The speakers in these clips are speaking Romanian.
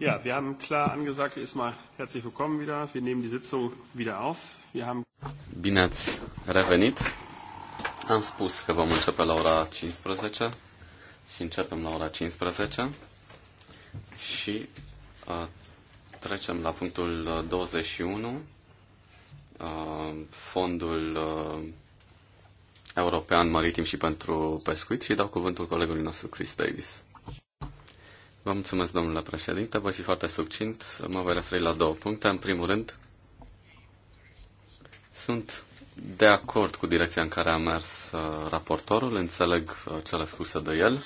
Ja, wir haben klar angesagt, erstmal herzlich willkommen wieder. Wir nehmen die Sitzung wieder auf. Wir haben Bine ați revenit. Am spus că vom începe la ora 15 și începem la ora 15 și uh, trecem la punctul 21, uh, uh, fondul uh, european maritim și pentru pescuit și dau cuvântul colegului nostru Chris Davis. Vă mulțumesc, domnule președinte. Voi fi foarte succint. Mă voi referi la două puncte. În primul rând, sunt de acord cu direcția în care a mers uh, raportorul. Înțeleg uh, cele spuse de el.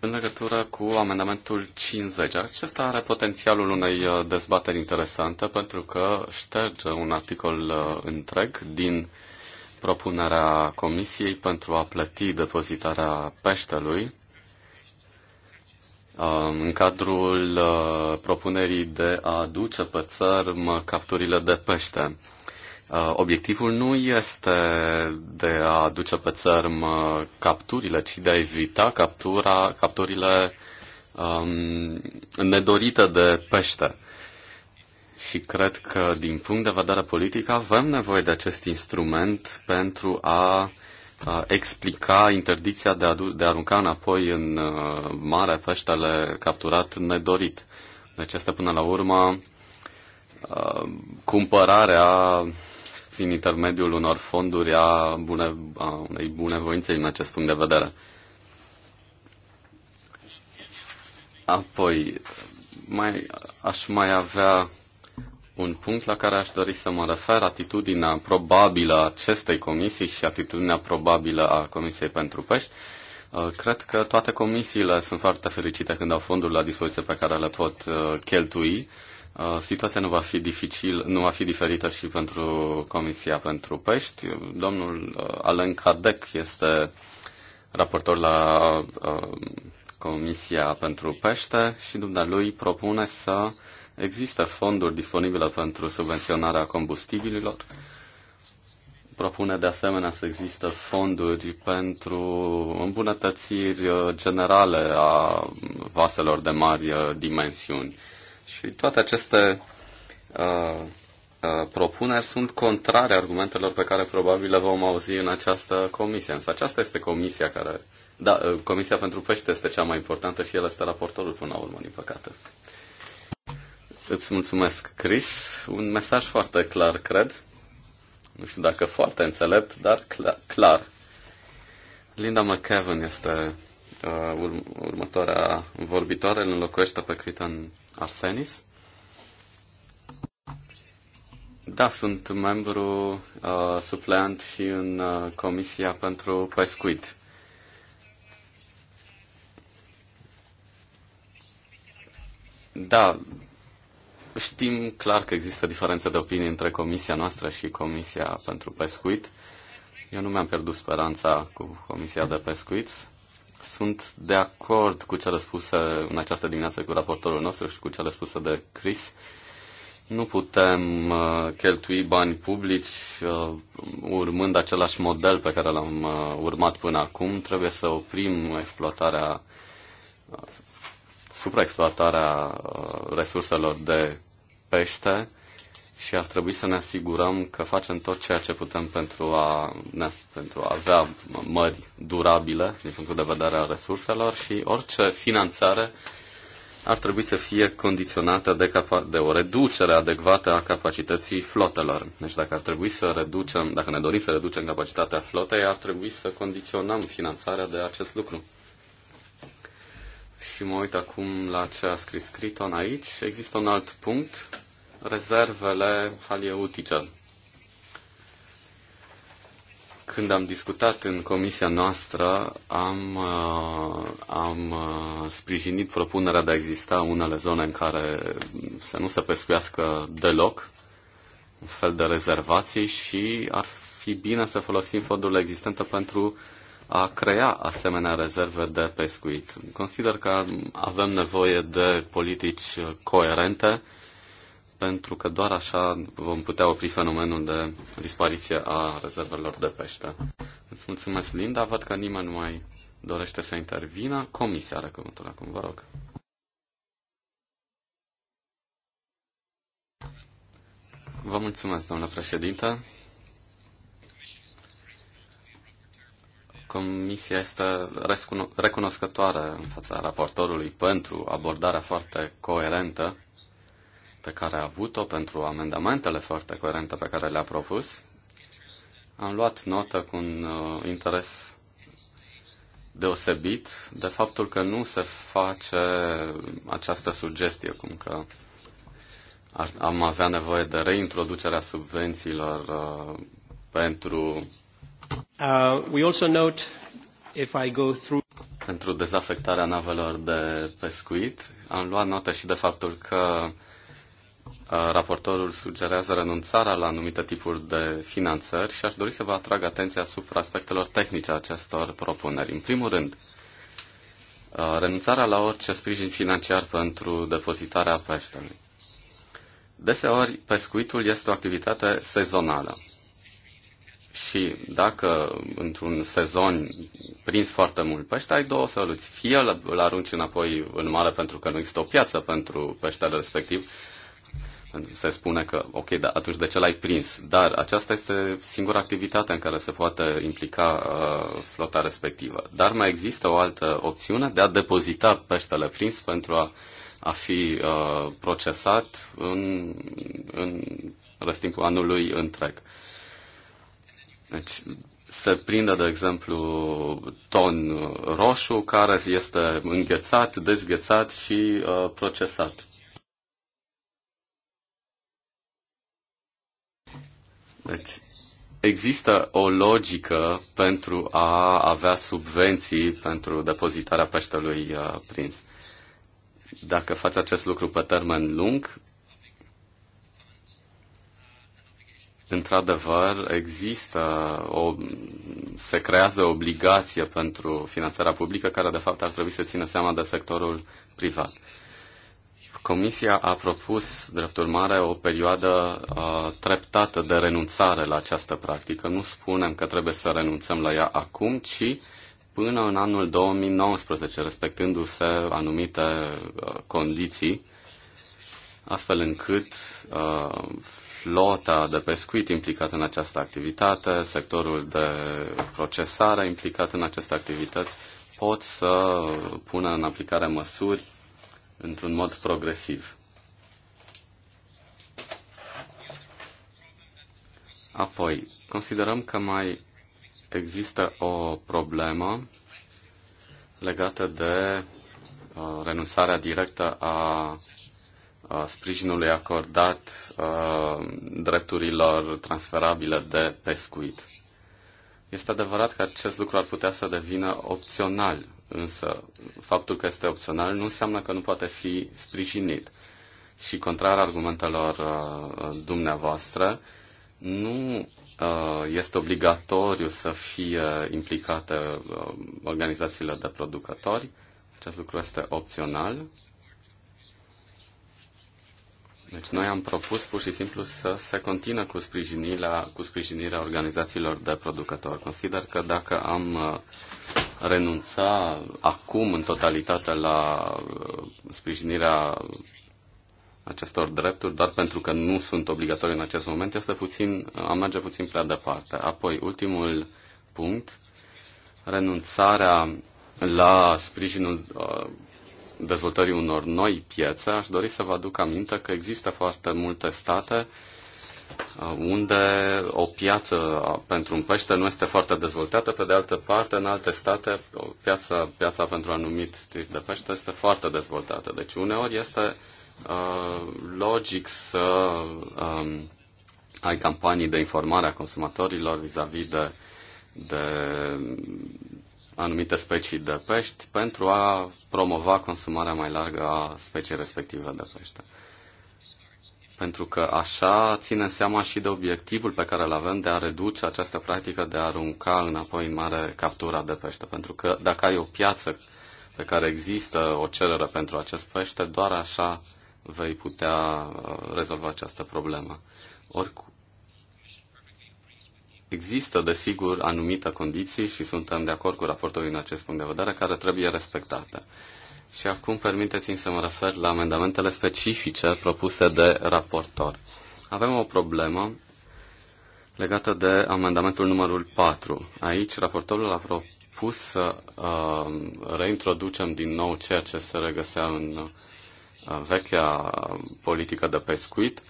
În legătură cu amendamentul 50, acesta are potențialul unei uh, dezbateri interesante pentru că șterge un articol întreg din uh, propunerea Comisiei pentru a plăti depozitarea peștelui um, în cadrul uh, propunerii de a aduce pe țărm capturile de pește. Uh, obiectivul nu este de a aduce pe țărm uh, capturile, ci de a evita captura, capturile um, nedorite de pește și cred că din punct de vedere politic avem nevoie de acest instrument pentru a, a explica interdicția de a, de a arunca înapoi în uh, mare peștele capturat nedorit. Deci este până la urmă uh, cumpărarea prin intermediul unor fonduri a, bune, a unei bunevoințe din acest punct de vedere. Apoi, mai, aș mai avea un punct la care aș dori să mă refer, atitudinea probabilă a acestei comisii și atitudinea probabilă a Comisiei pentru Pești. Uh, cred că toate comisiile sunt foarte fericite când au fonduri la dispoziție pe care le pot uh, cheltui. Uh, situația nu va fi dificil, nu va fi diferită și pentru Comisia pentru Pești. Domnul Alen Cadec este raportor la Comisia pentru Pește și dumnealui propune să Există fonduri disponibile pentru subvenționarea combustibililor. Propune de asemenea să există fonduri pentru îmbunătățiri uh, generale a vaselor de mari uh, dimensiuni. Și toate aceste uh, uh, propuneri sunt contrare argumentelor pe care probabil le vom auzi în această comisie. Însă aceasta este comisia care da, uh, Comisia pentru Pește este cea mai importantă și el este raportorul până la urmă, din păcate. Îți mulțumesc, Chris. Un mesaj foarte clar, cred. Nu știu dacă foarte înțelept, dar clar. Linda McKevin este uh, urm- următoarea vorbitoare, îl înlocuiește pe Criton Arsenis. Da, sunt membru uh, supleant și în uh, Comisia pentru Pescuit. Da, Știm clar că există diferențe de opinie între comisia noastră și comisia pentru pescuit. Eu nu mi-am pierdut speranța cu comisia de pescuit. Sunt de acord cu cele spuse în această dimineață cu raportorul nostru și cu cele spuse de Chris. Nu putem uh, cheltui bani publici uh, urmând același model pe care l-am uh, urmat până acum. Trebuie să oprim exploatarea, uh, supraexploatarea uh, resurselor de pește și ar trebui să ne asigurăm că facem tot ceea ce putem pentru a, pentru a avea mări durabile din punctul de vedere al resurselor și orice finanțare ar trebui să fie condiționată de, capa- de o reducere adecvată a capacității flotelor. Deci dacă ar trebui să reducem, dacă ne dorim să reducem capacitatea flotei, ar trebui să condiționăm finanțarea de acest lucru. Și mă uit acum la ce a scris Criton aici. Există un alt punct rezervele halieutice. Când am discutat în comisia noastră, am, uh, am uh, sprijinit propunerea de a exista unele zone în care să nu se pescuiască deloc, un fel de rezervații și ar fi bine să folosim fondurile existente pentru a crea asemenea rezerve de pescuit. Consider că avem nevoie de politici coerente pentru că doar așa vom putea opri fenomenul de dispariție a rezervelor de pește. Îți mulțumesc, Linda. Văd că nimeni nu mai dorește să intervină. Comisia are cuvântul acum, vă rog. Vă mulțumesc, domnule președinte. Comisia este recunoscătoare în fața raportorului pentru abordarea foarte coerentă pe care a avut-o, pentru amendamentele foarte coerente pe care le-a propus. Am luat notă cu un uh, interes deosebit de faptul că nu se face această sugestie, cum că ar, am avea nevoie de reintroducerea subvențiilor uh, pentru. Uh, we also note, if I go through... Pentru dezafectarea navelor de pescuit. Am luat notă și de faptul că Uh, raportorul sugerează renunțarea la anumite tipuri de finanțări și aș dori să vă atrag atenția asupra aspectelor tehnice acestor propuneri. În primul rând, uh, renunțarea la orice sprijin financiar pentru depozitarea peștelui. Deseori, pescuitul este o activitate sezonală. Și dacă într-un sezon prins foarte mult pește, ai două soluții. Fie îl arunci înapoi în mare pentru că nu există o piață pentru peștele respectiv, se spune că, ok, da, atunci de ce l-ai prins? Dar aceasta este singura activitate în care se poate implica uh, flota respectivă. Dar mai există o altă opțiune de a depozita peștele prins pentru a, a fi uh, procesat în, în răstimpul anului întreg. Deci, se prinde, de exemplu, ton roșu care este înghețat, dezghețat și uh, procesat. Deci, există o logică pentru a avea subvenții pentru depozitarea peștelui uh, prins. Dacă faci acest lucru pe termen lung, Într-adevăr, există, o, se creează o obligație pentru finanțarea publică care, de fapt, ar trebui să țină seama de sectorul privat. Comisia a propus, drept urmare, o perioadă a, treptată de renunțare la această practică. Nu spunem că trebuie să renunțăm la ea acum, ci până în anul 2019, respectându-se anumite a, condiții, astfel încât a, flota de pescuit implicată în această activitate, sectorul de procesare implicat în aceste activități, pot să pună în aplicare măsuri într-un mod progresiv. Apoi, considerăm că mai există o problemă legată de uh, renunțarea directă a sprijinului acordat uh, drepturilor transferabile de pescuit. Este adevărat că acest lucru ar putea să devină opțional Însă, faptul că este opțional nu înseamnă că nu poate fi sprijinit. Și contrar argumentelor uh, dumneavoastră, nu uh, este obligatoriu să fie implicate uh, organizațiile de producători. Acest lucru este opțional deci noi am propus pur și simplu să se continue cu sprijinirea, cu sprijinirea organizațiilor de producători. Consider că dacă am uh, renunța acum în totalitate la uh, sprijinirea acestor drepturi, doar pentru că nu sunt obligatorii în acest moment, este puțin, uh, am merge puțin prea departe. Apoi, ultimul punct, renunțarea la sprijinul dezvoltării unor noi piețe, aș dori să vă aduc aminte că există foarte multe state uh, unde o piață uh, pentru un pește nu este foarte dezvoltată, pe de altă parte, în alte state, piața, piața pentru anumit tip de pește este foarte dezvoltată. Deci, uneori este uh, logic să um, ai campanii de informare a consumatorilor vis-a-vis -vis de, de, anumite specii de pești pentru a promova consumarea mai largă a speciei respective de pește. Pentru că așa ține seama și de obiectivul pe care îl avem de a reduce această practică de a arunca înapoi în mare captura de pește. Pentru că dacă ai o piață pe care există o cerere pentru acest pește, doar așa vei putea uh, rezolva această problemă. Oricum, Există, desigur, anumite condiții și suntem de acord cu raportul din acest punct de vedere care trebuie respectate. Și acum permiteți-mi să mă refer la amendamentele specifice propuse de raportor. Avem o problemă legată de amendamentul numărul 4. Aici raportorul a propus să uh, reintroducem din nou ceea ce se regăsea în uh, vechea politică de pescuit,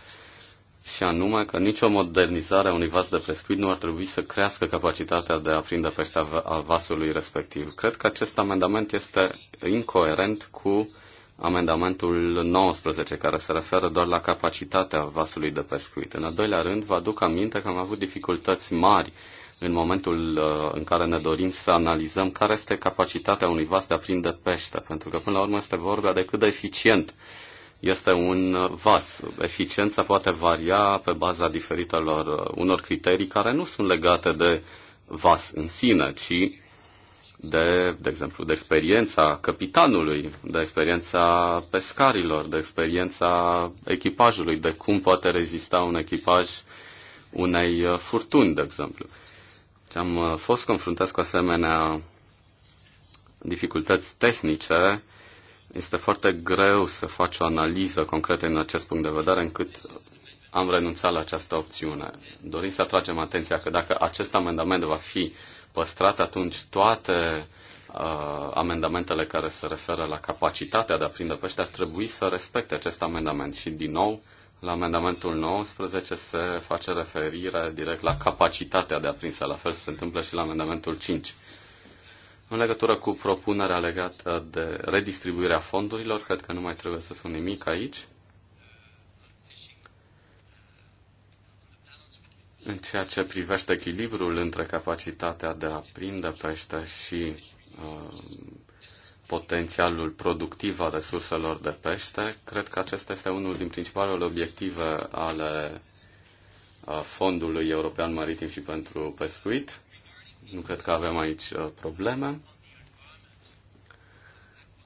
și anume că nicio modernizare a unui vas de pescuit nu ar trebui să crească capacitatea de a prinde pește a vasului respectiv. Cred că acest amendament este incoerent cu amendamentul 19, care se referă doar la capacitatea vasului de pescuit. În al doilea rând, vă aduc aminte că am avut dificultăți mari în momentul uh, în care ne dorim să analizăm care este capacitatea unui vas de a prinde pește, pentru că până la urmă este vorba de cât de eficient este un vas. Eficiența poate varia pe baza diferitelor unor criterii care nu sunt legate de vas în sine, ci de, de exemplu, de experiența capitanului, de experiența pescarilor, de experiența echipajului, de cum poate rezista un echipaj unei uh, furtuni, de exemplu. Ce deci am uh, fost confruntat cu asemenea dificultăți tehnice este foarte greu să faci o analiză concretă în acest punct de vedere, încât am renunțat la această opțiune. Dorim să atragem atenția că dacă acest amendament va fi păstrat, atunci toate uh, amendamentele care se referă la capacitatea de a prinde pește ar trebui să respecte acest amendament. Și, din nou, la amendamentul 19 se face referire direct la capacitatea de a prinde, La fel se întâmplă și la amendamentul 5. În legătură cu propunerea legată de redistribuirea fondurilor, cred că nu mai trebuie să spun nimic aici. În ceea ce privește echilibrul între capacitatea de a prinde pește și uh, potențialul productiv al resurselor de pește, cred că acesta este unul din principalele obiective ale uh, Fondului European Maritim și pentru Pescuit. Nu cred că avem aici uh, probleme.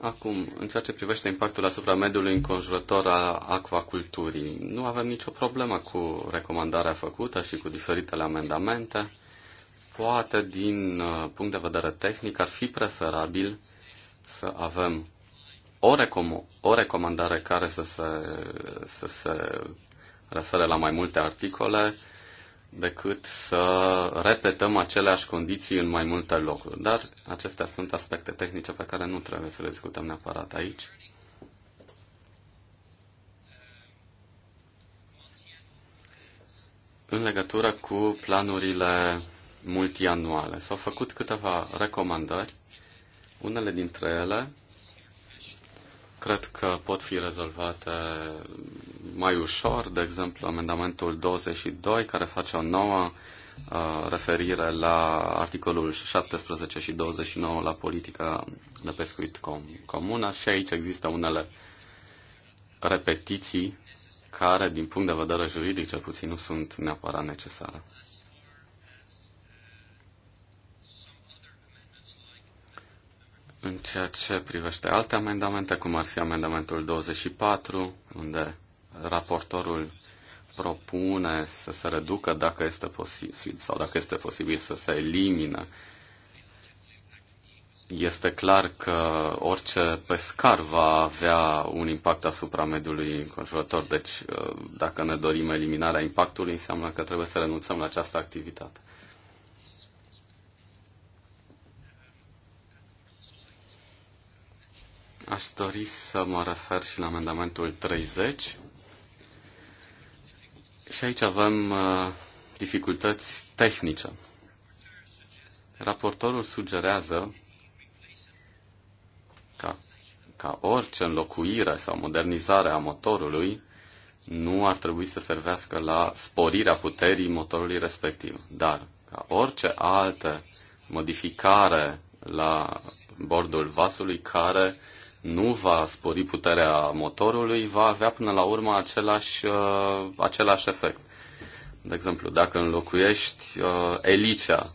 Acum, în ceea ce privește impactul asupra mediului înconjurător a acvaculturii, nu avem nicio problemă cu recomandarea făcută și cu diferitele amendamente. Poate, din uh, punct de vedere tehnic, ar fi preferabil să avem o, recom- o recomandare care să se, să se refere la mai multe articole, decât să repetăm aceleași condiții în mai multe locuri. Dar acestea sunt aspecte tehnice pe care nu trebuie să le discutăm neapărat aici. În legătură cu planurile multianuale, s-au făcut câteva recomandări. Unele dintre ele cred că pot fi rezolvate mai ușor, de exemplu amendamentul 22 care face o nouă uh, referire la articolul 17 și 29 la politica de pescuit com- comună și aici există unele repetiții care, din punct de vedere juridic, cel puțin nu sunt neapărat necesare. În ceea ce privește alte amendamente, cum ar fi amendamentul 24, unde raportorul propune să se reducă dacă este posibil sau dacă este posibil să se elimine. Este clar că orice pescar va avea un impact asupra mediului înconjurător, deci ă, dacă ne dorim eliminarea impactului, înseamnă că trebuie să renunțăm la această activitate. Aș dori să mă refer și la amendamentul 30 și aici avem uh, dificultăți tehnice. Raportorul sugerează ca, ca orice înlocuire sau modernizare a motorului nu ar trebui să servească la sporirea puterii motorului respectiv, dar ca orice altă modificare la bordul vasului care nu va spori puterea motorului, va avea până la urmă același, uh, același efect. De exemplu, dacă înlocuiești uh, elicea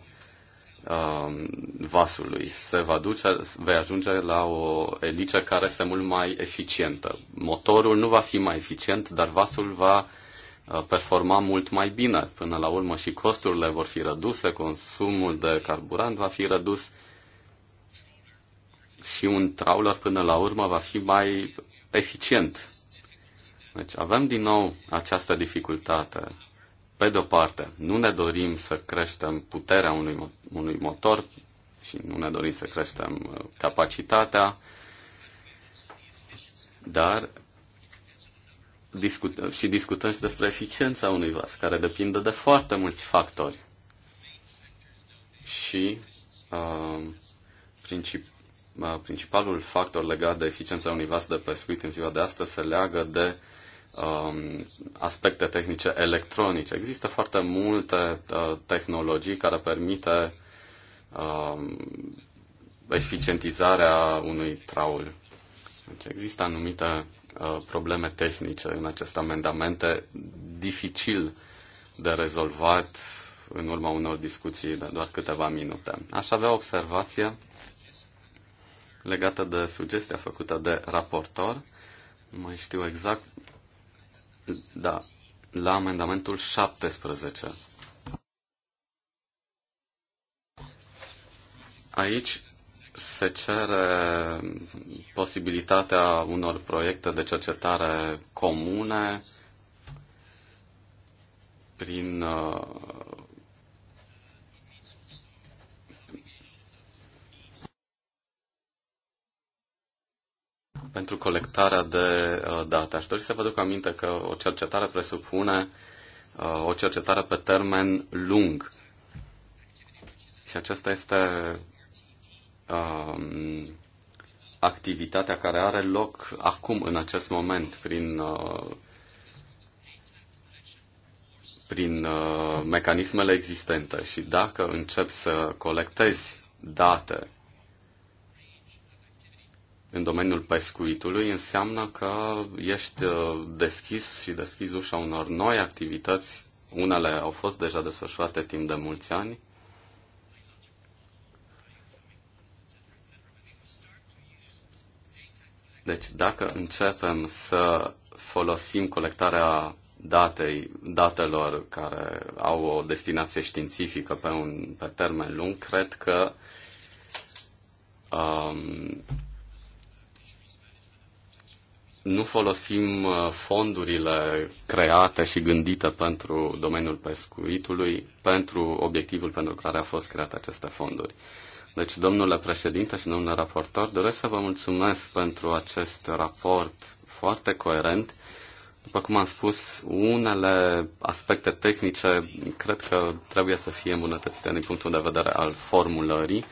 uh, vasului, se va duce, vei ajunge la o elice care este mult mai eficientă. Motorul nu va fi mai eficient, dar vasul va uh, performa mult mai bine. Până la urmă și costurile vor fi reduse, consumul de carburant va fi redus și un trawler până la urmă va fi mai eficient. Deci avem din nou această dificultate. Pe de-o parte, nu ne dorim să creștem puterea unui, unui motor și nu ne dorim să creștem uh, capacitatea, dar discut- și discutăm și despre eficiența unui vas, care depinde de foarte mulți factori. Și uh, princip- Uh, principalul factor legat de eficiența unui vas de pescuit în ziua de astăzi se leagă de um, aspecte tehnice electronice. Există foarte multe uh, tehnologii care permite uh, eficientizarea unui traul. Deci există anumite uh, probleme tehnice în aceste amendamente dificil de rezolvat în urma unor discuții de doar câteva minute. Aș avea observație legată de sugestia făcută de raportor. Nu mai știu exact. Da, la amendamentul 17. Aici se cere posibilitatea unor proiecte de cercetare comune prin uh, pentru colectarea de uh, date. Aș dori să vă duc aminte că o cercetare presupune uh, o cercetare pe termen lung. Și aceasta este um, activitatea care are loc acum, în acest moment, prin, uh, prin uh, mecanismele existente. Și dacă începi să colectezi date în domeniul pescuitului înseamnă că ești uh, deschis și deschis ușa unor noi activități. Unele au fost deja desfășurate timp de mulți ani. Deci dacă începem să folosim colectarea datei, datelor care au o destinație științifică pe, un, pe termen lung, cred că um, nu folosim uh, fondurile create și gândite pentru domeniul pescuitului, pentru obiectivul pentru care au fost create aceste fonduri. Deci, domnule președinte și domnule raportor, doresc să vă mulțumesc pentru acest raport foarte coerent. După cum am spus, unele aspecte tehnice cred că trebuie să fie îmbunătățite din punctul de vedere al formulării,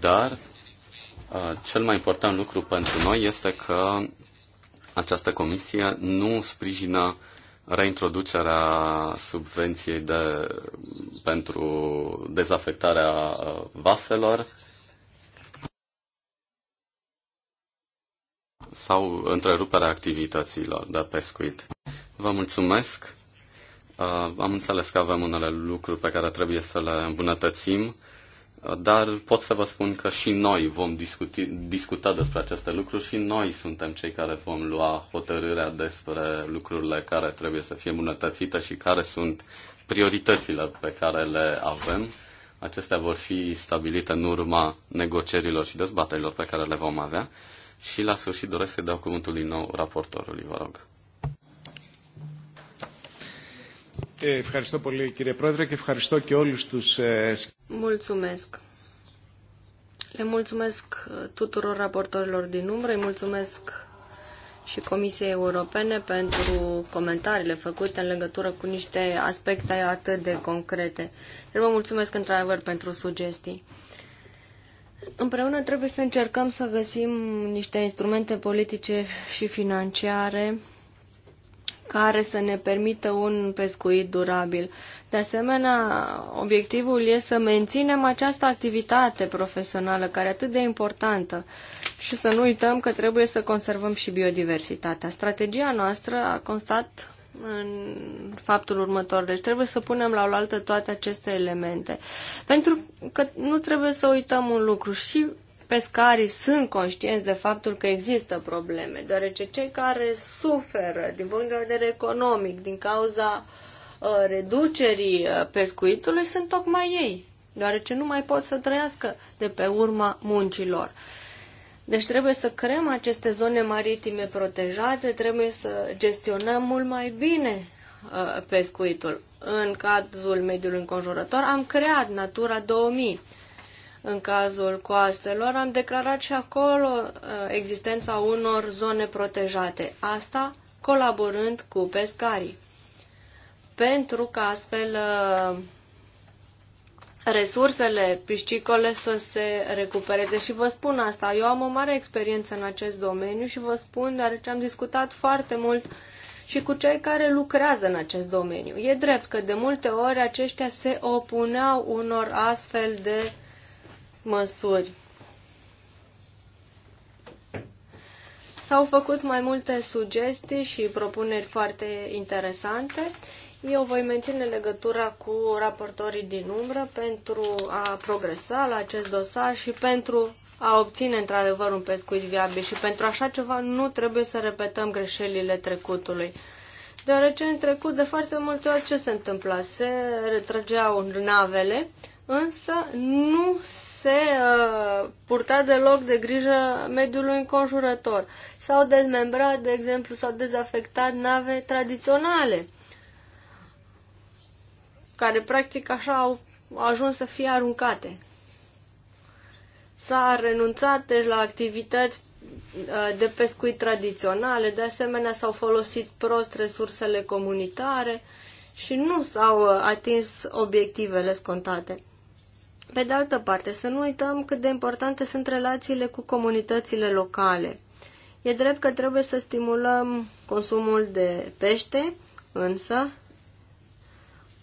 dar uh, cel mai important lucru pentru noi este că această comisie nu sprijină reintroducerea subvenției de, pentru dezafectarea uh, vaselor sau întreruperea activităților de pescuit. Vă mulțumesc. Uh, am înțeles că avem unele lucruri pe care trebuie să le îmbunătățim. Dar pot să vă spun că și noi vom discuti, discuta despre aceste lucruri și noi suntem cei care vom lua hotărârea despre lucrurile care trebuie să fie îmbunătățite și care sunt prioritățile pe care le avem. Acestea vor fi stabilite în urma negocierilor și dezbaterilor pe care le vom avea. Și la sfârșit doresc să dau cuvântul din nou raportorului, vă rog. Ευχαριστώ πολύ κύριε Πρόεδρε και ευχαριστώ και όλους τους... Mulțumesc. Le mulțumesc tuturor raportorilor din umbră, îi mulțumesc și Comisiei Europene pentru comentariile făcute în legătură cu niște aspecte atât de concrete. Eu deci vă mulțumesc într-adevăr pentru sugestii. Împreună trebuie să încercăm să găsim niște instrumente politice și financiare care să ne permită un pescuit durabil. De asemenea, obiectivul e să menținem această activitate profesională care e atât de importantă și să nu uităm că trebuie să conservăm și biodiversitatea. Strategia noastră a constat în faptul următor. Deci trebuie să punem la oaltă toate aceste elemente. Pentru că nu trebuie să uităm un lucru. Și pescarii sunt conștienți de faptul că există probleme, deoarece cei care suferă din punct de vedere economic din cauza uh, reducerii uh, pescuitului sunt tocmai ei, deoarece nu mai pot să trăiască de pe urma muncilor. Deci trebuie să creăm aceste zone maritime protejate, trebuie să gestionăm mult mai bine uh, pescuitul. În cazul mediului înconjurător am creat Natura 2000 în cazul coastelor, am declarat și acolo uh, existența unor zone protejate. Asta colaborând cu pescarii. Pentru că astfel uh, resursele piscicole să se recupereze. Și vă spun asta, eu am o mare experiență în acest domeniu și vă spun, deoarece am discutat foarte mult și cu cei care lucrează în acest domeniu. E drept că de multe ori aceștia se opuneau unor astfel de uh, măsuri. S-au făcut mai multe sugestii și propuneri foarte interesante. Eu voi menține legătura cu raportorii din umbră pentru a progresa la acest dosar și pentru a obține într-adevăr un pescuit viabil și pentru așa ceva nu trebuie să repetăm greșelile trecutului. Deoarece în trecut de foarte multe ori ce se întâmpla? Se retrăgeau navele, însă nu se uh, purta deloc de grijă mediului înconjurător. S-au dezmembrat, de exemplu, s-au dezafectat nave tradiționale, care practic așa au ajuns să fie aruncate. S-a renunțat deci, la activități uh, de pescuit tradiționale, de asemenea s-au folosit prost resursele comunitare și nu s-au uh, atins obiectivele scontate. Pe de altă parte, să nu uităm cât de importante sunt relațiile cu comunitățile locale. E drept că trebuie să stimulăm consumul de pește, însă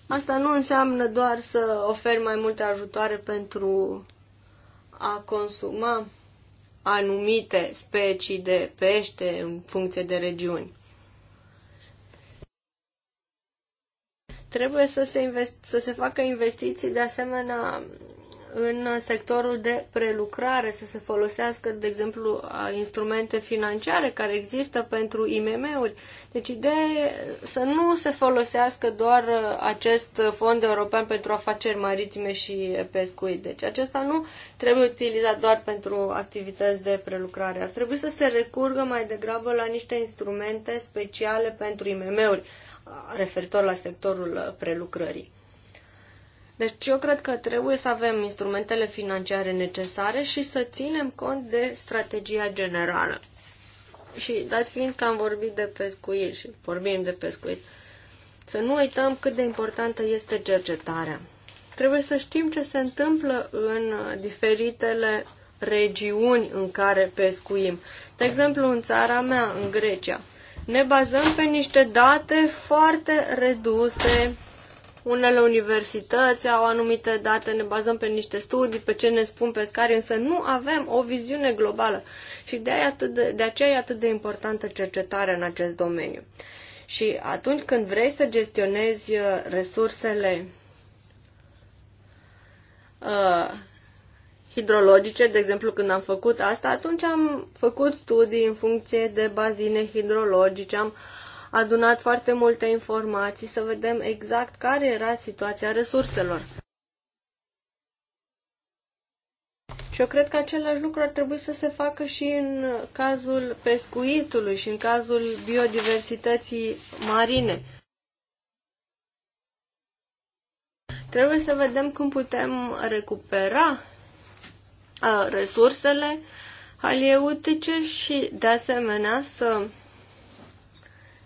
asta nu înseamnă doar să oferi mai multe ajutoare pentru a consuma anumite specii de pește în funcție de regiuni. Trebuie să se, invest- să se facă investiții de asemenea în sectorul de prelucrare, să se folosească, de exemplu, instrumente financiare care există pentru IMM-uri. Deci ideea e să nu se folosească doar uh, acest fond european pentru afaceri maritime și pescuit. Deci acesta nu trebuie utilizat doar pentru activități de prelucrare. Ar trebui să se recurgă mai degrabă la niște instrumente speciale pentru IMM-uri uh, referitor la sectorul uh, prelucrării. Deci eu cred că trebuie să avem instrumentele financiare necesare și să ținem cont de strategia generală. Și dat fiind că am vorbit de pescuit și vorbim de pescuit, să nu uităm cât de importantă este cercetarea. Trebuie să știm ce se întâmplă în diferitele regiuni în care pescuim. De exemplu, în țara mea, în Grecia, ne bazăm pe niște date foarte reduse unele universități au anumite date, ne bazăm pe niște studii, pe ce ne spun pescarii, însă nu avem o viziune globală. Și de, aia atât de, de aceea e atât de importantă cercetarea în acest domeniu. Și atunci când vrei să gestionezi uh, resursele uh, hidrologice, de exemplu când am făcut asta, atunci am făcut studii în funcție de bazine hidrologice, am uh, adunat foarte multe informații să vedem exact care era situația resurselor. Și eu cred că același lucru ar trebui să se facă și în cazul pescuitului și în cazul biodiversității marine. Trebuie să vedem cum putem recupera uh, resursele halieutice și, de asemenea, să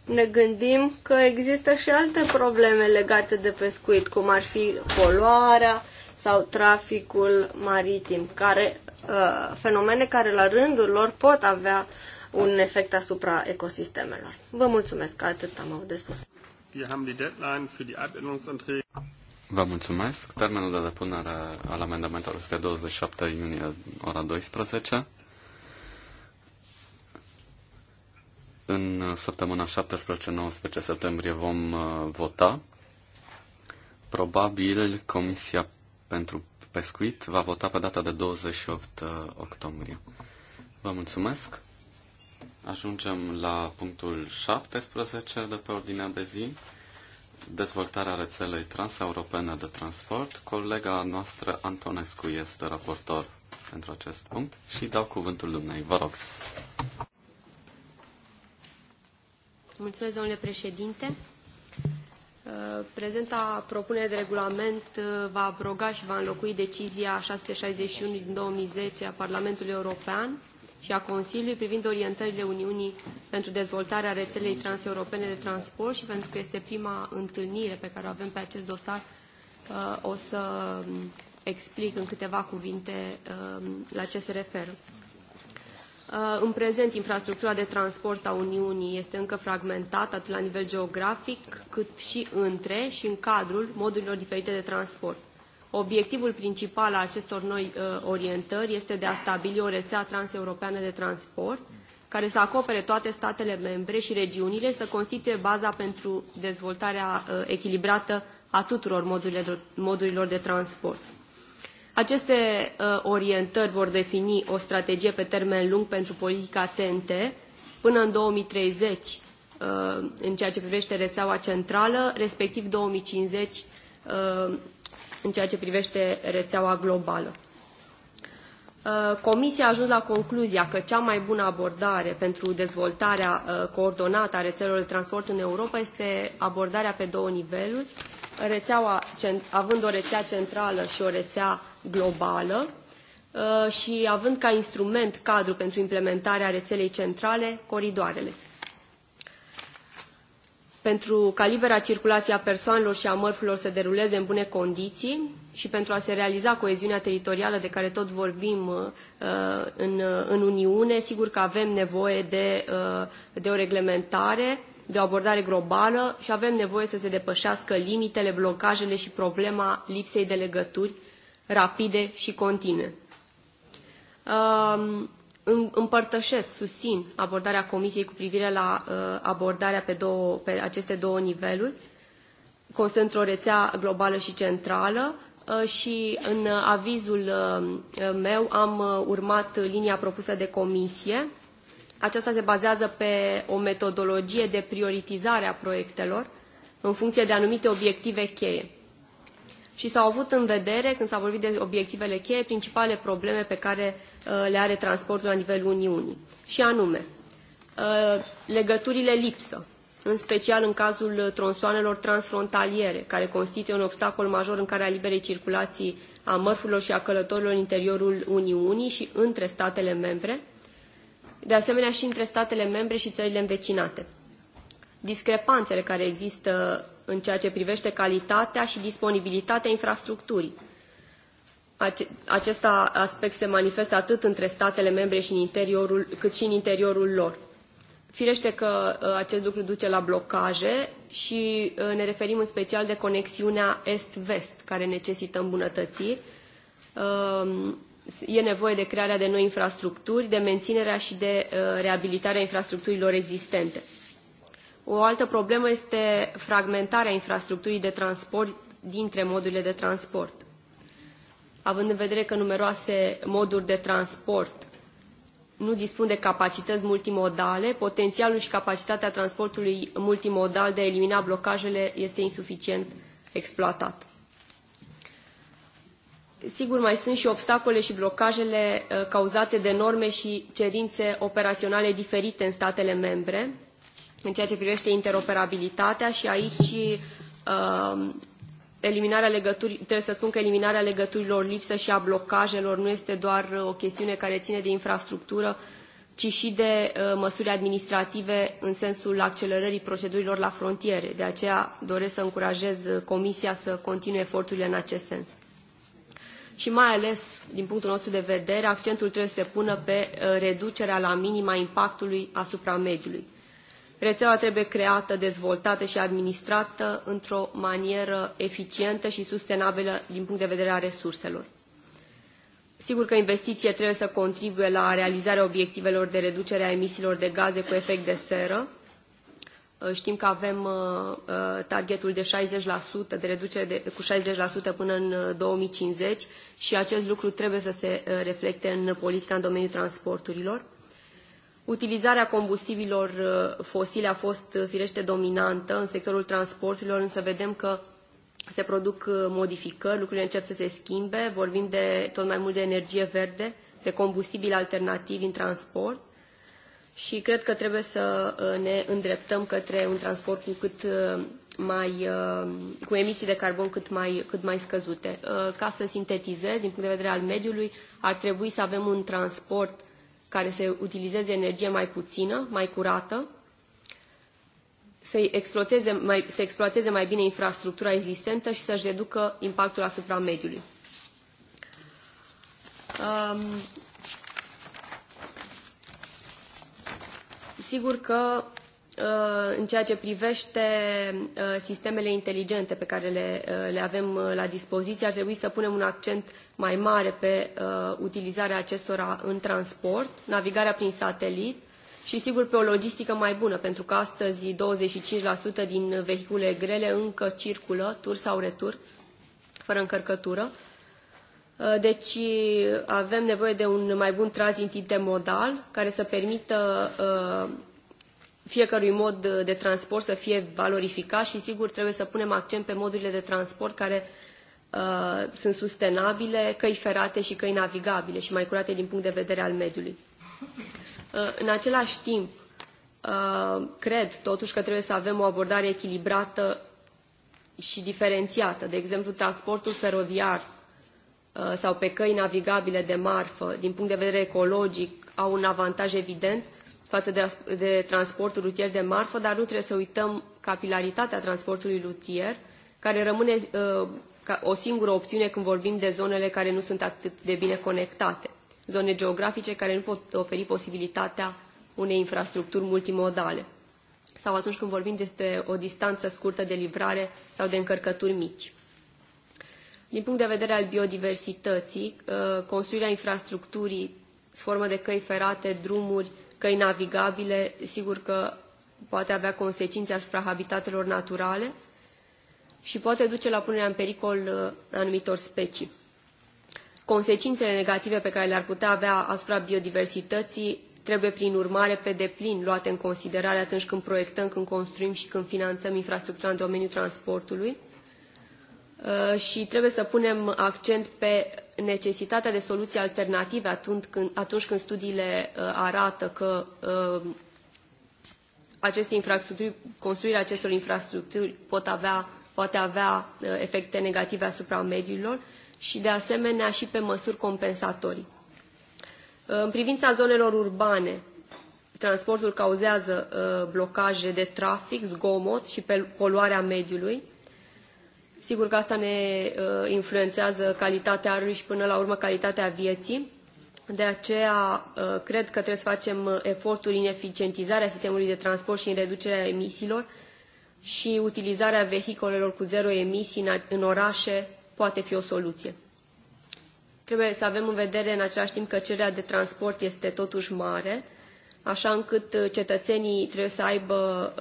ne gândim că există și alte probleme legate de pescuit, cum ar fi poluarea sau traficul maritim, care, uh, fenomene care la rândul lor pot avea un efect asupra ecosistemelor. Vă mulțumesc că atât am avut de spus. Vă mulțumesc. Termenul de depunere al amendamentelor este 27 iunie, ora 12. În săptămâna 17-19 septembrie vom uh, vota. Probabil Comisia pentru Pescuit va vota pe data de 28 uh, octombrie. Vă mulțumesc. Ajungem la punctul 17 de pe ordinea de zi, dezvoltarea rețelei transeuropene de transport. Colega noastră Antonescu este raportor pentru acest punct și dau cuvântul dumnei. Vă rog. Mulțumesc, domnule președinte. Uh, prezenta propunere de regulament uh, va abroga și va înlocui decizia 661 din 2010 a Parlamentului European și a Consiliului privind orientările Uniunii pentru dezvoltarea rețelei transeuropene de transport și pentru că este prima întâlnire pe care o avem pe acest dosar, uh, o să um, explic în câteva cuvinte la ce se referă. Uh, în prezent, infrastructura de transport a Uniunii este încă fragmentată, atât la nivel geografic, cât și între și în cadrul modurilor diferite de transport. Obiectivul principal al acestor noi uh, orientări este de a stabili o rețea transeuropeană de transport, care să acopere toate statele membre și regiunile, să constituie baza pentru dezvoltarea uh, echilibrată a tuturor modurilor de transport. Aceste uh, orientări vor defini o strategie pe termen lung pentru politica TNT până în 2030 uh, în ceea ce privește rețeaua centrală, respectiv 2050 uh, în ceea ce privește rețeaua globală. Comisia a ajuns la concluzia că cea mai bună abordare pentru dezvoltarea coordonată a rețelelor de transport în Europa este abordarea pe două niveluri, rețeaua, având o rețea centrală și o rețea globală uh, și având ca instrument cadru pentru implementarea rețelei centrale coridoarele. Pentru ca libera circulație a persoanelor și a mărfurilor să deruleze în bune condiții și pentru a se realiza coeziunea teritorială de care tot vorbim uh, în, uh, în Uniune, sigur că avem nevoie de, de o reglementare de o abordare globală și avem nevoie să se depășească limitele, blocajele și problema lipsei de legături rapide și continue. Împărtășesc, susțin abordarea Comisiei cu privire la uh, abordarea pe, două, pe aceste două niveluri, constând o rețea globală și centrală, uh, și în avizul uh, meu am urmat linia propusă de comisie aceasta se bazează pe o metodologie de prioritizare a proiectelor în funcție de anumite obiective cheie. Și s-au avut în vedere, când s-a vorbit de obiectivele cheie, principalele probleme pe care uh, le are transportul la nivelul Uniunii. Și anume, uh, legăturile lipsă, în special în cazul tronsoanelor transfrontaliere, care constituie un obstacol major în care a liberei circulații a mărfurilor și a călătorilor în interiorul Uniunii și între statele membre, de asemenea și între statele membre și țările învecinate. Discrepanțele care există în ceea ce privește calitatea și disponibilitatea infrastructurii. Acest aspect se manifestă atât între statele membre și în interiorul, cât și în interiorul lor. Firește că ă, acest lucru duce la blocaje și ă, ne referim în special de conexiunea est-vest, care necesită îmbunătățiri e nevoie de crearea de noi infrastructuri, de menținerea și de uh, reabilitarea infrastructurilor existente. O altă problemă este fragmentarea infrastructurii de transport dintre modurile de transport. Având în vedere că numeroase moduri de transport nu dispun de capacități multimodale, potențialul și capacitatea transportului multimodal de a elimina blocajele este insuficient exploatat. Sigur, mai sunt și obstacole și blocajele uh, cauzate de norme și cerințe operaționale diferite în statele membre, în ceea ce privește interoperabilitatea și aici uh, eliminarea legăturii, trebuie să spun că eliminarea legăturilor lipsă și a blocajelor nu este doar uh, o chestiune care ține de infrastructură, ci și de măsuri administrative în sensul accelerării procedurilor la frontiere. De aceea doresc să încurajez Comisia să continue eforturile în acest sens și mai ales, din punctul nostru de vedere, accentul trebuie să se pună pe uh, reducerea la minima impactului asupra mediului. Rețeaua trebuie creată, dezvoltată și administrată într-o manieră eficientă și sustenabilă din punct de vedere a resurselor. Sigur că investiție trebuie să contribuie la realizarea obiectivelor de reducere a emisiilor de gaze cu efect de seră, Ă, știm că avem ă, ă, targetul de 60%, de reducere de, cu 60% până în 2050 și acest lucru trebuie să se reflecte în politica în domeniul transporturilor. Utilizarea combustibilor fosile a fost firește dominantă în sectorul transporturilor, însă vedem că se produc modificări, lucrurile încep să se schimbe, vorbim de tot mai mult de energie verde, de combustibil alternativ în transport și cred că trebuie să uh, ne îndreptăm către un transport cu cât uh, mai, uh, cu emisii de carbon cât mai, cât mai scăzute. Ca să sintetizez, din punct de vedere al mediului, ar trebui să avem un transport care să utilizeze energie mai puțină, mai curată, să exploateze mai, să exploateze mai bine infrastructura existentă și să-și reducă impactul asupra mediului. Um, sigur că uh, în ceea ce privește uh, sistemele inteligente pe care le, uh, le avem la dispoziție, ar trebui să punem un accent mai mare pe utilizarea acestora în transport, navigarea prin satelit și, sigur, pe o logistică mai bună, pentru că astăzi 25% din vehicule grele încă circulă, tur sau retur, fără încărcătură Uh, deci uh, avem nevoie de un mai bun tranzit intermodal care să permită uh, fiecărui mod de transport să fie valorificat și sigur trebuie să punem accent pe modurile de transport care sunt sustenabile, căi ferate și căi navigabile și mai curate din punct de vedere al mediului. în același timp, cred totuși că trebuie să avem o abordare echilibrată și diferențiată. De exemplu, transportul feroviar Uh, sau pe căi navigabile de marfă, din punct de vedere ecologic, au un avantaj evident față de, de transportul rutier de marfă, dar nu trebuie să uităm capilaritatea transportului rutier, care rămâne uh, o singură opțiune când vorbim de zonele care nu sunt atât de bine conectate, zone geografice care nu pot oferi posibilitatea unei infrastructuri multimodale, sau atunci când vorbim despre o distanță scurtă de livrare sau de încărcături mici. Din punct de vedere al biodiversității, ă, construirea infrastructurii formă de căi ferate, drumuri, căi navigabile, sigur că poate avea consecințe asupra habitatelor naturale și poate duce la punerea în pericol ă, anumitor specii. Consecințele negative pe care le-ar putea avea asupra biodiversității trebuie, prin urmare, pe deplin luate în considerare atunci când proiectăm, când construim și când finanțăm infrastructura în domeniul transportului Uh, și trebuie să punem accent pe necesitatea de soluții alternative atunci când, studiile uh, arată că uh, aceste infrastructuri, construirea acestor infrastructuri pot avea, poate avea efecte negative asupra mediilor și de asemenea și pe măsuri compensatorii. În privința zonelor urbane, transportul cauzează blocaje de trafic, zgomot și poluarea mediului Sigur că asta ne uh, influențează calitatea arului și până la urmă calitatea vieții. De aceea, uh, cred că trebuie să facem uh, eforturi în eficientizarea sistemului de transport și în reducerea emisiilor și utilizarea vehicolelor cu zero emisii în orașe poate fi o soluție. Trebuie să avem în vedere în același timp că cererea de transport este totuși mare, așa încât cetățenii trebuie să aibă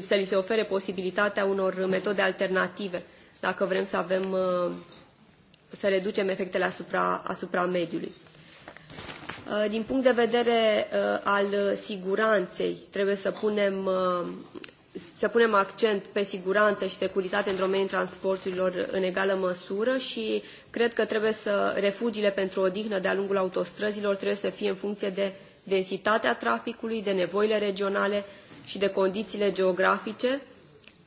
să li se ofere posibilitatea unor metode alternative, dacă vrem să avem, uh, să reducem efectele asupra, asupra mediului. Uh, din punct de vedere uh, al siguranței, trebuie să punem, să punem accent pe siguranță și securitate în domeniul transporturilor în egală măsură și cred că trebuie să refugiile pentru odihnă de-a lungul autostrăzilor trebuie să fie în funcție de densitatea traficului, de nevoile regionale, și de condițiile geografice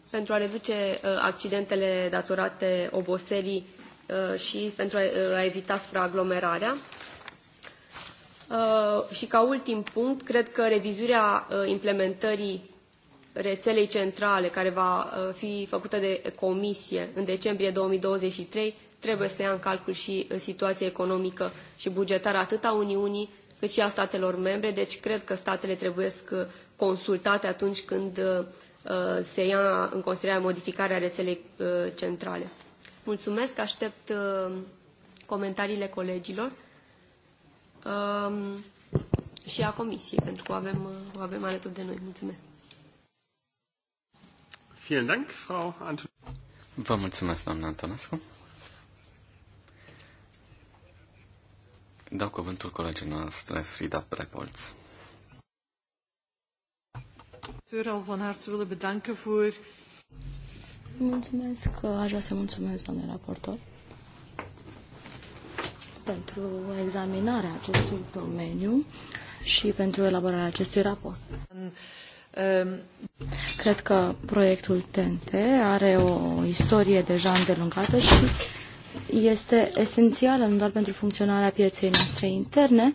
pentru a reduce uh, accidentele datorate oboselii uh, și pentru a uh, evita supraaglomerarea. Și ca ultim punct, cred că revizuirea implementării rețelei centrale care va fi făcută de comisie în decembrie 2023 trebuie să ia în calcul și situația economică și bugetară atât a Uniunii cât și a statelor membre, deci cred că statele trebuie consultate atunci când uh, uh, se ia în considerare modificarea rețelei uh, centrale. Mulțumesc, aștept comentariile colegilor um, și a comisiei, pentru că o avem, o avem alături de noi. Mulțumesc. Vă mulțumesc, doamna Antonescu. Dau cuvântul colegii noastre, Frida Prepolț. Mulțumesc, aș vrea să mulțumesc, doamne raportor, pentru examinarea acestui domeniu și pentru elaborarea acestui raport. Um, Cred că proiectul TNT are o istorie deja îndelungată și este esențială nu doar pentru funcționarea pieței noastre interne,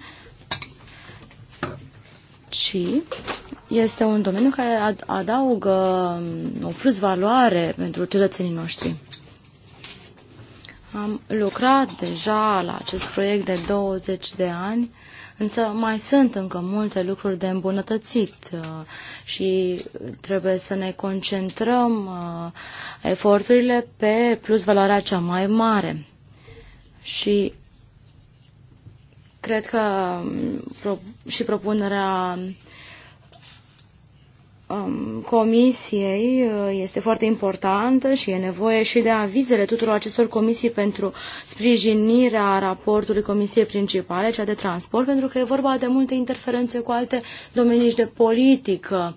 ci este un domeniu care adaugă um, o plus valoare pentru cetățenii noștri. Am lucrat deja la acest proiect de 20 de ani, însă mai sunt încă multe lucruri de îmbunătățit uh, și trebuie să ne concentrăm uh, eforturile pe plus valoarea cea mai mare. Și Cred că um, și propunerea um, comisiei uh, este foarte importantă și e nevoie și de avizele tuturor acestor comisii pentru sprijinirea raportului comisiei principale, cea de transport, pentru că e vorba de multe interferențe cu alte domenii de politică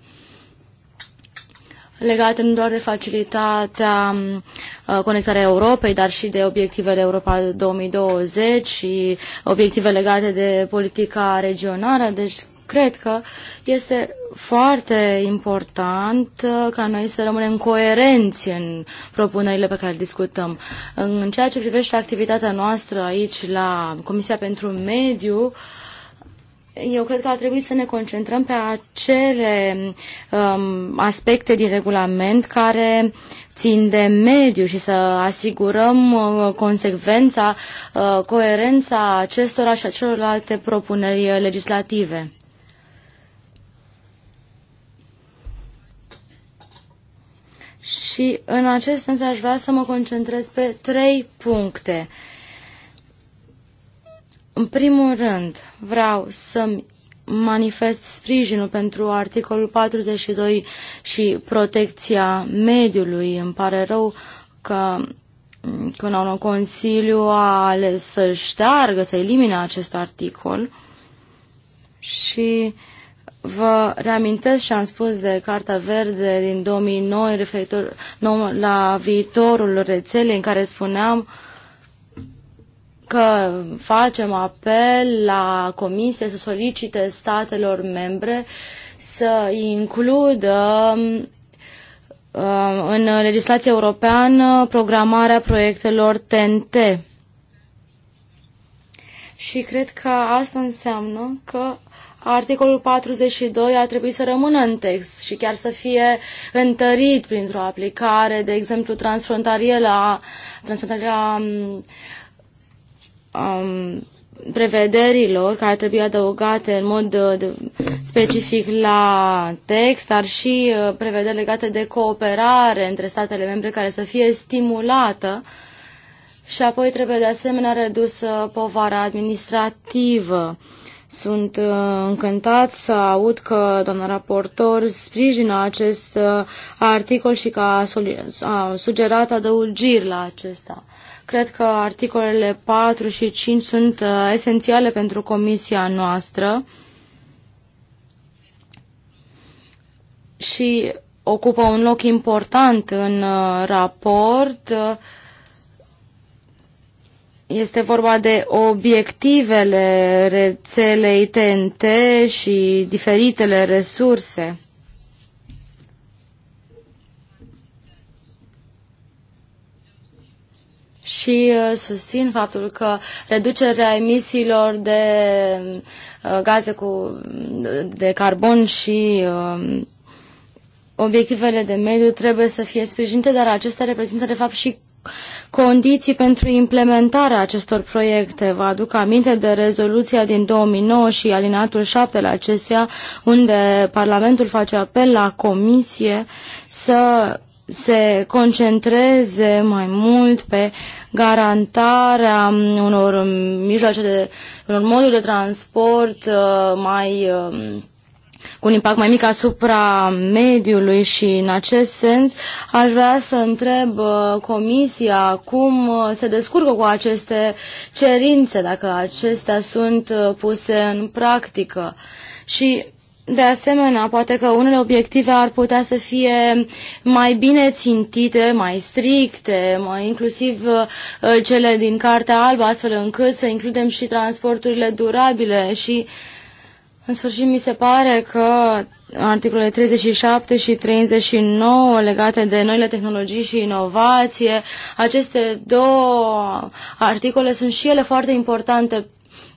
legate nu doar de facilitatea mm, uh, conectarea Europei, dar și de obiectivele Europa 2020 și obiective legate de politica regională. Deci cred că este foarte important uh, ca noi să rămânem coerenți în propunerile pe care le discutăm. În ceea ce privește activitatea noastră aici la Comisia pentru Mediu, uh, eu cred că ar trebui să ne concentrăm pe acele um, aspecte din regulament care țin de mediu și să asigurăm uh, consecvența, uh, coerența acestora și a celorlalte propuneri legislative. Și în acest sens aș vrea să mă concentrez pe trei puncte. Uh, în primul rând, vreau să-mi manifest sprijinul pentru articolul 42 și protecția mediului. Îmi pare rău că când un consiliu a ales să șteargă, să elimine acest articol și vă reamintesc și am spus de Carta Verde din 2009 referitor la viitorul rețelei în care spuneam uh, că facem apel la Comisie să solicite statelor membre să includă uh, în legislația europeană programarea proiectelor TNT. Și cred că asta înseamnă că articolul 42 ar trebui să rămână în text și chiar să fie întărit printr-o aplicare, de exemplu, transfrontalieră a, transfrontalieră a um, um, prevederilor care trebuie adăugate în mod uh, specific la text, dar și uh, prevederi legate de cooperare între statele membre care să fie stimulată și apoi trebuie de asemenea redusă povara administrativă. Sunt uh, încântat să aud că doamna raportor sprijină acest articol și că a sugerat adăugiri la acesta. Cred că articolele 4 și 5 sunt uh, esențiale pentru comisia noastră și ocupă un loc important în uh, raport. Este vorba de obiectivele rețelei TNT și diferitele resurse. și uh, susțin faptul că reducerea emisiilor de uh, gaze cu, de carbon și um, obiectivele de mediu trebuie să fie sprijinite, dar acestea reprezintă de fapt și condiții pentru implementarea acestor proiecte. Vă aduc aminte de rezoluția din 2009 și alinatul 7 la acestea, unde Parlamentul face apel la Comisie să se concentreze mai mult pe garantarea unor mijloace de, unor moduri de transport uh, mai um, cu un impact mai mic asupra mediului și în acest sens aș vrea să întreb uh, Comisia cum uh, se descurcă cu aceste cerințe, dacă acestea sunt puse în practică. Și de asemenea, poate că unele obiective ar putea să fie mai bine țintite, mai stricte, mai inclusiv uh, cele din Cartea Albă, astfel încât să includem și transporturile durabile și, în sfârșit, mi se pare că articolele 37 și 39 legate de noile tehnologii și inovație. Aceste două articole sunt și ele foarte importante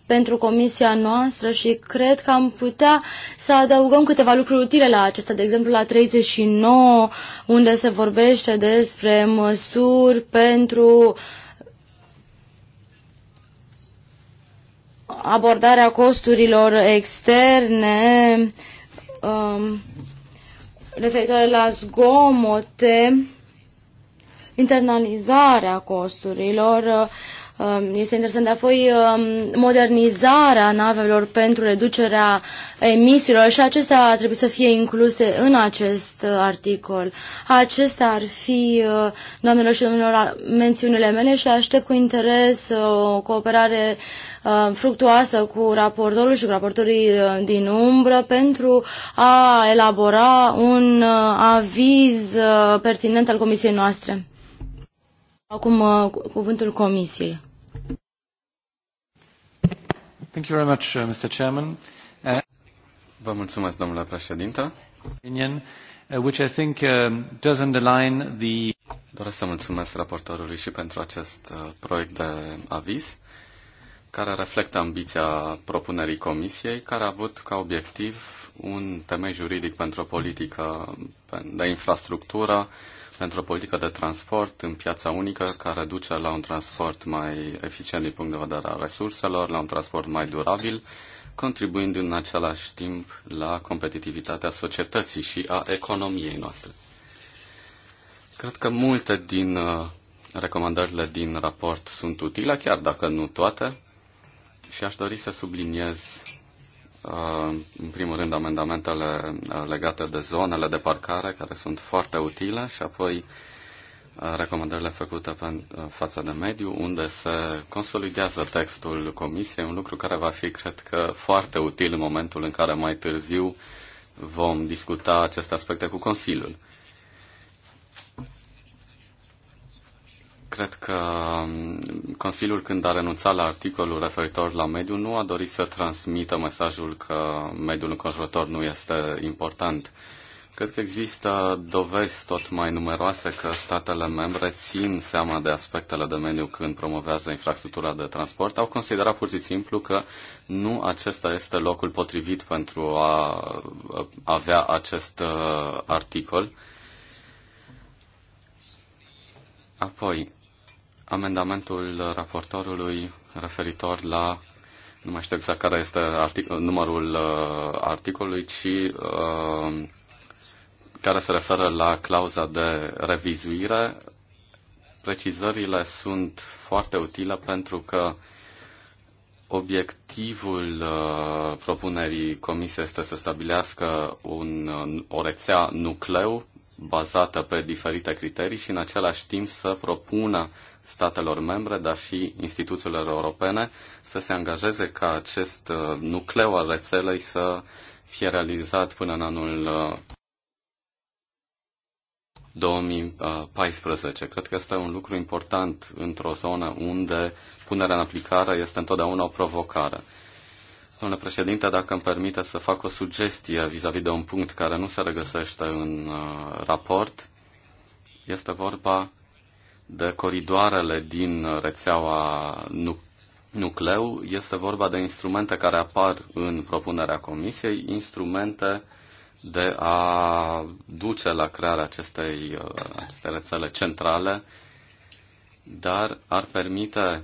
pentru comisia noastră și cred că am putea să adăugăm câteva lucruri utile la acesta. De exemplu, la 39, unde se vorbește despre măsuri pentru abordarea costurilor externe um, referitoare la zgomote, internalizarea costurilor, uh, Um, este interesant apoi um, modernizarea navelor pentru reducerea emisiilor și acestea ar trebui să fie incluse în acest uh, articol. Acestea ar fi, uh, doamnelor și domnilor, mențiunile mele și aștept cu interes uh, o cooperare fructuoasă cu raportorul și cu raportorii din umbră pentru a elabora un aviz pertinent al comisiei noastre. Acum cuvântul comisiei. Thank you very much, uh, Mr. Chairman. Uh, Vă mulțumesc, domnule președinte. Opinion, uh, which I think does underline the... Doresc să mulțumesc raportorului și pentru acest proiect de aviz care reflectă ambiția propunerii Comisiei, care a avut ca obiectiv un temei juridic pentru o politică de infrastructură pentru o politică de transport în piața unică care duce la un transport mai eficient din punct de vedere al resurselor, la un transport mai durabil, contribuind în același timp la competitivitatea societății și a economiei noastre. Cred că multe din uh, recomandările din raport sunt utile, chiar dacă nu toate, și aș dori să subliniez Uh, în primul rând amendamentele uh, legate de zonele de parcare, care sunt foarte utile, și apoi uh, recomandările făcute pe, față de mediu, unde se consolidează textul comisiei, un lucru care va fi, cred că, foarte util în momentul în care mai târziu vom discuta aceste aspecte cu Consiliul. cred că um, Consiliul, când a renunțat la articolul referitor la mediu, nu a dorit să transmită mesajul că mediul înconjurător nu este important. Cred că există dovezi tot mai numeroase că statele membre țin seama de aspectele de mediu când promovează infrastructura de transport. Au considerat pur și simplu că nu acesta este locul potrivit pentru a avea acest uh, articol. Apoi, amendamentul raportorului referitor la nu mai știu exact care este artic- numărul uh, articolului, ci uh, care se referă la clauza de revizuire. Precizările sunt foarte utile pentru că obiectivul uh, propunerii comisiei este să stabilească un, uh, o rețea nucleu bazată pe diferite criterii și în același timp să propună statelor membre, dar și instituțiilor europene să se angajeze ca acest uh, nucleu al rețelei să fie realizat până în anul 2014. Uh, Cred că este un lucru important într-o zonă unde punerea în aplicare este întotdeauna o provocare. Domnule președinte, dacă îmi permite să fac o sugestie vis-a-vis -vis de un punct care nu se regăsește în uh, raport, este vorba de coridoarele din rețeaua nu nucleu. Este vorba de instrumente care apar în propunerea Comisiei, instrumente de a duce la crearea acestei, uh, acestei rețele centrale, dar ar permite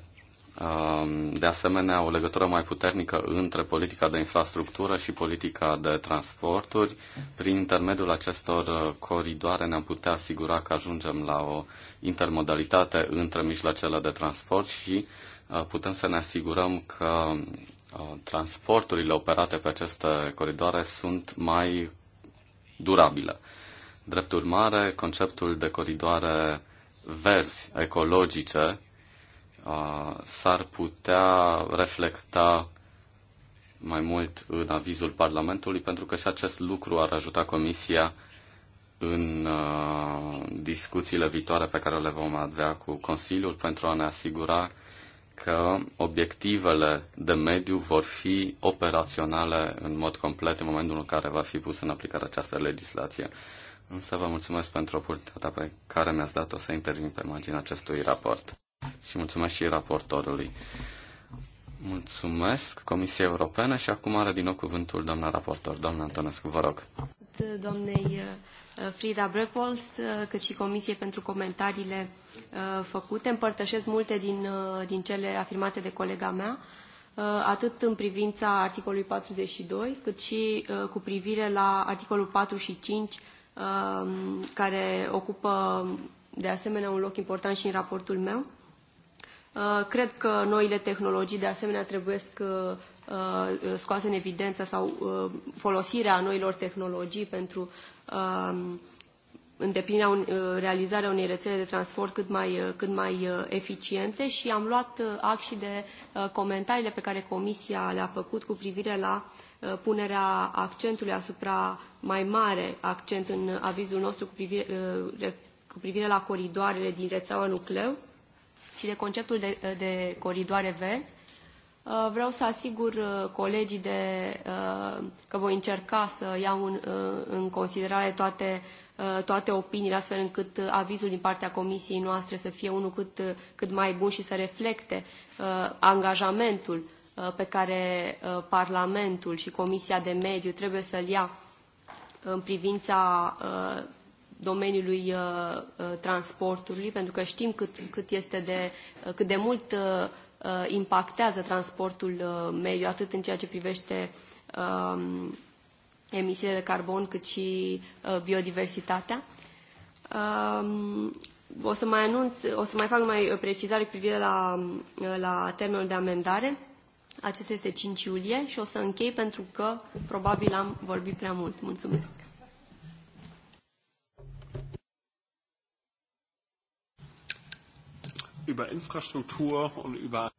Um, de asemenea o legătură mai puternică între politica de infrastructură și politica de transporturi. Prin intermediul acestor uh, coridoare ne-am putea asigura că ajungem la o intermodalitate între mijloacele de transport și uh, putem să ne asigurăm că uh, transporturile operate pe aceste coridoare sunt mai durabile. Drept urmare, conceptul de coridoare verzi, ecologice, s-ar putea reflecta mai mult în avizul Parlamentului, pentru că și acest lucru ar ajuta Comisia în discuțiile viitoare pe care le vom avea cu Consiliul pentru a ne asigura că obiectivele de mediu vor fi operaționale în mod complet în momentul în care va fi pusă în aplicare această legislație. Însă vă mulțumesc pentru oportunitatea pe care mi-ați dat-o să intervin pe marginea acestui raport. Și mulțumesc și raportorului. Mulțumesc Comisiei Europene și acum are din nou cuvântul doamna raportor. Doamna Antonescu, vă rog. Doamnei uh, Frida Brepols, uh, cât și Comisie pentru comentariile uh, făcute. Împărtășesc multe din, din cele afirmate de colega mea, atât în privința articolului 42, cât și cu privire la articolul 4 și 5, care ocupă de asemenea un loc important și în raportul meu. Uh, cred că noile tehnologii, de asemenea, trebuie să uh, uh, scoase în evidență sau folosirea noilor tehnologii pentru îndeplinirea, realizarea unei rețele de transport cât mai, cât mai eficiente și am luat act și de comentariile pe care Comisia le-a făcut cu privire la punerea accentului asupra mai mare accent în avizul nostru cu privire, cu privire la coridoarele din rețeaua nucleu și de conceptul de, de coridoare verzi. Uh, vreau să asigur uh, colegii de, uh, că voi încerca să iau în, în considerare toate, toate opiniile, astfel încât avizul din partea comisiei noastre să fie unul cât, cât mai bun și să reflecte angajamentul pe care Parlamentul și Comisia de Mediu trebuie să-l ia în privința domeniului uh, uh, transportului, pentru că știm cât, cât, este de, uh, cât de mult impactează transportul mediu, atât în ceea ce privește um, emisiile de carbon, cât și biodiversitatea. Um, o să mai anunț, o să mai fac mai precizare cu privire la, la termenul de amendare. Acesta este 5 iulie și o să închei pentru că probabil am vorbit prea mult. Mulțumesc! über Infrastruktur und über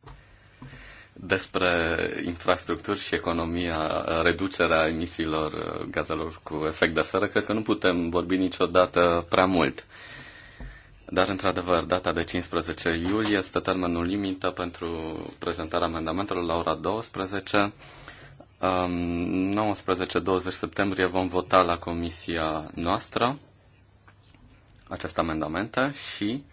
despre infrastructuri și economia, reducerea emisiilor uh, gazelor cu efect de seră, cred că nu putem vorbi niciodată prea mult. Dar, într-adevăr, data de 15 iulie este termenul limită pentru prezentarea amendamentelor la ora 12. 19-20 um, septembrie vom vota la comisia noastră aceste amendamente și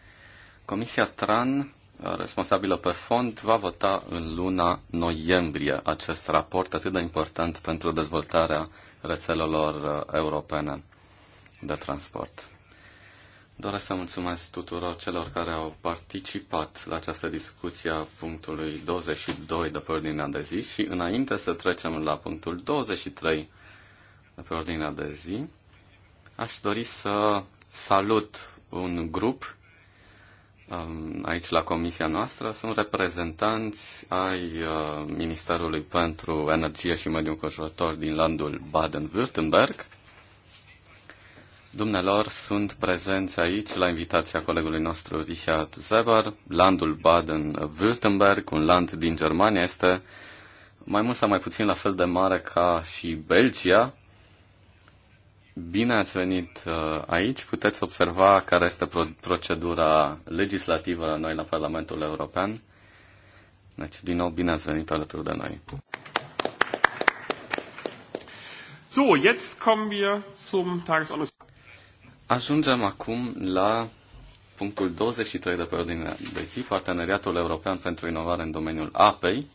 Comisia TRAN, responsabilă pe fond, va vota în luna noiembrie acest raport atât de important pentru dezvoltarea rețelelor uh, europene de transport. Doresc să mulțumesc tuturor celor care au participat la această discuție a punctului 22 de pe ordinea de zi și înainte să trecem la punctul 23 de pe ordinea de zi, aș dori să salut un grup aici la comisia noastră sunt reprezentanți ai uh, Ministerului pentru Energie și Mediul Înconjurător din landul Baden-Württemberg. Dumnelor sunt prezenți aici la invitația colegului nostru Richard Zeber. Landul Baden-Württemberg, un land din Germania, este mai mult sau mai puțin la fel de mare ca și Belgia, Bine ați venit uh, aici. Puteți observa care este procedura legislativă la noi la Parlamentul European. Deci, din nou, bine ați venit alături de noi. So, jetzt kommen wir zum Ajungem acum la punctul 23 de pe ordinea de zi, Parteneriatul European pentru Inovare în domeniul apei.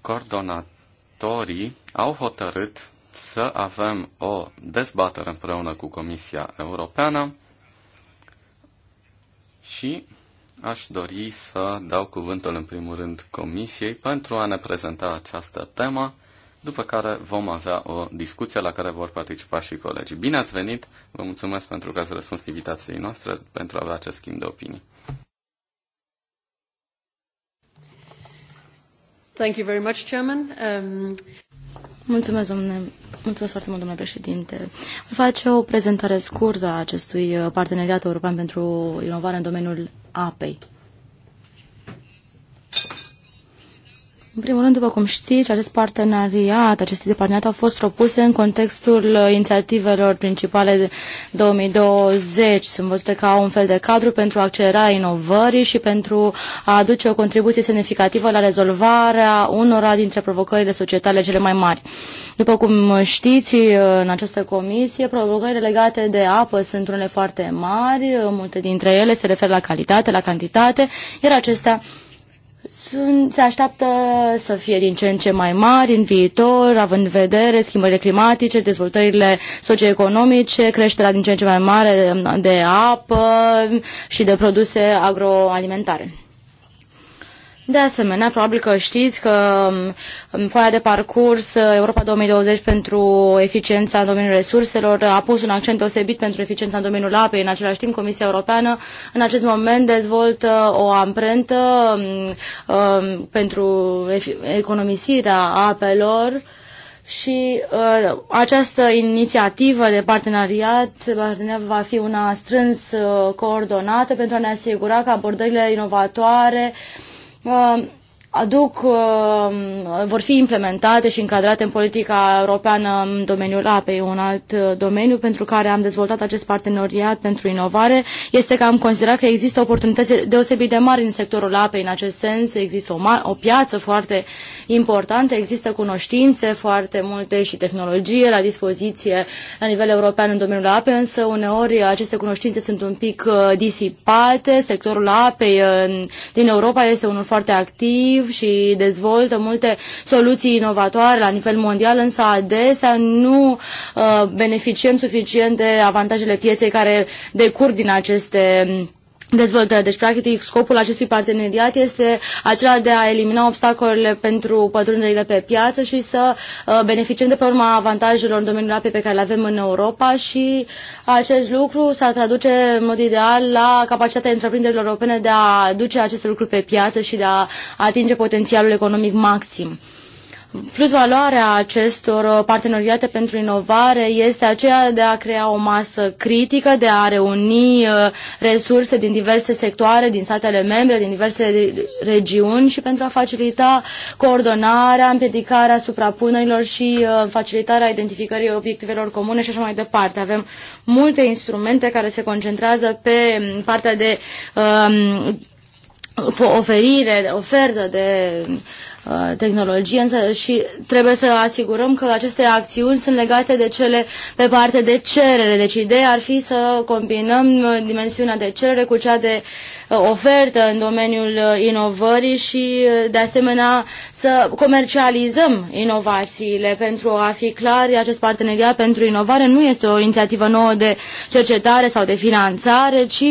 Coordonat coordonatorii au hotărât să avem o dezbatere împreună cu Comisia Europeană și aș dori să dau cuvântul în primul rând Comisiei pentru a ne prezenta această temă, după care vom avea o discuție la care vor participa și colegii. Bine ați venit, vă mulțumesc pentru că ați răspuns invitației noastre pentru a avea acest schimb de opinii. Thank you very much, Chairman. Um... Mulțumesc, domnule. Mulțumesc foarte mult, domnule președinte. Vă face o prezentare scurtă a acestui uh, parteneriat european pentru inovare în domeniul apei. În primul rând, după cum știți, acest parteneriat, aceste parteneriat au fost propuse în contextul uh, inițiativelor principale de 2020. Sunt văzute ca un fel de cadru pentru accelerarea inovării și pentru a aduce o contribuție semnificativă la rezolvarea unora dintre provocările societale cele mai mari. După cum știți, uh, în această comisie, provocările legate de apă sunt unele foarte mari, multe dintre ele se referă la calitate, la cantitate, iar acestea sunt, se așteaptă să fie din ce în ce mai mari în viitor, având în vedere schimbările climatice, dezvoltările socioeconomice, creșterea din ce în ce mai mare de apă și de produse agroalimentare. De asemenea, probabil că știți că um, foaia de parcurs uh, Europa 2020 pentru eficiența în domeniul resurselor a pus un accent deosebit pentru eficiența în domeniul apei. În același timp, Comisia Europeană în acest moment dezvoltă o amprentă um, um pentru economisirea apelor și uh, această inițiativă de parteneriat, parteneriat va fi una strâns uh, coordonată pentru a ne asigura că abordările inovatoare uh, uh, aduc, um, vor fi implementate și încadrate în politica europeană în domeniul apei, un alt uh, domeniu pentru care am dezvoltat acest parteneriat pentru inovare, este că am considerat că există oportunități deosebit de mari în sectorul apei în acest sens, există o, o piață foarte importantă, există cunoștințe foarte multe și tehnologie la dispoziție la nivel european în domeniul apei, însă uneori aceste cunoștințe sunt un pic uh, disipate, sectorul apei uh, din Europa este unul foarte activ, inovativ și dezvoltă multe soluții inovatoare la nivel mondial, însă adesea nu uh, beneficiem suficient de avantajele pieței care decurg din aceste dezvoltări. Deci, practic, scopul acestui parteneriat este acela de a elimina obstacolele pentru pătrunderile pe piață și să uh, beneficiem de pe urma avantajelor în domeniul apei pe care le avem în Europa și acest lucru s a traduce în mod ideal la capacitatea întreprinderilor europene de a duce aceste lucruri pe piață și de a atinge potențialul economic maxim. Plus valoarea acestor uh, parteneriate pentru inovare este aceea de a crea o masă critică, de a reuni uh, resurse din diverse sectoare, din statele membre, din diverse regiuni și pentru a facilita coordonarea, împiedicarea suprapunerilor și uh, facilitarea identificării obiectivelor comune și așa mai departe. Avem multe instrumente care se concentrează pe um, partea de um, oferire, de ofertă, de Uh, tehnologie însă și trebuie să asigurăm că aceste acțiuni sunt legate de cele pe parte de cerere. Deci ideea ar fi să combinăm dimensiunea de cerere cu cea de uh, ofertă în domeniul uh, inovării și de asemenea să comercializăm inovațiile pentru a fi clar acest parteneriat pentru inovare nu este o inițiativă nouă de cercetare sau de finanțare, ci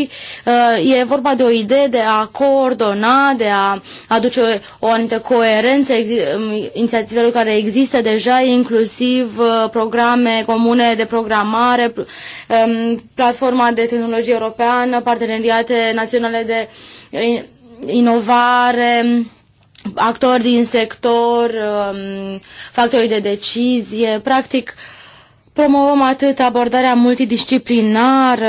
e vorba de o idee de a coordona, de a aduce o anumită coerență coerență um, inițiativelor care există deja, inclusiv uh, programe comune de programare, um, platforma de tehnologie europeană, parteneriate naționale de uh, inovare, actori din sector, um, factorii de decizie, practic promovăm atât abordarea multidisciplinară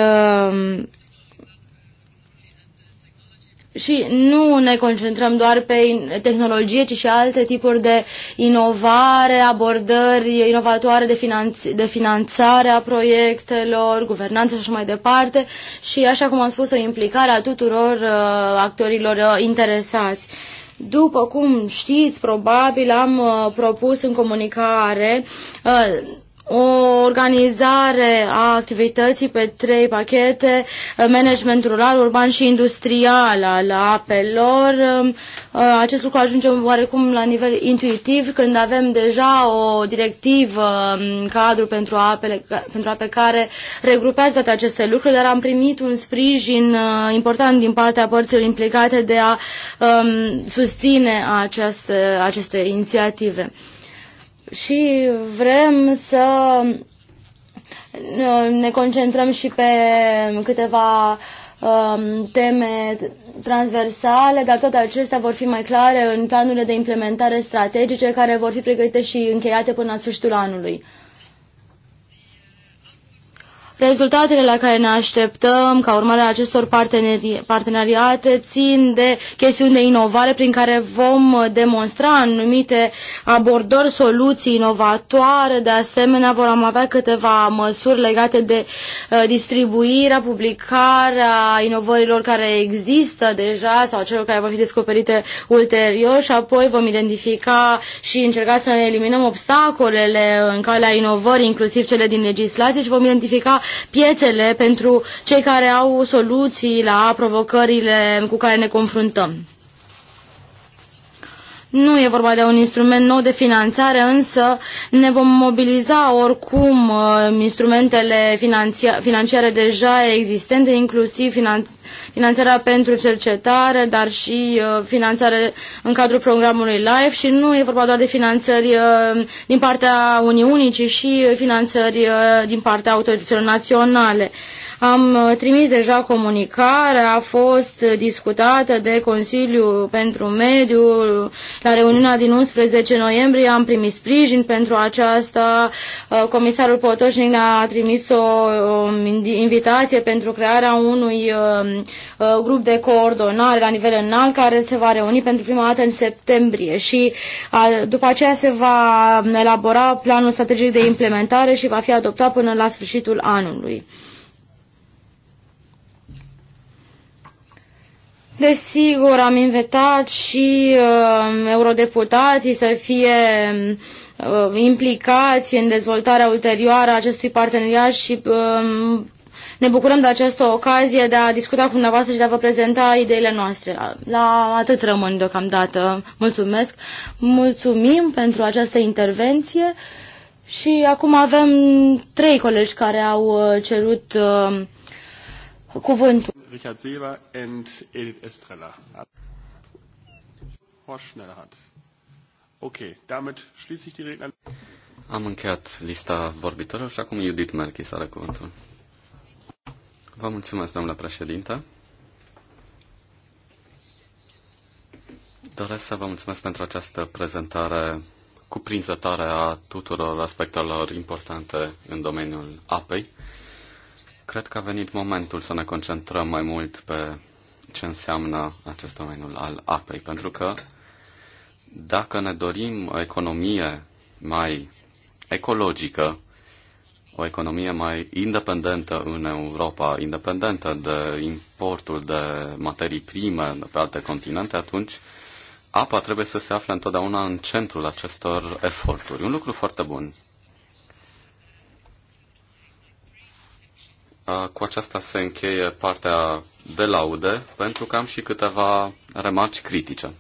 și nu ne concentrăm doar pe tehnologie, ci și alte tipuri de inovare, abordări inovatoare de, finanț- de finanțare a proiectelor, guvernanță și așa mai departe și, așa cum am spus, o implicare a tuturor uh, actorilor uh, interesați. După cum știți, probabil am uh, propus în comunicare uh, o organizare a activității pe trei pachete, eh, management rural, urban și industrial al apelor. Eh, eh, acest lucru ajunge oarecum la nivel intuitiv când avem deja o directivă mm, cadru pentru, apele, pentru ape care regrupează toate aceste lucruri, dar am primit un sprijin important din partea părților implicate de a um, susține aceste, aceste inițiative și vrem să uh, ne concentrăm și pe câteva um, teme transversale, dar toate acestea vor fi mai clare în planurile de implementare strategice care vor fi pregătite și încheiate până la sfârșitul anului. Rezultatele la care ne așteptăm ca urmare a acestor parteneri, parteneriate țin de chestiuni de inovare prin care vom demonstra anumite abordări, soluții inovatoare. De asemenea, vom avea câteva măsuri legate de uh, distribuirea, publicarea inovărilor care există deja sau celor care vor fi descoperite ulterior și apoi vom identifica și încerca să eliminăm obstacolele în calea inovării, inclusiv cele din legislație și vom identifica piețele pentru cei care au soluții la provocările cu care ne confruntăm. Nu e vorba de un instrument nou de finanțare, însă ne vom mobiliza oricum uh, instrumentele financiare deja existente, inclusiv finanțarea pentru cercetare, dar și uh, finanțare în cadrul programului LIFE și nu e vorba doar de finanțări uh, din partea Uniunii, ci și finanțări din partea autorităților naționale. Am uh, trimis deja comunicarea, a fost discutată de Consiliu pentru Mediu la reuniunea din 11 noiembrie, am primit sprijin pentru aceasta, uh, comisarul Potoșnic ne-a trimis o invitație pentru crearea unui uh, grup de coordonare la nivel înalt care se va reuni pentru prima dată în septembrie și după aceea se va um, elabora planul strategic de implementare și va fi adoptat până la sfârșitul anului. Desigur, am invitat și uh, eurodeputații să fie uh, implicați în dezvoltarea ulterioară a acestui parteneriat și uh, ne bucurăm de această ocazie de a discuta cu dumneavoastră și de a vă prezenta ideile noastre. La atât rămân deocamdată. Mulțumesc. Mulțumim pentru această intervenție. Și acum avem trei colegi care au uh, cerut uh, cuvântul. Richard Seber and Edith Estrella. Horst Schnellhardt. Okay, damit schließe ich die Redner. Am încheiat lista vorbitorilor și acum Judith Merkis are cuvântul. Vă mulțumesc, domnule președinte. Doresc să vă mulțumesc pentru această prezentare cuprinzătoare a tuturor aspectelor importante în domeniul apei. Cred că a venit momentul să ne concentrăm mai mult pe ce înseamnă acest domeniul al apei, pentru că dacă ne dorim o economie mai ecologică, o economie mai independentă în Europa, independentă de importul de materii prime de pe alte continente, atunci apa trebuie să se afle întotdeauna în centrul acestor eforturi. Un lucru foarte bun Cu aceasta se încheie partea de laude, pentru că am și câteva remarci critice.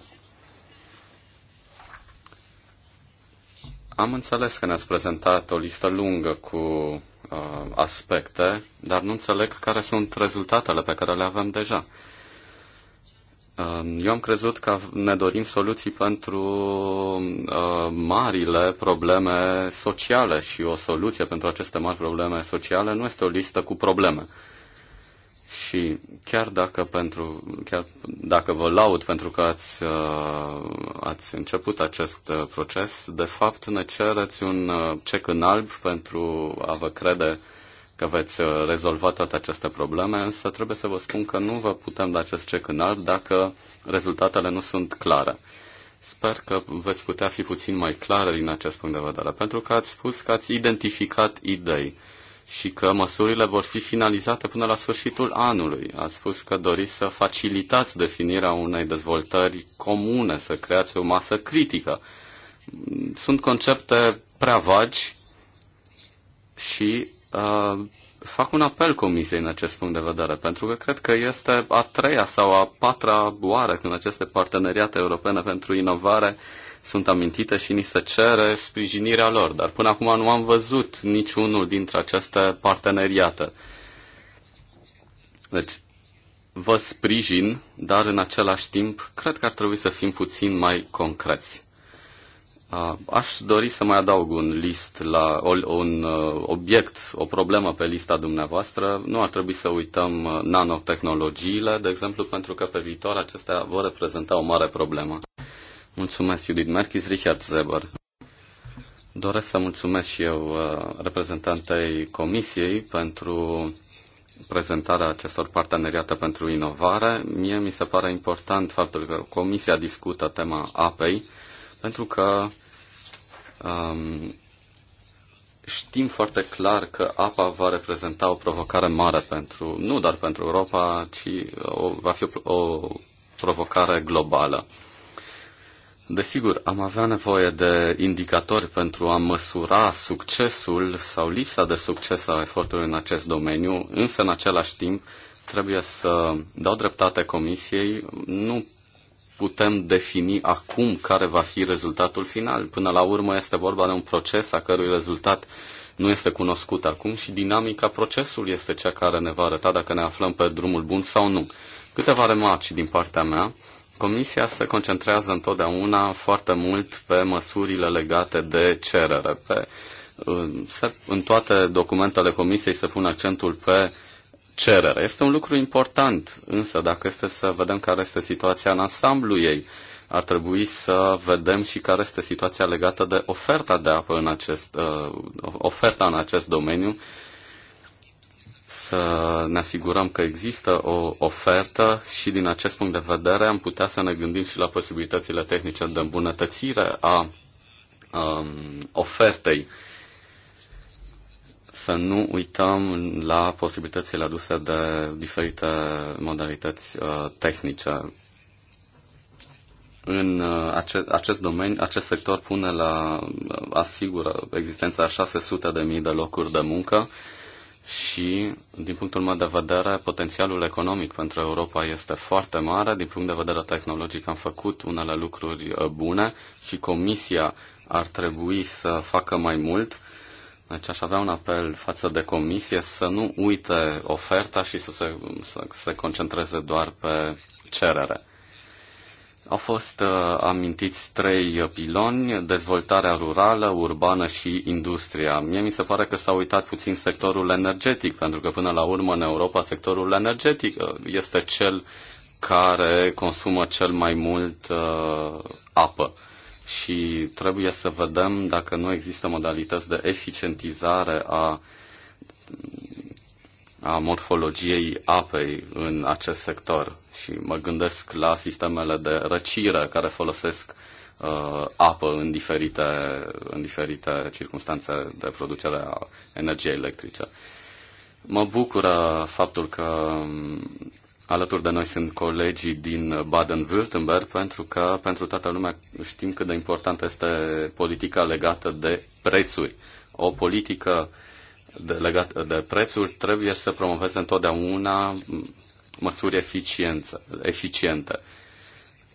Am înțeles că ne-ați prezentat o listă lungă cu uh, aspecte, dar nu înțeleg care sunt rezultatele pe care le avem deja. Uh, Um, eu am crezut că ne dorim soluții pentru uh, marile probleme sociale și o soluție pentru aceste mari probleme sociale nu este o listă cu probleme. Și chiar dacă, pentru, chiar dacă vă laud pentru că ați, uh, ați început acest uh, proces, de fapt ne cereți un cec în alb pentru a vă crede uh, că veți uh, rezolva toate aceste probleme, însă trebuie să vă spun că nu vă putem da acest cec în alb dacă rezultatele nu sunt clare. Sper că veți putea fi puțin mai clară din acest punct de vedere, pentru că ați spus că ați identificat idei și că măsurile vor fi finalizate până la sfârșitul anului. Ați spus că doriți să facilitați definirea unei dezvoltări comune, să creați o masă critică. Sunt concepte prea vagi și uh, fac un apel Comisiei în acest punct de vedere, pentru că cred că este a treia sau a patra oară când aceste parteneriate europene pentru inovare sunt amintite și ni se cere sprijinirea lor, dar până acum nu am văzut niciunul dintre aceste parteneriate. Deci, vă sprijin, dar în același timp, cred că ar trebui să fim puțin mai concreți. Ah, aș dori să mai adaug un list la un uh, obiect, o problemă pe lista dumneavoastră. Nu ar trebui să uităm uh, nanotehnologiile, de exemplu, pentru că pe viitor acestea vor reprezenta o mare problemă. Mulțumesc, Judith Merkis, Richard Zeber. Doresc să mulțumesc și eu uh, reprezentantei Comisiei pentru prezentarea acestor parteneriate pentru inovare. Mie mi se pare important faptul că Comisia discută tema apei pentru că um, știm foarte clar că apa va reprezenta o provocare mare pentru, nu doar pentru Europa, ci o, va fi o, o provocare globală. Desigur, am avea nevoie de indicatori pentru a măsura succesul sau lipsa de succes a efortului în acest domeniu, însă în același timp trebuie să dau dreptate comisiei, nu putem defini acum care va fi rezultatul final. Până la urmă este vorba de un proces a cărui rezultat nu este cunoscut acum și dinamica procesului este cea care ne va arăta dacă ne aflăm pe drumul bun sau nu. Câteva remarci din partea mea. Comisia se concentrează întotdeauna foarte mult pe măsurile legate de cerere. Pe, în toate documentele Comisiei se pun accentul pe uh, cerere. Este un lucru important, însă dacă este să vedem care este situația în ansamblu ei, ar trebui să vedem și care este situația legată de oferta de apă în acest, uh, oferta în acest domeniu, să ne asigurăm că există o ofertă și din acest punct de vedere am putea să ne gândim și la posibilitățile tehnice de îmbunătățire a um, ofertei să nu uităm la posibilitățile aduse de diferite modalități uh, tehnice. În uh, acest, acest domeniu, acest sector pune la uh, asigură existența a 600.000 de, de locuri de muncă și, din punctul meu de vedere, potențialul economic pentru Europa este foarte mare. Din punct de vedere tehnologic am făcut unele lucruri uh, bune și Comisia ar trebui să facă mai mult deci aș avea un apel față de comisie să nu uite oferta și să se, să se concentreze doar pe cerere. Au fost uh, amintiți trei piloni, dezvoltarea rurală, urbană și industria. Mie mi se pare că s-a uitat puțin sectorul energetic, pentru că până la urmă în Europa sectorul energetic uh, este cel care consumă cel mai mult uh, apă. Uh, și trebuie să vedem dacă nu există modalități de eficientizare a, a morfologiei apei în acest sector. Și mă gândesc la sistemele de răcire care folosesc uh, apă în diferite, în diferite circunstanțe de producere a energiei electrice. Mă bucură faptul că Alături de noi sunt colegii din Baden-Württemberg, pentru că pentru toată lumea știm cât de importantă este politica legată de prețuri. O politică de, legată de prețuri trebuie să promoveze întotdeauna măsuri eficiență, eficiente.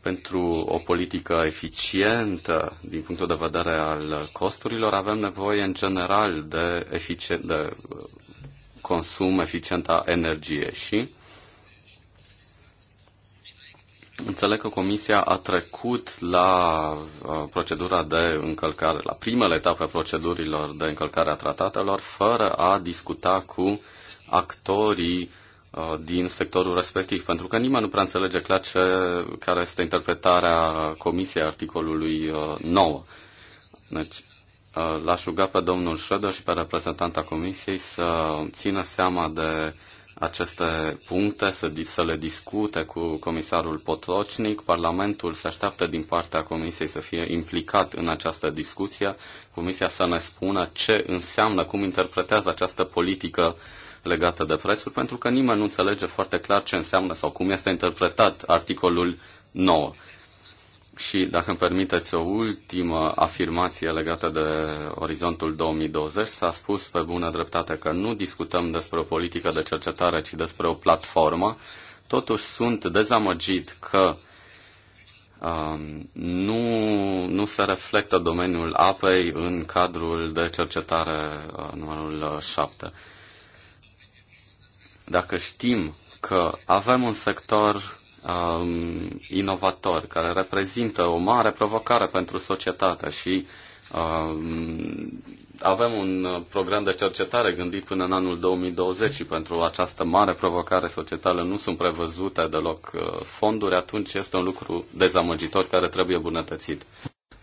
Pentru o politică eficientă din punctul de vedere al costurilor avem nevoie în general de, eficient, de consum eficient a energiei și Înțeleg că Comisia a trecut la uh, procedura de încălcare, la primele etape a procedurilor de încălcare a tratatelor, fără a discuta cu actorii uh, din sectorul respectiv, pentru că nimeni nu prea înțelege clar ce, care este interpretarea Comisiei articolului 9. Uh, deci, l-aș ruga pe domnul Schroeder și pe reprezentanta Comisiei să țină seama de aceste puncte, să, să le discute cu comisarul Potocnic. Parlamentul se așteaptă din partea Comisiei să fie implicat în această discuție. Comisia să ne spună ce înseamnă, cum interpretează această politică legată de prețuri, pentru că nimeni nu înțelege foarte clar ce înseamnă sau cum este interpretat articolul 9. Și, dacă îmi permiteți, o ultimă afirmație legată de orizontul 2020. S-a spus pe bună dreptate că nu discutăm despre o politică de cercetare, ci despre o platformă. Totuși sunt dezamăgit că um, nu, nu se reflectă domeniul apei în cadrul de cercetare uh, numărul 7. Uh, dacă știm că avem un sector um, inovator, care reprezintă o mare provocare pentru societate și um, avem un program de cercetare gândit până în anul 2020 și pentru această mare provocare societală nu sunt prevăzute deloc uh, fonduri, atunci este un lucru dezamăgitor care trebuie bunătățit.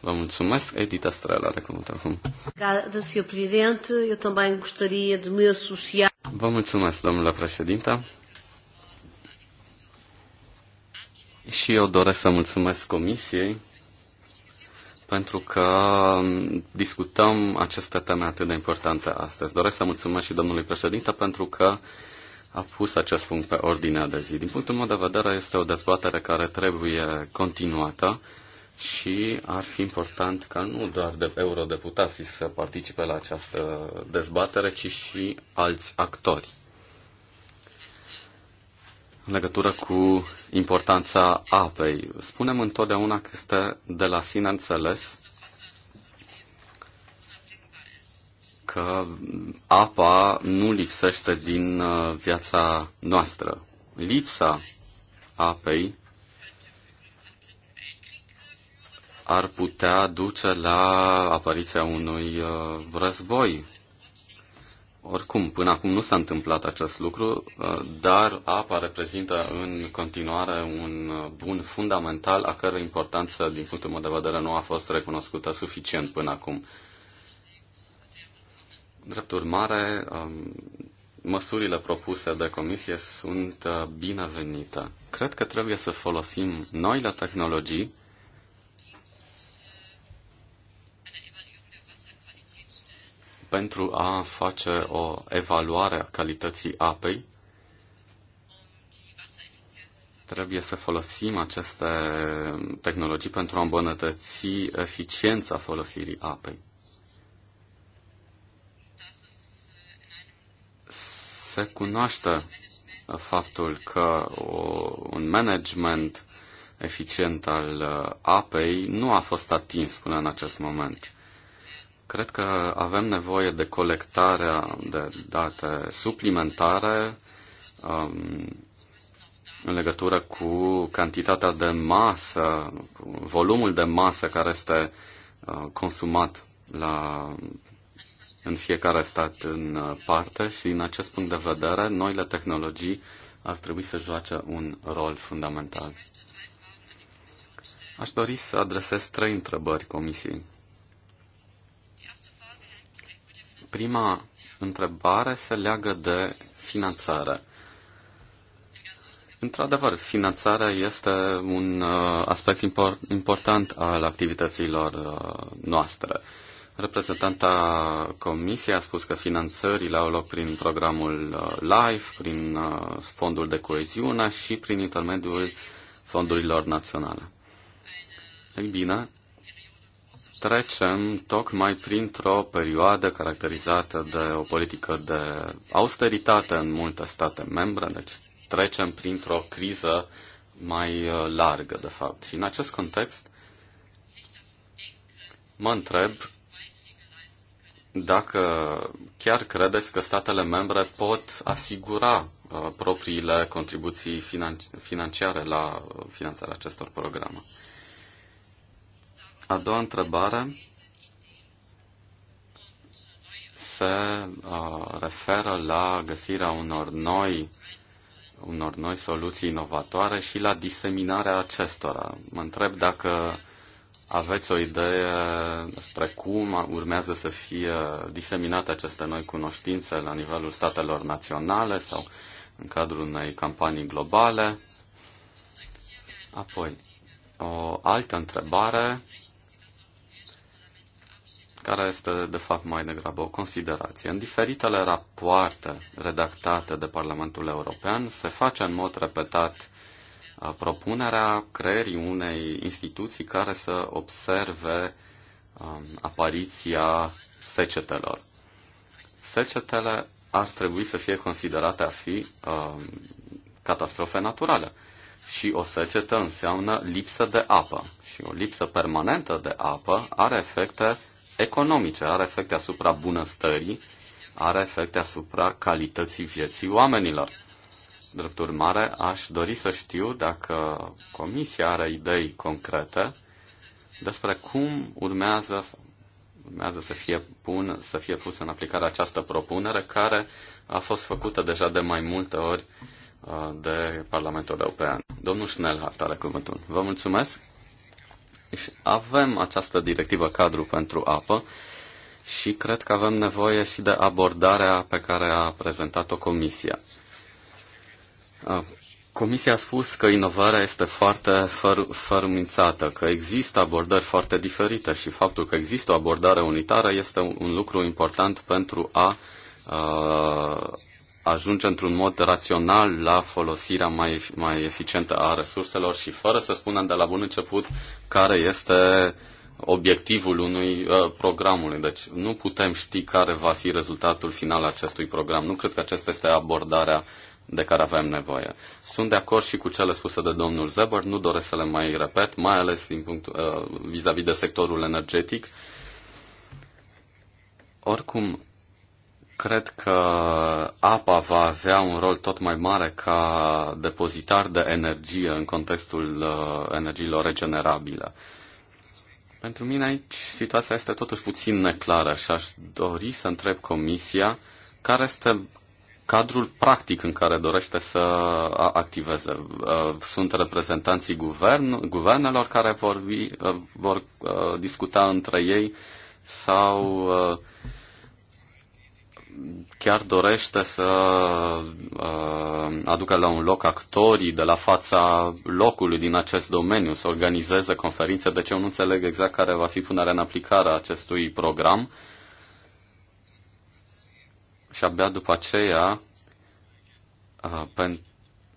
Vă mulțumesc. Edita Strela are acum. Vă mulțumesc, domnule președinte. Și eu doresc să mulțumesc Comisiei pentru că discutăm aceste teme atât de importante astăzi. Doresc să mulțumesc și domnului președinte pentru că a pus acest punct pe ordinea de zi. Din punctul meu de vedere, este o dezbatere care trebuie continuată și ar fi important ca nu doar de eurodeputații să participe la această dezbatere, ci și alți actori. În legătură cu importanța apei, spunem întotdeauna că este de la sine înțeles că apa nu lipsește din uh, viața noastră. Lipsa apei ar putea duce la apariția unui uh, război oricum, până acum nu s-a întâmplat acest lucru, uh, dar apa reprezintă în continuare un uh, bun fundamental a cărui importanță, din punctul meu de vedere, nu a fost recunoscută suficient până acum. Drept urmare, um, măsurile propuse de comisie sunt uh, binevenite. Cred că trebuie să folosim noile tehnologii pentru a face o evaluare a calității apei. Trebuie să folosim aceste tehnologii pentru a îmbunătăți eficiența folosirii apei. Se cunoaște faptul că un management eficient al apei nu a fost atins până în acest moment. Cred că avem nevoie de colectarea de date suplimentare um, în legătură cu cantitatea de masă, cu volumul de masă care este uh, consumat la, în fiecare stat în parte și din acest punct de vedere noile tehnologii ar trebui să joace un rol fundamental. Aș dori să adresez trei întrebări Comisiei. Prima întrebare se leagă de finanțare. Într-adevăr, finanțarea este un uh, aspect important al activităților uh, noastre. Reprezentanta Comisiei a spus că finanțările au loc prin programul uh, LIFE, prin fondul de coeziune și prin intermediul fondurilor naționale. Ei bine, trecem tocmai printr-o perioadă caracterizată de o politică de austeritate în multe state membre, deci trecem printr-o criză mai uh, largă, de fapt. Și în acest context, mă întreb dacă chiar credeți că statele membre pot asigura uh, propriile contribuții financiare la uh, finanțarea acestor programe. A doua întrebare se uh, referă la găsirea unor noi unor noi soluții inovatoare și la diseminarea acestora. Mă întreb dacă aveți o idee despre cum urmează să fie diseminate aceste noi cunoștințe la nivelul statelor naționale sau în cadrul unei campanii globale. Apoi, o altă întrebare care este de fapt mai degrabă o considerație. În diferitele rapoarte redactate de Parlamentul European se face în mod repetat uh, propunerea creării unei instituții care să observe um, apariția secetelor. Secetele ar trebui să fie considerate a fi um, catastrofe naturale. Și o secetă înseamnă lipsă de apă. Și o lipsă permanentă de apă are efecte economice, are efecte asupra bunăstării, are efecte asupra calității vieții oamenilor. Drept urmare, aș dori să știu dacă Comisia are idei concrete despre cum urmează, urmează să, fie pun, să fie pusă în aplicare această propunere care a fost făcută deja de mai multe ori uh, de Parlamentul European. Domnul Schnellhardt are cuvântul. Vă mulțumesc! Avem această directivă cadru pentru apă și cred că avem nevoie și de abordarea pe care a prezentat-o Comisia. Comisia a spus că inovarea este foarte făr- fărâmițată, că există abordări foarte diferite și faptul că există o abordare unitară este un, lucru important pentru a ajunge într-un mod rațional la folosirea mai, mai eficientă a resurselor și fără să spunem de la bun început care este obiectivul unui uh, programului. Deci nu putem ști care va fi rezultatul final acestui program. Nu cred că acesta este abordarea de care avem nevoie. Sunt de acord și cu cele spuse de domnul Zeber, nu doresc să le mai repet, mai ales din punct, uh, vis-a-vis -vis de sectorul energetic. Oricum, Cred că apa va avea un rol tot mai mare ca depozitar de energie în contextul uh, energiilor regenerabile. Pentru mine aici situația este totuși puțin neclară și aș dori să întreb Comisia care este cadrul practic în care dorește să activeze. Uh, sunt reprezentanții guvern, guvernelor care vor, uh, vor discuta între ei sau chiar dorește să uh, aducă la un loc actorii de la fața locului din acest domeniu, să organizeze conferințe. ce eu nu înțeleg exact care va fi punerea în aplicare a acestui program. Și abia după aceea, uh, pentru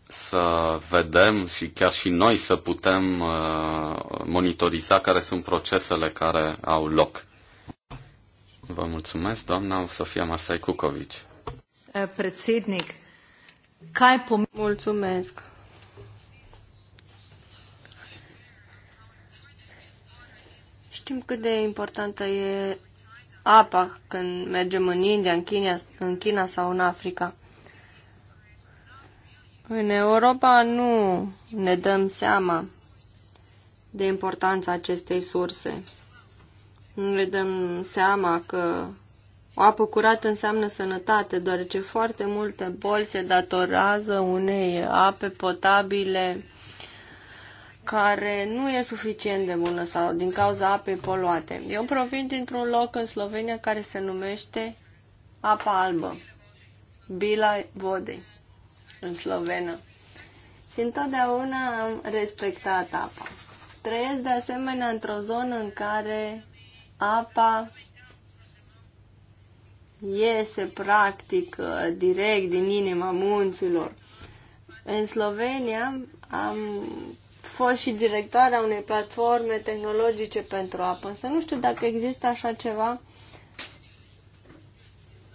să vedem și chiar și noi să putem uh, monitoriza care sunt procesele care au loc. Vă mulțumesc, doamna Sofia Marsai Cucovici. Eh, Predsednic, cai pom- Mulțumesc. Știm cât de importantă e apa când mergem în India, în China, în China sau în Africa. În Europa nu ne dăm seama de importanța acestei surse. Nu le dăm seama că o apă curată înseamnă sănătate, deoarece foarte multe boli se datorează unei ape potabile care nu e suficient de bună sau din cauza apei poluate. Eu provin dintr-un loc în Slovenia care se numește apa albă, Bila Vodei, în slovenă. Și întotdeauna am respectat apa. Trăiesc de asemenea într-o zonă în care apa iese practic direct din inima munților. În Slovenia am fost și directoarea unei platforme tehnologice pentru apă, însă nu știu dacă există așa ceva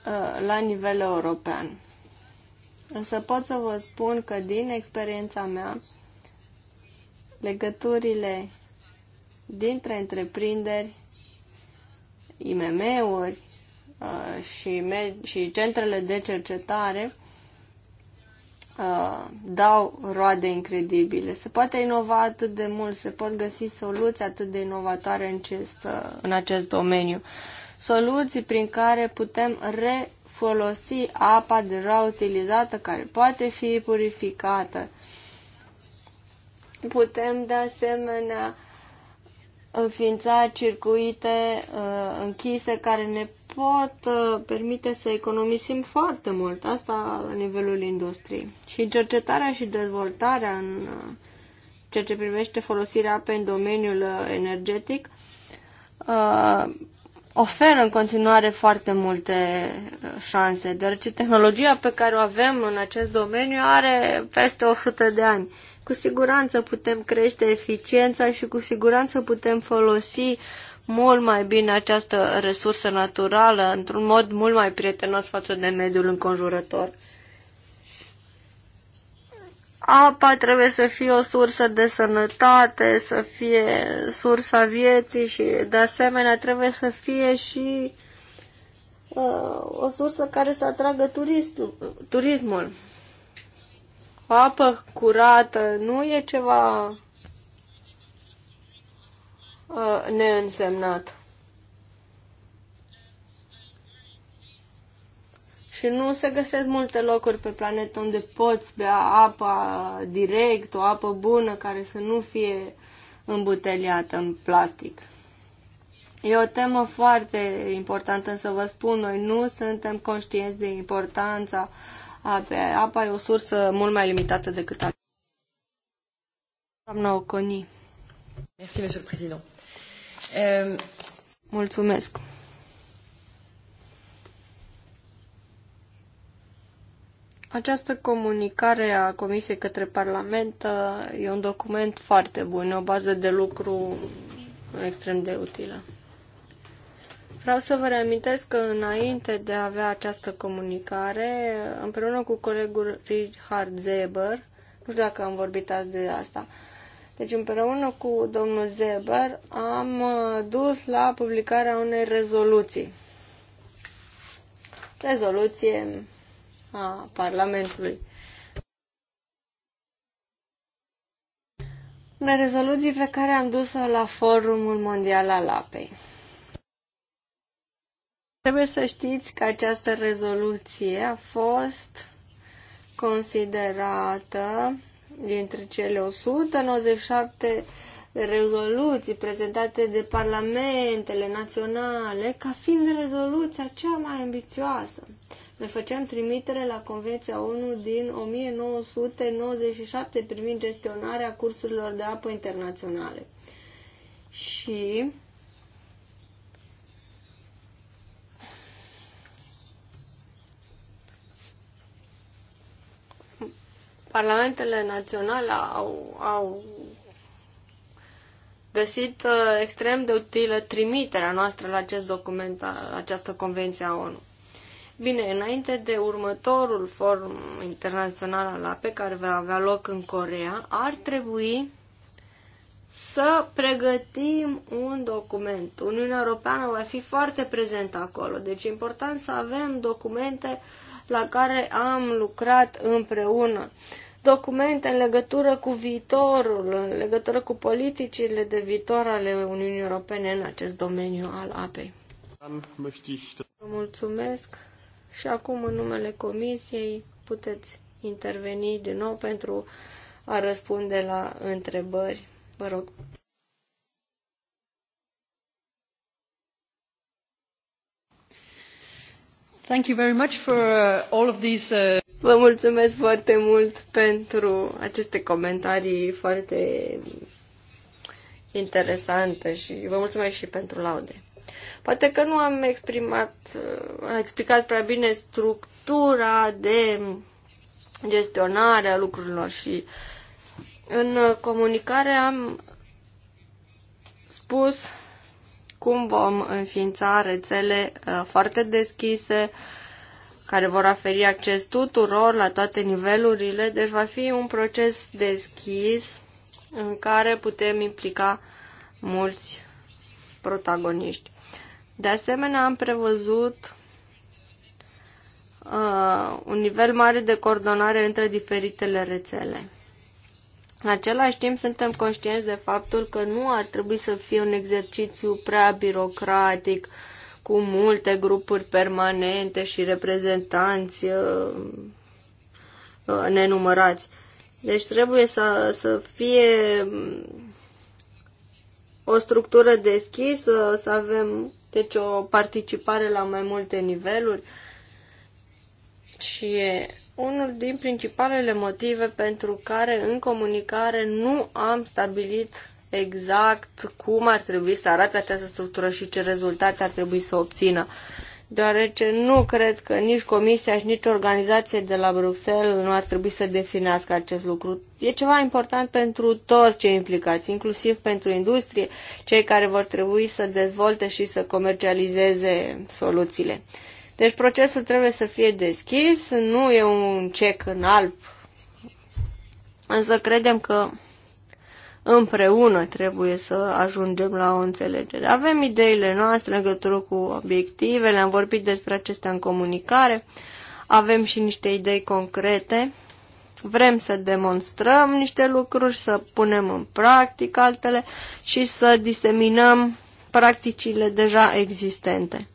uh, la nivel european. Însă pot să vă spun că din experiența mea, legăturile dintre întreprinderi IMM-uri uh, și, și centrele de cercetare uh, dau roade incredibile. Se poate inova atât de mult, se pot găsi soluții atât de inovatoare în acest, uh, în acest domeniu. Soluții prin care putem refolosi apa deja utilizată, care poate fi purificată. Putem de asemenea înființa circuite uh, închise care ne pot uh, permite să economisim foarte mult, asta la nivelul industriei. Și cercetarea și dezvoltarea în uh, ceea ce privește folosirea apei în domeniul uh, energetic uh, oferă în continuare foarte multe uh, șanse, deoarece tehnologia pe care o avem în acest domeniu are peste 100 de ani. Uh, cu siguranță putem crește eficiența și cu siguranță putem folosi mult mai bine această resursă naturală într-un mod mult mai prietenos față de mediul înconjurător. Apa trebuie să fie o sursă de sănătate, să fie sursa vieții și de asemenea trebuie să fie și uh, o sursă care să atragă turistul, turismul apă curată nu e ceva uh, neînsemnat. Și nu se găsesc multe locuri pe planetă unde poți bea apa direct, o apă bună care să nu fie îmbuteliată în plastic. E o temă foarte importantă, să vă spun, noi nu suntem conștienți de importanța uh, Apa e o sursă mult mai limitată decât alta. Doamna Oconi. Merci, monsieur le président. Ehm, mulțumesc. Această comunicare a Comisiei către Parlament ă, e un document foarte bun, o bază de lucru extrem de utilă. Vreau să vă reamintesc că înainte de a avea această comunicare, împreună cu colegul Richard Zeber, nu știu dacă am vorbit azi de asta, deci împreună cu domnul Zeber am uh, dus la publicarea unei rezoluții. Rezoluție a Parlamentului. Unei rezoluții pe care am dus-o la Forumul Mondial al Apei. Trebuie să știți că această rezoluție a fost considerată dintre cele 197 rezoluții prezentate de parlamentele naționale ca fiind rezoluția cea mai ambițioasă. Noi făceam trimitere la Convenția ONU din 1997 privind gestionarea cursurilor de apă internaționale. Și parlamentele naționale au, au găsit uh, extrem de utilă trimiterea noastră la acest document, la această convenție a ONU. Bine, înainte de următorul forum internațional al apei care va avea loc în Corea, ar trebui să pregătim un document. Uniunea Europeană va fi foarte prezentă acolo, deci e important să avem documente uh, la care am lucrat împreună. Documente în legătură cu viitorul, în legătură cu politicile de viitor ale Uniunii Europene în acest domeniu al apei. Vă mulțumesc și acum în numele Comisiei puteți interveni din nou pentru a răspunde la întrebări. Vă rog. Thank you very much for uh, all of these, uh... Vă mulțumesc foarte mult pentru aceste comentarii foarte interesante și vă mulțumesc și pentru laude. Poate că nu am exprimat, uh, am explicat prea bine structura de gestionare a lucrurilor și în comunicare am spus cum vom înființa rețele uh, foarte deschise care vor oferi acces tuturor la toate nivelurile, deci va fi un proces deschis în care putem implica mulți protagoniști. De asemenea, am prevăzut uh, un nivel mare de coordonare între diferitele rețele. În același timp, suntem conștienți de faptul că nu ar trebui să fie un exercițiu prea birocratic, cu multe grupuri permanente și reprezentanți uh, uh, nenumărați. Deci trebuie să, să fie mm, o structură deschisă, să avem deci o participare la mai multe niveluri și unul din principalele motive pentru care în comunicare nu am stabilit exact cum ar trebui să arate această structură și ce rezultate ar trebui să obțină. Deoarece nu cred că nici comisia și nici organizație de la Bruxelles nu ar trebui să definească acest lucru. E ceva important pentru toți cei implicați, inclusiv pentru industrie, cei care vor trebui să dezvolte și să comercializeze soluțiile. Deci procesul trebuie să fie deschis, nu e un cec în alb, însă credem că împreună trebuie să ajungem la o înțelegere. Avem ideile noastre în legătură cu obiectivele, am vorbit despre acestea în comunicare, avem și niște idei concrete, vrem să demonstrăm niște lucruri, să punem în practic altele și să diseminăm practicile deja existente.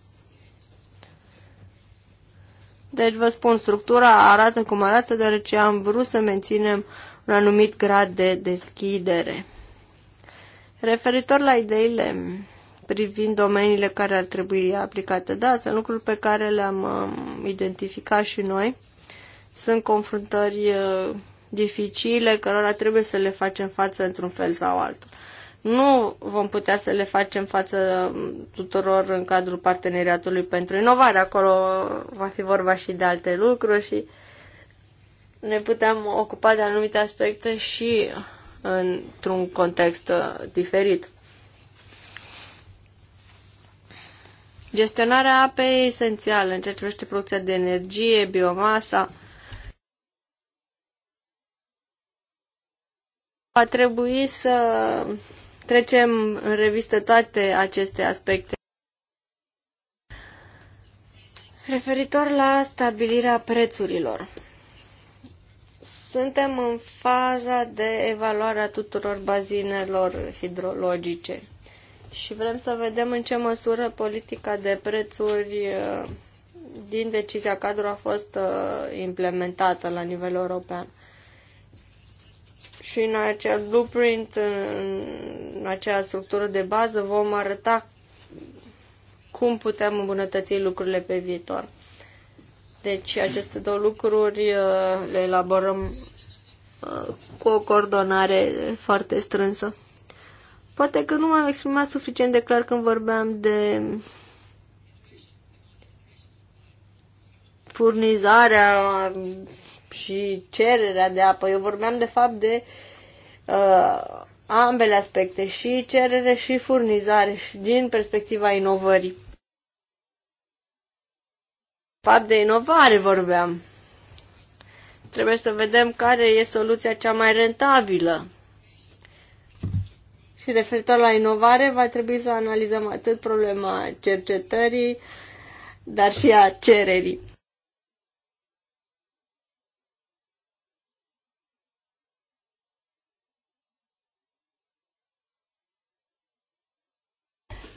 Deci vă spun, structura arată cum arată, deoarece am vrut să menținem un anumit grad de deschidere. Referitor la ideile privind domeniile care ar trebui aplicate, da, sunt lucruri pe care le-am um, identificat și noi. Sunt confruntări uh, dificile, cărora trebuie să le facem față într-un fel sau altul nu vom putea să le facem față tuturor în cadrul parteneriatului pentru inovare. Acolo va fi vorba și de alte lucruri și ne putem ocupa de anumite aspecte și într-un context diferit. Gestionarea apei e esențială în ceea ce privește producția de energie, biomasa. Va trebui să Trecem în revistă toate aceste aspecte. Referitor la stabilirea prețurilor. Suntem în faza de evaluare a tuturor bazinelor hidrologice și vrem să vedem în ce măsură politica de prețuri uh, din decizia cadru a fost uh, implementată la nivel european și în acel blueprint, în acea structură de bază, vom arăta cum putem îmbunătăți lucrurile pe viitor. Deci aceste două lucruri uh, le elaborăm uh, cu o coordonare foarte strânsă. Poate că nu m-am exprimat suficient de clar când vorbeam de furnizarea și cererea de apă. Eu vorbeam de fapt de uh, ambele aspecte, și cerere și furnizare, și din perspectiva inovării. Fapt de inovare vorbeam. Trebuie să vedem care e soluția cea mai rentabilă. Și referitor la inovare, va trebui să analizăm atât problema cercetării, dar și a cererii.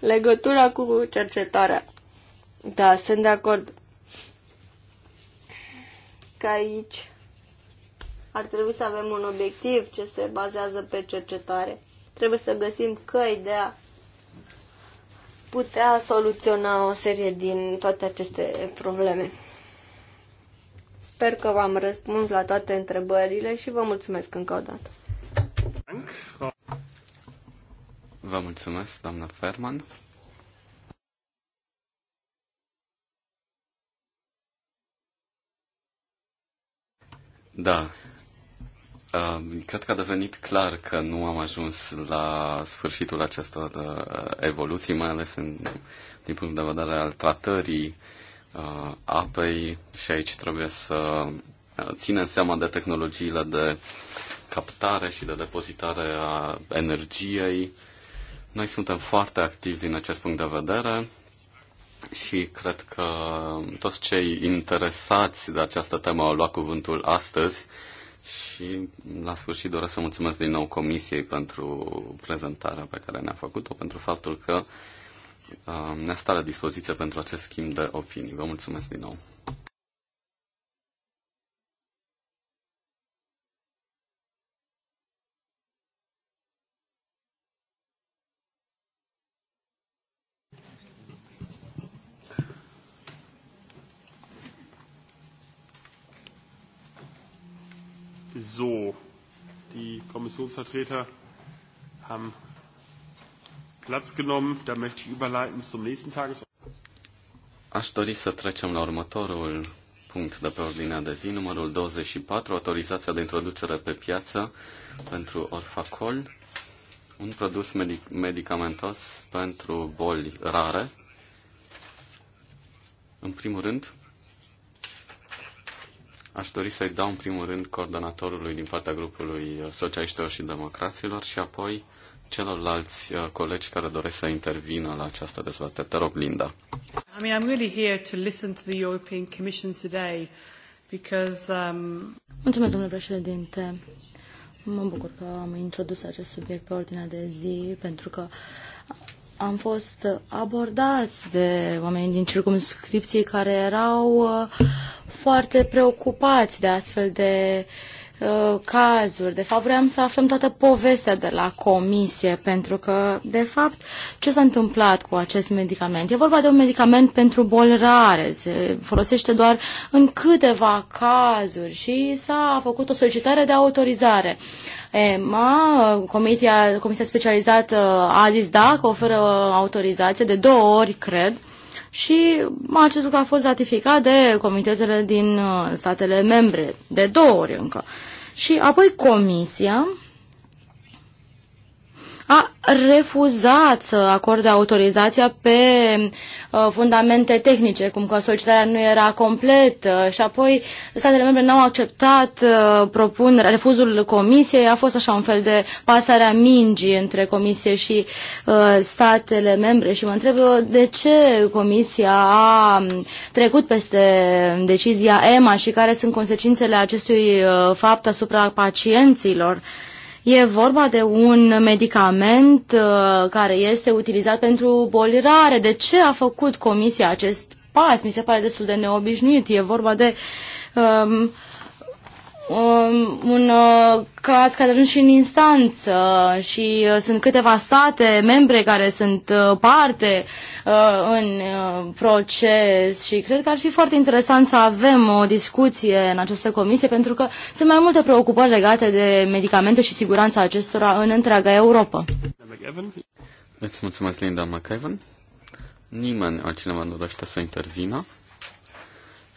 Legătura cu cercetarea. Da, sunt de acord că aici ar trebui să avem un obiectiv ce se bazează pe cercetare. Trebuie să găsim căi de a putea soluționa o serie din toate aceste probleme. Sper că v-am răspuns la toate întrebările și vă mulțumesc încă o dată. Vă mulțumesc, doamnă Ferman. Da. Uh, cred că a devenit clar că nu am ajuns la sfârșitul acestor uh, evoluții, mai ales în, din punct de vedere al tratării uh, apei și aici trebuie să ținem seama de tehnologiile de captare și de depozitare a energiei, noi suntem foarte activi din acest punct de vedere și cred că toți cei interesați de această temă au luat cuvântul astăzi și la sfârșit doresc să mulțumesc din nou Comisiei pentru prezentarea pe care ne-a făcut-o, pentru faptul că uh, ne-a stat la dispoziție pentru acest schimb de opinii. Vă mulțumesc din nou! So, die Kommissionsvertreter haben Platz genommen. Da möchte ich überleiten zum nächsten Tagesordnungspunkt. punct de pe ordinea de zi, numărul 24, autorizația de introducere pe piață pentru Orfacol, un produs medic- medicamentos pentru boli rare. În primul rând, Aș dori să-i dau în primul rând coordonatorului din partea grupului uh, Socialiștilor și Democraților și apoi celorlalți uh, colegi care doresc să intervină la această dezbatere. Te rog, Linda. I mean, I'm really here to listen to the European Commission today because... Um... Mulțumesc, domnule președinte. Mă bucur că am introdus acest subiect pe ordinea de zi pentru că am fost abordați de oameni din circumscripție care erau uh, foarte preocupați de astfel de uh, Uh, cazuri. De fapt, vreau să aflăm toată povestea de la comisie, pentru că, de fapt, ce s-a întâmplat cu acest medicament? E vorba de un medicament pentru boli rare, se folosește doar în câteva cazuri și s-a făcut o solicitare de autorizare. EMA, Comisia, comisia Specializată a zis da, că oferă autorizație de două ori, cred, și acest lucru a fost ratificat de comitetele din uh, statele membre, de două ori încă. Și apoi Comisia a refuzat să acorde autorizația pe uh, fundamente tehnice, cum că solicitarea nu era completă și apoi statele membre n-au acceptat uh, propunerea, refuzul comisiei, a fost așa un fel de pasare a mingii între comisie și uh, statele membre și mă întreb de ce comisia a trecut peste decizia EMA și care sunt consecințele acestui fapt asupra pacienților. Uh, E vorba de un medicament uh, care este utilizat pentru boli rare. De ce a făcut comisia acest pas? Mi se pare destul de neobișnuit. E vorba de um, um, un uh, caz care a ajuns și în instanță și uh, sunt câteva state membre care sunt uh, parte uh, în uh, proces și cred că ar fi foarte interesant să avem o discuție în această comisie pentru că sunt mai multe preocupări legate de medicamente și siguranța acestora în întreaga Europa. Îți mulțumesc, Linda McEvan. Nimeni altcineva nu dorește să intervină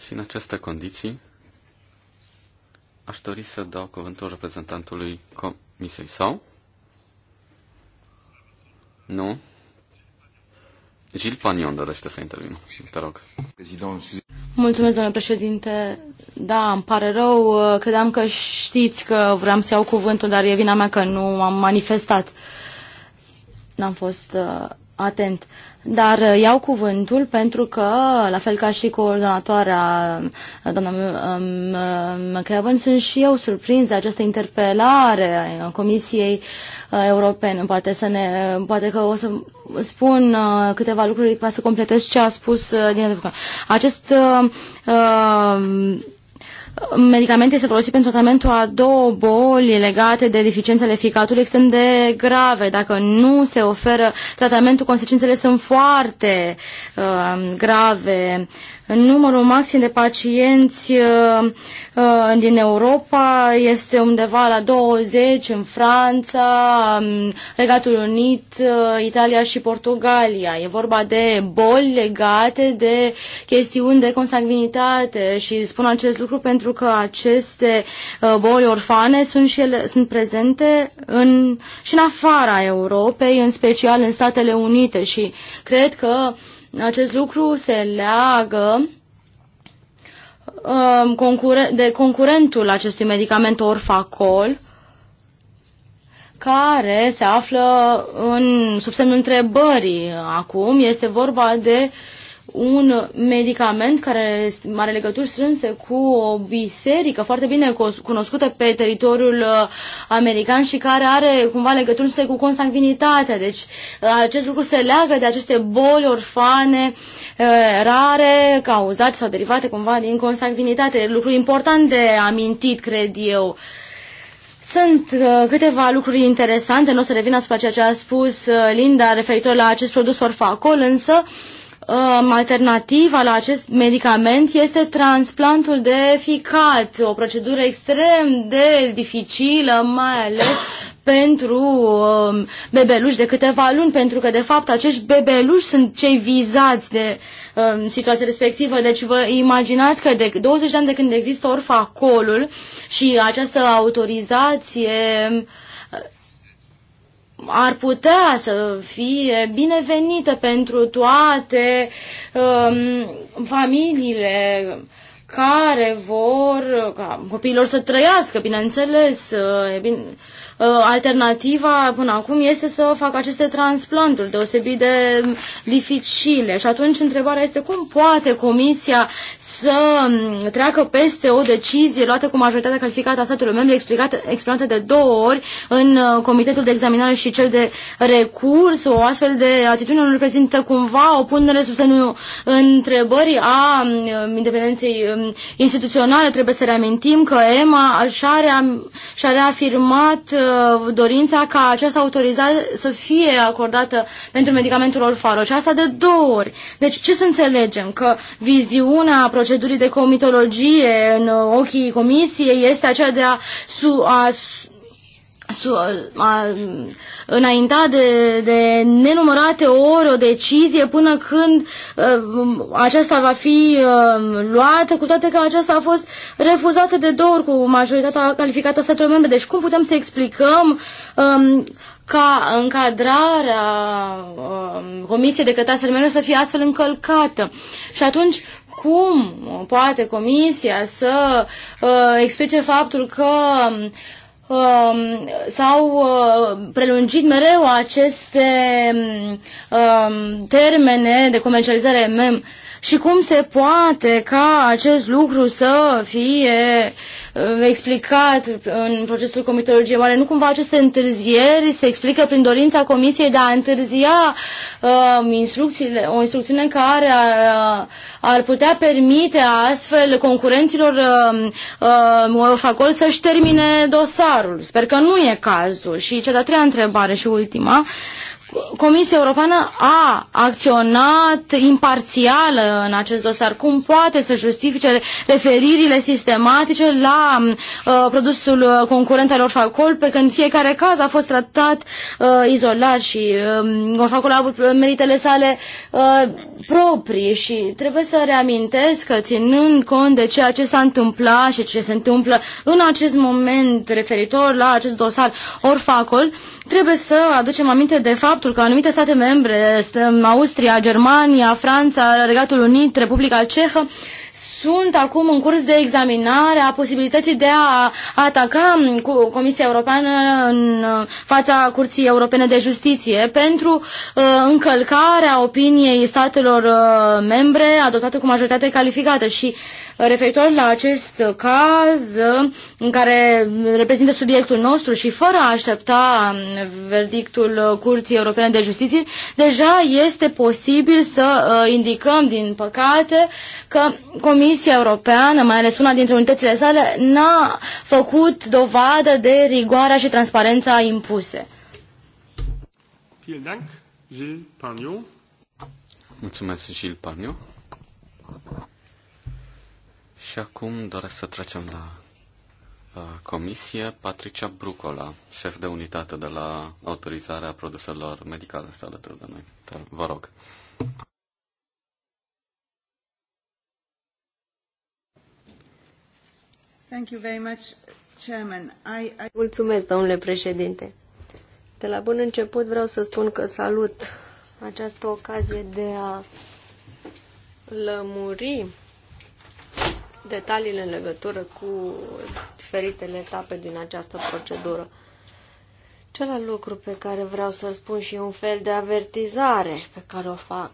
și în aceste condiții Aș dori să dau cuvântul reprezentantului Comisiei sau? Nu? Gil Panion dorește să intervină. Te rog. Mulțumesc, domnule președinte. Da, îmi pare rău. Credeam că știți că vreau să iau cuvântul, dar e vina mea că nu am manifestat. N-am fost uh, atent. Uh, dar uh, iau cuvântul pentru că, la fel ca și coordonatoarea uh, doamna um, uh, McEwan, sunt și eu surprins de această interpelare a Comisiei Europene. Poate, să ne, poate că o să spun câteva lucruri ca să completez ce a spus din Acest uh, medicamente se folosesc pentru tratamentul a două boli legate de deficiențele ficatului extrem de grave. Dacă nu se oferă tratamentul, consecințele sunt foarte uh, grave. Uh, Numărul maxim de pacienți uh, uh, din Europa este undeva la 20 în Franța, Regatul Unit, uh, Italia și Portugalia. E vorba de boli legate de chestiuni de consanguinitate și spun acest lucru pentru că aceste boli orfane sunt și ele sunt prezente în, și în afara Europei, în special în Statele Unite și cred că uh, acest lucru se leagă um, de concurentul acestui medicament Orfacol, care se află în, sub semnul întrebării acum. Este vorba de un medicament care are legături strânse cu o biserică foarte bine cunoscută pe teritoriul uh, american și care are cumva legături strânse cu consanguinitatea. Deci uh, acest lucru se leagă de aceste boli orfane uh, rare, cauzate sau derivate cumva din consanguinitate. Lucru important de amintit, cred eu. Sunt uh, câteva lucruri interesante, nu o să revin asupra ceea ce a spus uh, Linda referitor la acest produs orfacol, însă uh, Um, alternativa la acest medicament este transplantul de ficat, o procedură extrem de dificilă, mai ales pentru um, bebeluși de câteva luni, pentru că, de fapt, acești bebeluși sunt cei vizați de um, situația respectivă. Deci vă imaginați că de 20 de ani de când există orfacolul și această autorizație ar putea să fie binevenită pentru toate um, familiile care vor ca copiilor să trăiască, bineînțeles, uh, bine, Uh, alternativa până acum este să facă aceste transplanturi deosebit de mm, dificile și atunci întrebarea este cum poate Comisia să mm, treacă peste o decizie luată cu majoritatea calificată a statului membru exprimată de două ori în uh, Comitetul de Examinare și cel de Recurs. O astfel de atitudine nu reprezintă cumva o punere sub semnul întrebării a mm, independenței instituționale. Trebuie să reamintim că EMA și-a reafirmat uh, Uh, dorința ca această autorizare să fie acordată pentru medicamentul Olfaro și asta de două ori. Deci ce să înțelegem? Că viziunea procedurii de comitologie în uh, ochii comisiei este aceea de a, su, a a înaintat de, de nenumărate ori o decizie până când uh, aceasta va fi uh, luată, cu toate că aceasta a fost refuzată de două ori cu majoritatea calificată a statelor membre. Deci cum putem să explicăm um, ca încadrarea um, Comisiei de către statele membre să fie astfel încălcată? Și atunci cum poate Comisia să uh, explice faptul că uh, um, s-au uh, prelungit mereu aceste um, termene de comercializare MEM și cum se poate ca acest lucru să fie uh, explicat în procesul comitologiei. mare? nu cumva aceste întârzieri se explică prin dorința comisiei de a întârzia uh, instrucțiile, o instrucțiune care uh, ar putea permite astfel concurenților uh, uh, să-și termine dosarul. Sper că nu e cazul. Și cea de-a treia întrebare și ultima. Uh, Comisia Europeană a acționat imparțială în acest dosar. Cum poate să justifice referirile sistematice la uh, produsul concurent al Orfacol, pe când fiecare caz a fost tratat uh, izolat și uh, um, Orfacol a avut meritele sale uh, proprii și trebuie să reamintesc că ținând cont de ceea ce s-a întâmplat și ce se întâmplă în acest moment referitor la acest dosar Orfacol, trebuie să aducem aminte de fapt faptul că anumite state membre, Austria, Germania, Franța, Regatul Unit, Republica Cehă, sunt acum în curs de examinare a posibilității de a ataca cu Comisia Europeană în fața Curții Europene de Justiție pentru uh, încălcarea opiniei statelor uh, membre adoptate cu majoritate calificată și uh, referitor la acest caz uh, în care reprezintă subiectul nostru și fără a aștepta um, verdictul uh, Curții Europene Europene de Justiție, deja este posibil să uh, indicăm, din păcate, că Comisia Europeană, mai ales una dintre unitățile sale, n-a făcut dovadă de rigoarea și transparența impuse. Mulțumesc, Gilles Parniu. Și acum doresc să trecem la comisie Patricia Brucola, șef de unitate de la autorizarea produselor medicale, este alături de noi. Vă rog. Thank you very much, Chairman. I, I... Mulțumesc, domnule președinte. De la bun început vreau să spun că salut această ocazie de a lămuri detaliile în legătură cu diferitele etape din această procedură. Celălalt lucru pe care vreau să-l spun și un fel de avertizare pe care o fac.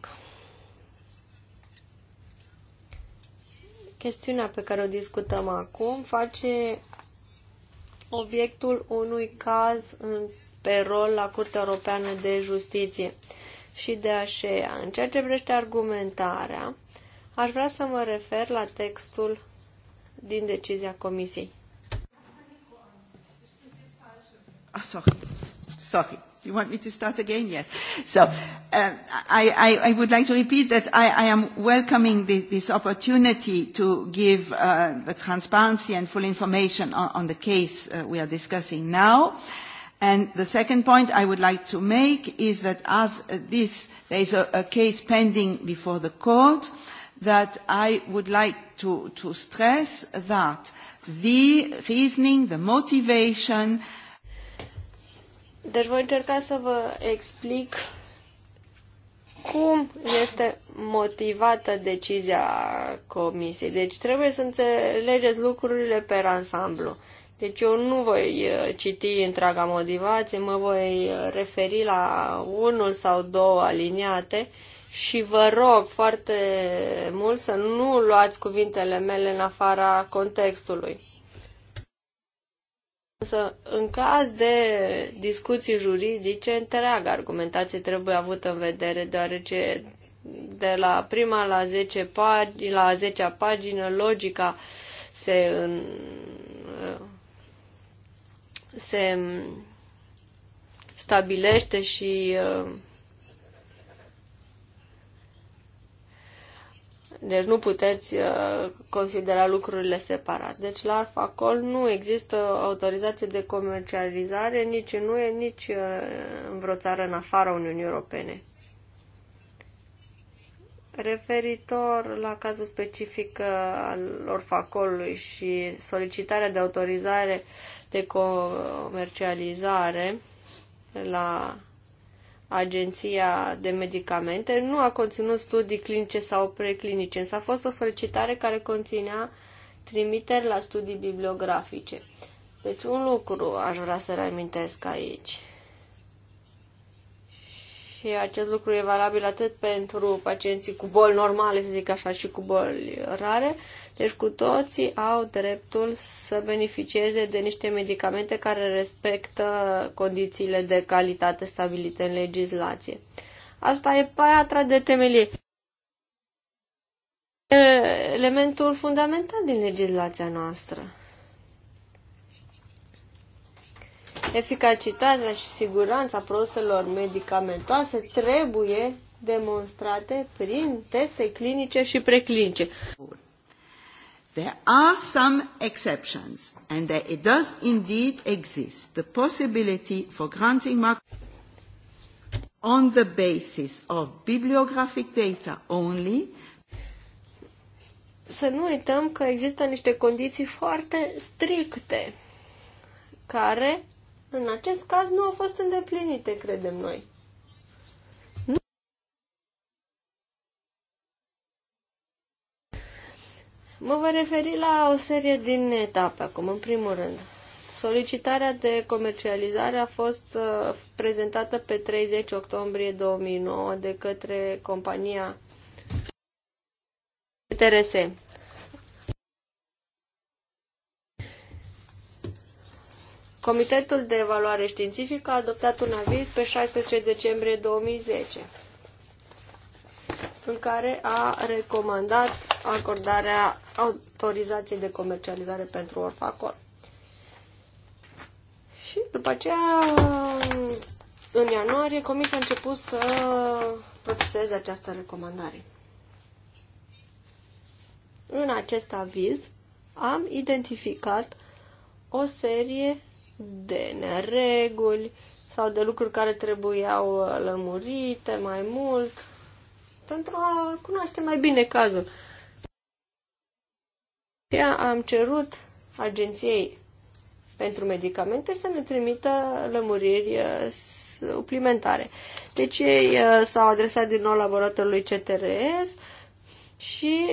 Chestiunea pe care o discutăm acum face obiectul unui caz în, pe rol la Curtea Europeană de Justiție. Și de aceea, în ceea ce privește argumentarea, Aș vrea să mă refer la textul din decizia Comisiei. Oh, sorry. Sorry. You want me to start again? Yes. So uh, I, I, I would like to repeat that I, I am welcoming the, this opportunity to give uh, the transparency and full information on, on the case uh, we are discussing now. And the second point I would like to make is that as this, there is a, a case pending before the court, uh, that I would like to, to stress that the reasoning, the motivation. Deci voi încerca să vă explic cum este motivată decizia comisiei. Deci trebuie să înțelegeți lucrurile pe ansamblu. Deci eu nu voi uh, citi întreaga motivație, mă voi uh, referi la unul sau două aliniate și vă rog foarte mult să nu luați cuvintele mele în afara contextului. Însă, în caz de discuții juridice, întreaga argumentație trebuie avută în vedere, deoarece de la prima la 10 pagini, la 10 pagină, logica se, în, se stabilește și uh, Deci nu puteți uh, considera lucrurile separat. Deci la Arfacol nu există autorizație de comercializare nici în UE, nici uh, în vreo țară în afara Uniunii Europene. Referitor la cazul specific uh, al orfacolului și solicitarea de autorizare de comercializare la Agenția de Medicamente nu a conținut studii clinice sau preclinice, însă a fost o solicitare care conținea trimiteri la studii bibliografice. Deci un lucru aș vrea să reamintesc aici. Și acest lucru e valabil atât pentru pacienții cu boli normale, să zic așa, și cu boli rare. Deci cu toții au dreptul să beneficieze de niște medicamente care respectă condițiile de calitate stabilite în legislație. Asta e patra de temelie. Elementul fundamental din legislația noastră. eficacitatea și siguranța produselor medicamentoase trebuie demonstrate prin teste clinice și preclinice. There are some exceptions, and there it does indeed exist the possibility for granting mark on the basis of bibliographic data only. Să nu uităm că există niște condiții foarte stricte care în acest caz nu au fost îndeplinite, credem noi. Mă voi referi la o serie din etape acum, în primul rând. Solicitarea de comercializare a fost uh, prezentată pe 30 octombrie 2009 de către compania TRS. Comitetul de Evaluare Științifică a adoptat un aviz pe 16 decembrie 2010 în care a recomandat acordarea autorizației de comercializare pentru Orfacol. Și după aceea, în ianuarie, Comisia a început să proceseze această recomandare. În acest aviz am identificat o serie de nereguli sau de lucruri care trebuiau uh, lămurite mai mult pentru a cunoaște mai bine cazul. Și am cerut agenției pentru medicamente să ne trimită lămuriri uh, suplimentare. Deci ei uh, s-au adresat din nou laboratorului CTRS și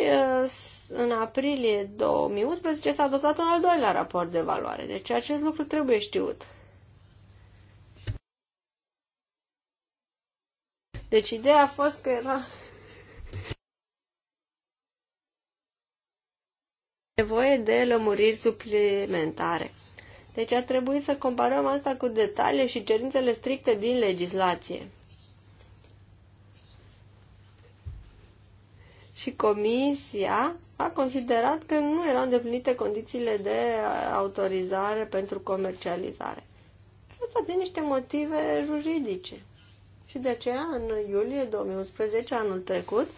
în aprilie 2011 s-a adoptat un al doilea raport de valoare, deci acest lucru trebuie știut. Deci ideea a fost că era nevoie de lămuriri suplimentare. Deci a trebuit să comparăm asta cu detalii și cerințele stricte din legislație. Și comisia a considerat că nu erau îndeplinite condițiile de autorizare pentru comercializare. Asta din niște motive juridice. Și de aceea, în iulie 2011, anul trecut,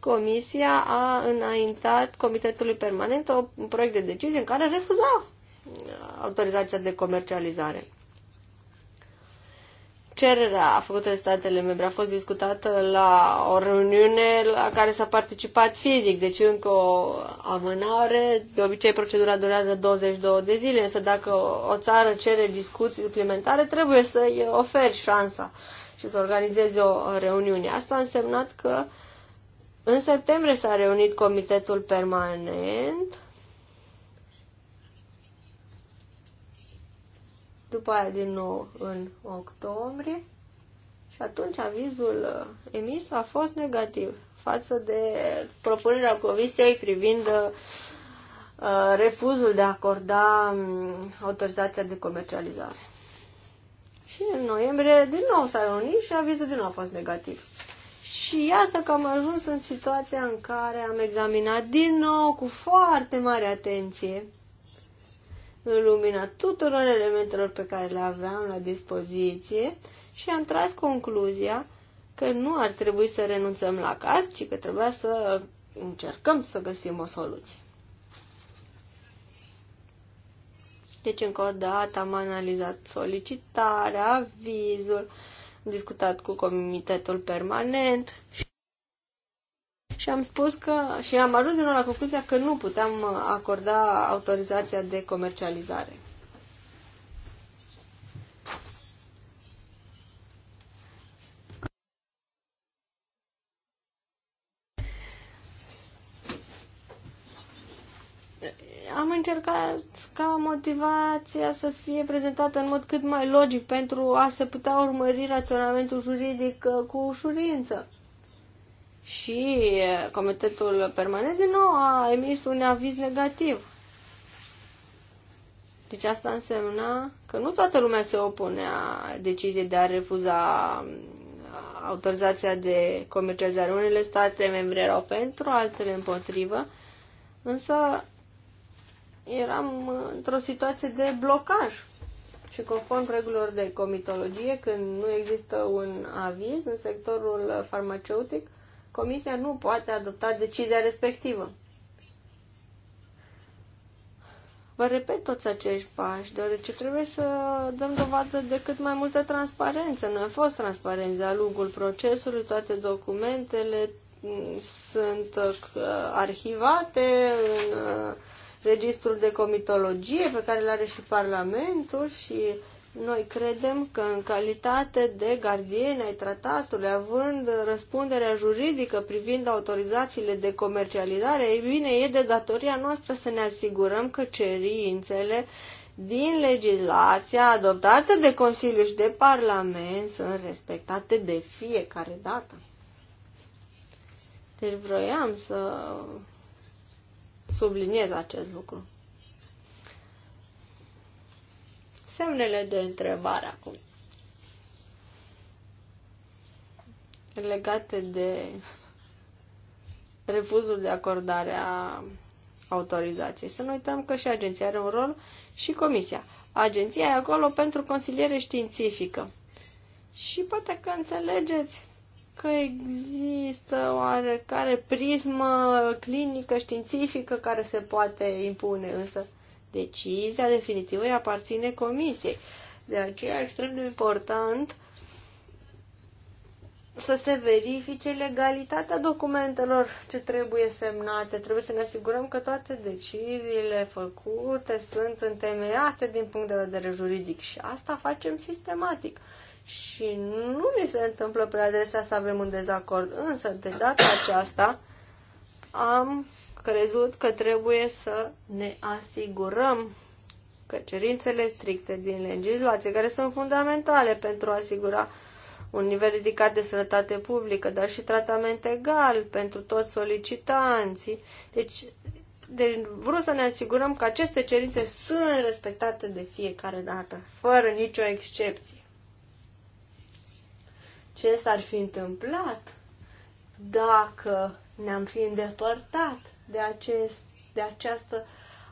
Comisia a înaintat Comitetului Permanent un proiect de decizie în care refuza autorizația de comercializare cererea făcută de statele membre a fost discutată la o reuniune la care s-a participat fizic, deci încă o amânare. De obicei, procedura durează 22 de zile, însă dacă o țară cere discuții suplimentare, trebuie să-i oferi șansa și să organizeze o reuniune. Asta a însemnat că în septembrie s-a reunit Comitetul Permanent după aia din nou în octombrie și atunci avizul uh, emis a fost negativ față de propunerea Comisiei privind uh, refuzul de a acorda um, autorizația de comercializare. Și în noiembrie din nou s-a reunit și avizul din nou a fost negativ. Și iată că am ajuns în situația în care am examinat din nou cu foarte mare atenție în lumina tuturor elementelor pe care le aveam la dispoziție și am tras concluzia că nu ar trebui să renunțăm la caz, ci că trebuia să încercăm să găsim o soluție. Deci, încă o dată, am analizat solicitarea, avizul, am discutat cu comitetul permanent și și am spus că și am ajuns din nou la concluzia că nu puteam uh, acorda autorizația de comercializare. Am încercat ca motivația să fie prezentată în mod cât mai logic pentru a se putea urmări raționamentul juridic uh, cu ușurință și Comitetul Permanent din nou a emis un aviz negativ. Deci asta însemna că nu toată lumea se opunea deciziei de a refuza um, autorizația de comercializare. Unele state membre erau pentru, altele împotrivă, însă eram într-o situație de blocaj. Și conform regulilor de comitologie, când nu există un aviz în sectorul farmaceutic, Comisia nu poate adopta decizia respectivă. Vă repet toți acești pași, deoarece trebuie să dăm dovadă de cât mai multă transparență. Noi am fost transparenți de-a lungul procesului, toate documentele mm, sunt uh, arhivate în uh, registrul de comitologie pe care îl are și Parlamentul și noi credem că în calitate de gardieni ai tratatului, având răspunderea juridică privind autorizațiile de comercializare, e bine, e de datoria noastră să ne asigurăm că cerințele din legislația adoptată de Consiliu și de Parlament sunt respectate de fiecare dată. Deci vroiam să subliniez acest lucru. semnele de întrebare acum. legate de refuzul de acordare a autorizației. Să nu uităm că și agenția are un rol și comisia. Agenția e acolo pentru consiliere științifică. Și poate că înțelegeți că există oarecare prismă clinică, științifică care se poate impune, însă Decizia definitivă îi aparține comisiei. De aceea extrem de important să se verifice legalitatea documentelor ce trebuie semnate. Trebuie să ne asigurăm că toate deciziile făcute sunt întemeiate din punct de vedere juridic și asta facem sistematic. Și nu ni se întâmplă prea adesea să avem un dezacord, însă de data aceasta am crezut că trebuie să ne asigurăm că cerințele stricte din legislație, care sunt fundamentale pentru a asigura un nivel ridicat de sănătate publică, dar și tratament egal pentru toți solicitanții. Deci, deci vreau să ne asigurăm că aceste cerințe sunt respectate de fiecare dată, fără nicio excepție. Ce s-ar fi întâmplat dacă ne-am fi îndepărtat de, acest, de această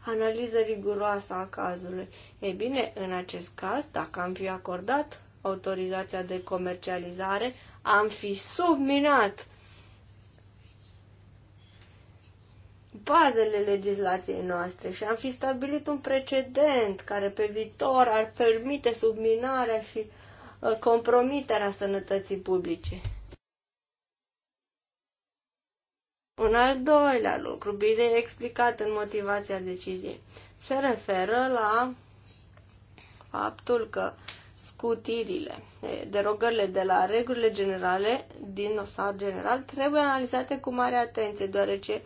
analiză riguroasă a cazului. Ei bine, în acest caz, dacă am fi acordat autorizația de comercializare, am fi subminat bazele legislației noastre și am fi stabilit un precedent care pe viitor ar permite subminarea și uh, compromiterea sănătății publice. Un al doilea lucru, bine explicat în motivația deciziei, se referă la faptul că scutirile, derogările de la regulile generale din dosar general trebuie analizate cu mare atenție, deoarece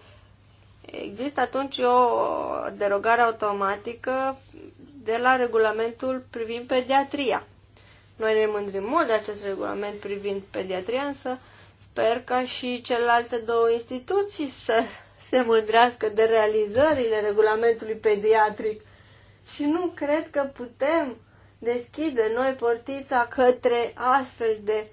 există atunci o derogare automatică de la regulamentul privind pediatria. Noi ne mândrim mult de acest regulament privind pediatria, însă sper ca și celelalte două instituții să se mândrească de realizările regulamentului pediatric. Și nu cred că putem deschide noi portița către astfel de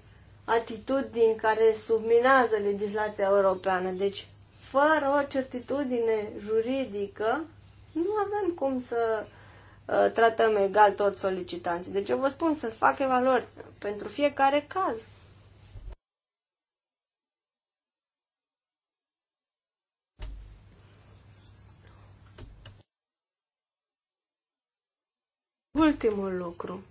atitudini care subminează legislația europeană. Deci, fără o certitudine juridică, nu avem cum să uh, tratăm egal toți solicitanții. Deci eu vă spun să fac evaluări pentru fiecare caz. Ultimul lucru.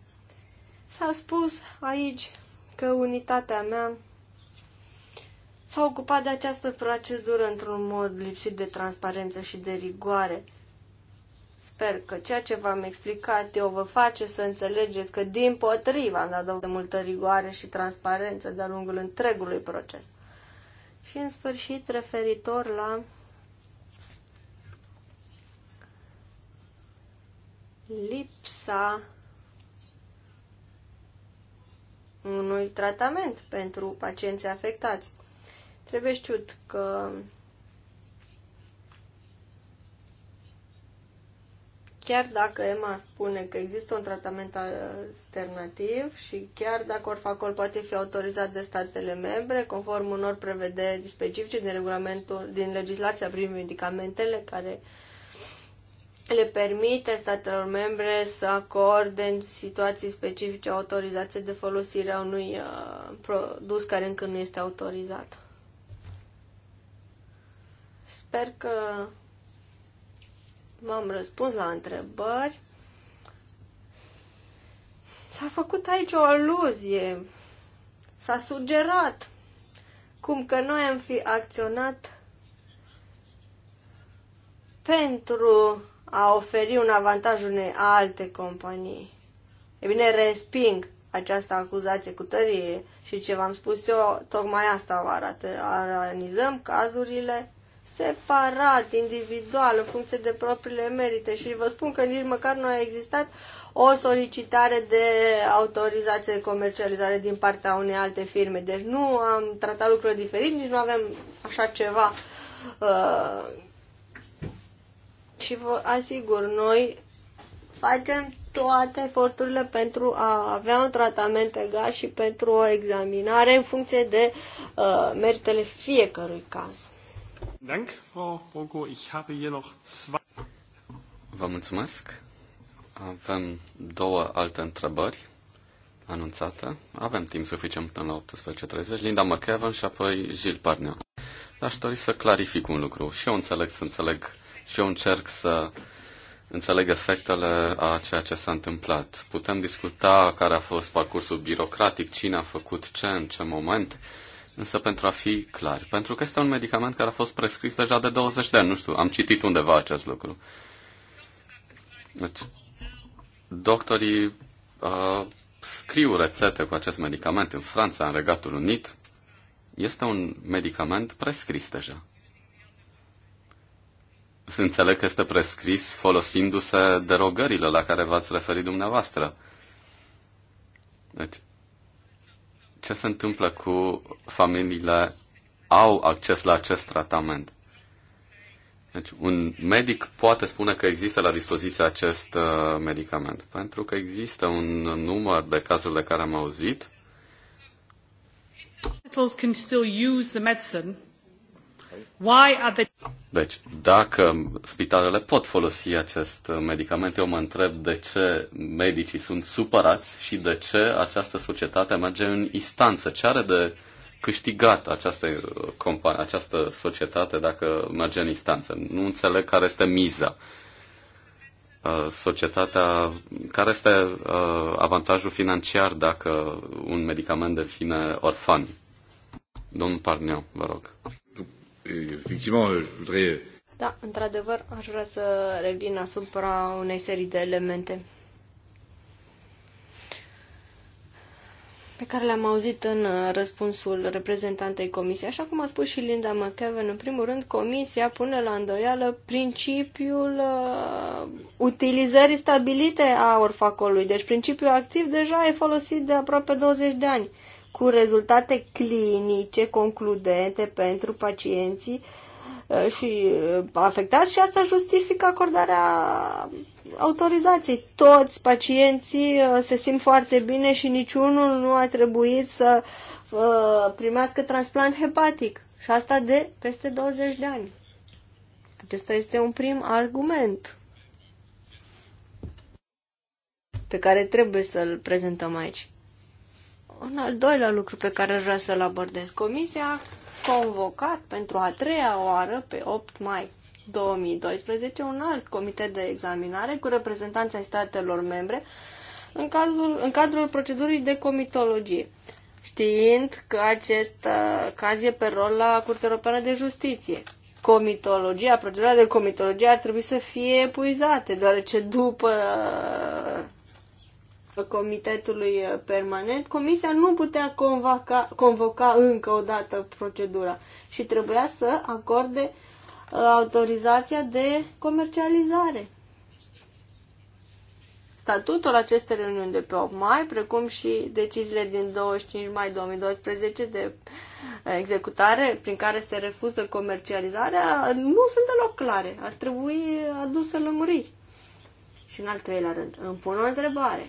S-a spus aici că unitatea mea s-a ocupat de această procedură într-un mod lipsit de transparență și de rigoare. Sper că ceea ce v-am explicat eu vă face să înțelegeți că, din potriva, am dat de multă rigoare și transparență de-a lungul întregului proces. Și, în sfârșit, referitor la lipsa unui tratament pentru pacienții afectați. Trebuie știut că chiar dacă Emma spune că există un tratament alternativ și chiar dacă orfacol poate fi autorizat de statele membre, conform unor prevederi specifice din regulamentul, din legislația privind medicamentele care uh, le permite statelor membre să acorde în situații specifice autorizație de folosire a unui uh, produs care încă nu este autorizat. Sper că m-am răspuns la întrebări. S-a făcut aici o aluzie. S-a sugerat cum că noi am fi acționat pentru a oferi un avantaj unei alte companii. E bine, resping această acuzație cu tărie și ce v-am spus eu, tocmai asta vă arată. Analizăm cazurile separat, individual, în funcție de propriile merite și vă spun că nici măcar nu a existat o solicitare de autorizație de comercializare din partea unei alte firme. Deci nu am tratat lucrurile diferit, nici nu avem așa ceva uh, și vă asigur, noi facem toate eforturile pentru a avea un tratament egal și pentru o examinare în funcție de uh, meritele fiecărui caz. Dank, Frau Bogo. Ich habe hier noch zwei... Vă mulțumesc. Avem două alte întrebări anunțate. Avem timp suficient până la 18.30. Linda McEvan și apoi Gilles Parnea. Aș dori să clarific un lucru. Și eu înțeleg să înțeleg și eu încerc să înțeleg efectele a ceea ce s-a întâmplat. Putem discuta care a fost parcursul birocratic, cine a făcut ce, în ce moment, însă pentru a fi clar, pentru că este un medicament care a fost prescris deja de 20 de ani, nu știu, am citit undeva acest lucru. Deci, doctorii uh, scriu rețete cu acest medicament în Franța, în Regatul Unit. Este un medicament prescris deja înțeleg că este prescris folosindu-se derogările la care v-ați referit dumneavoastră. Deci, ce se întâmplă cu familiile au acces la acest tratament? Deci, un medic poate spune că există la dispoziție acest uh, medicament, pentru că există un număr de cazuri de care am auzit. can still use the medicine deci, dacă spitalele pot folosi acest medicament, eu mă întreb de ce medicii sunt supărați și de ce această societate merge în instanță. Ce are de câștigat această, companie, această societate dacă merge în instanță? Nu înțeleg care este miza. Uh, societatea, care este uh, avantajul financiar dacă un medicament devine orfan? Domnul Parneau, vă rog je voudrais... Euh, da, într-adevăr, aș vrea să revin asupra unei serii de elemente pe care le-am auzit în uh, răspunsul reprezentantei comisiei. Așa cum a spus și Linda McKeven, în primul rând, comisia pune la îndoială principiul uh, utilizării stabilite a orfacolului. Deci principiul activ deja e folosit de aproape 20 de ani. Uh, cu rezultate clinice concludente pentru pacienții uh, și uh, afectați și asta justifică acordarea autorizației. Toți pacienții uh, se simt foarte bine și niciunul nu a trebuit să primească transplant hepatic. Și asta de peste 20 de ani. Acesta este un prim argument pe care trebuie să-l prezentăm aici. Un al doilea lucru pe care aș vrea să-l abordez. Comisia a convocat pentru a treia oară, pe 8 mai 2012, un alt comitet de examinare cu reprezentanța statelor membre în, cazul, în cadrul procedurii de comitologie, știind că acest uh, caz e pe rol la Curtea Europeană de Justiție comitologia, procedura de comitologie ar trebui să fie epuizate, deoarece după uh, comitetului uh, permanent, comisia nu putea convoca, convoca încă o dată procedura și trebuia să acorde uh, autorizația de comercializare. Statutul acestei reuniuni de pe 8 mai, precum și deciziile din 25 mai 2012 de uh, executare prin care se refuză comercializarea, nu sunt deloc clare. Ar trebui adusă lămuriri. Și în al treilea rând, îmi pun o întrebare.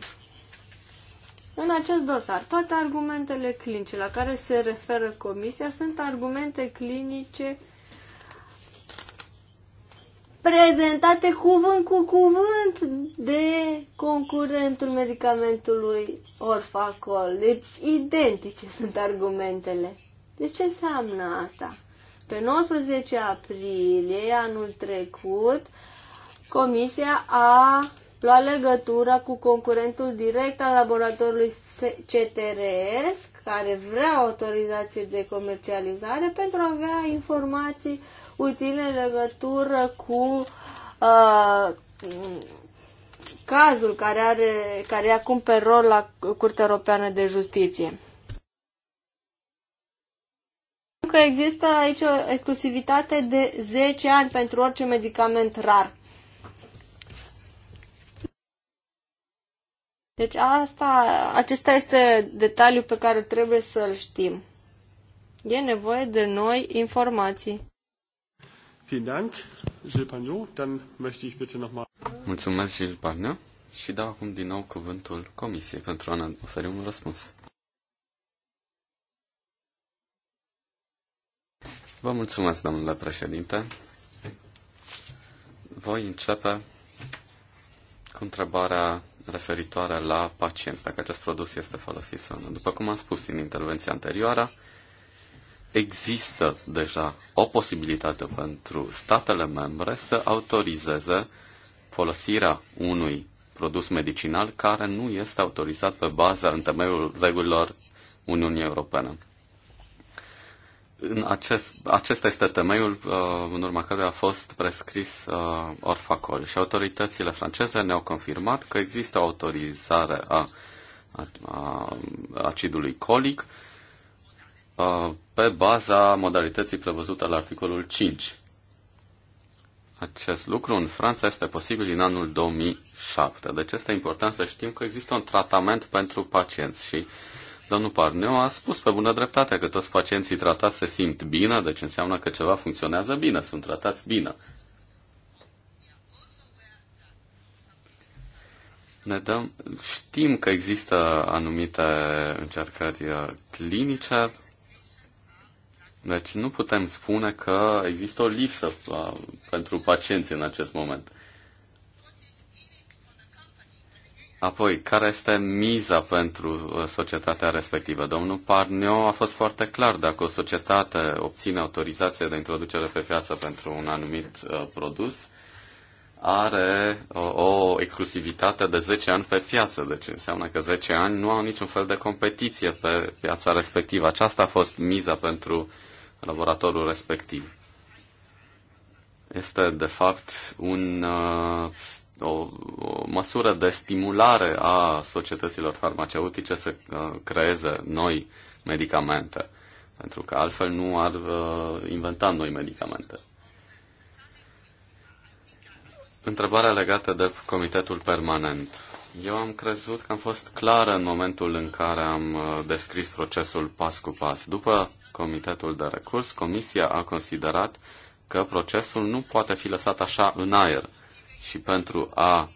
În acest dosar, toate argumentele clinice la care se referă comisia sunt argumente clinice prezentate cuvânt cu cuvânt de concurentul medicamentului Orfacol. Deci, identice sunt argumentele. De ce înseamnă asta? Pe 19 aprilie anul trecut, Comisia a lua legătura cu concurentul direct al laboratorului CTRS, care vrea autorizație de comercializare, pentru a avea informații utile în legătură cu uh, cazul care, are, care e acum pe rol la Curtea Europeană de Justiție. Că există aici o exclusivitate de 10 ani pentru orice medicament rar. Deci asta, acesta este detaliul pe care trebuie să-l știm. E nevoie de noi informații. Mulțumesc, Gilles și dau acum din nou cuvântul Comisiei pentru a ne oferi un răspuns. Vă mulțumesc, domnule președinte. Voi începe cu întrebarea referitoare la pacienți, dacă acest produs este folosit sau nu. După cum am spus în intervenția anterioară, există deja o posibilitate pentru statele membre să autorizeze folosirea unui produs medicinal care nu este autorizat pe baza în temeiul regulilor Uniunii Europene. În acest, acesta este temeiul uh, în urma căruia a fost prescris uh, Orfacol și autoritățile franceze ne-au confirmat că există autorizare a, a, a acidului colic uh, pe baza modalității prevăzute la articolul 5. Acest lucru în Franța este posibil în anul 2007. Deci este important să știm că există un tratament pentru pacienți și uh, Domnul Parneu a spus pe bună dreptate că toți pacienții tratați se simt bine, deci înseamnă că ceva funcționează bine, sunt tratați bine. Ne dăm, știm că există anumite încercări uh, clinice, deci nu putem spune că există o lipsă uh, pentru pacienți în acest moment. Apoi, care este miza pentru uh, societatea respectivă? Domnul Parnio a fost foarte clar. Dacă o societate obține autorizație de introducere pe piață pentru un anumit uh, produs, are o, uh, o exclusivitate de 10 ani pe piață. Deci înseamnă că 10 ani nu au niciun fel de competiție pe piața respectivă. Aceasta a fost miza pentru laboratorul respectiv. Este, de fapt, un uh, o, o măsură de stimulare a societăților farmaceutice să uh, creeze noi medicamente, pentru că altfel nu ar uh, inventa noi medicamente. Întrebarea legată de Comitetul Permanent. Eu am crezut că am fost clară în momentul în care am uh, descris procesul pas cu pas. După Comitetul de Recurs, Comisia a considerat că procesul nu poate fi lăsat așa în aer și pentru a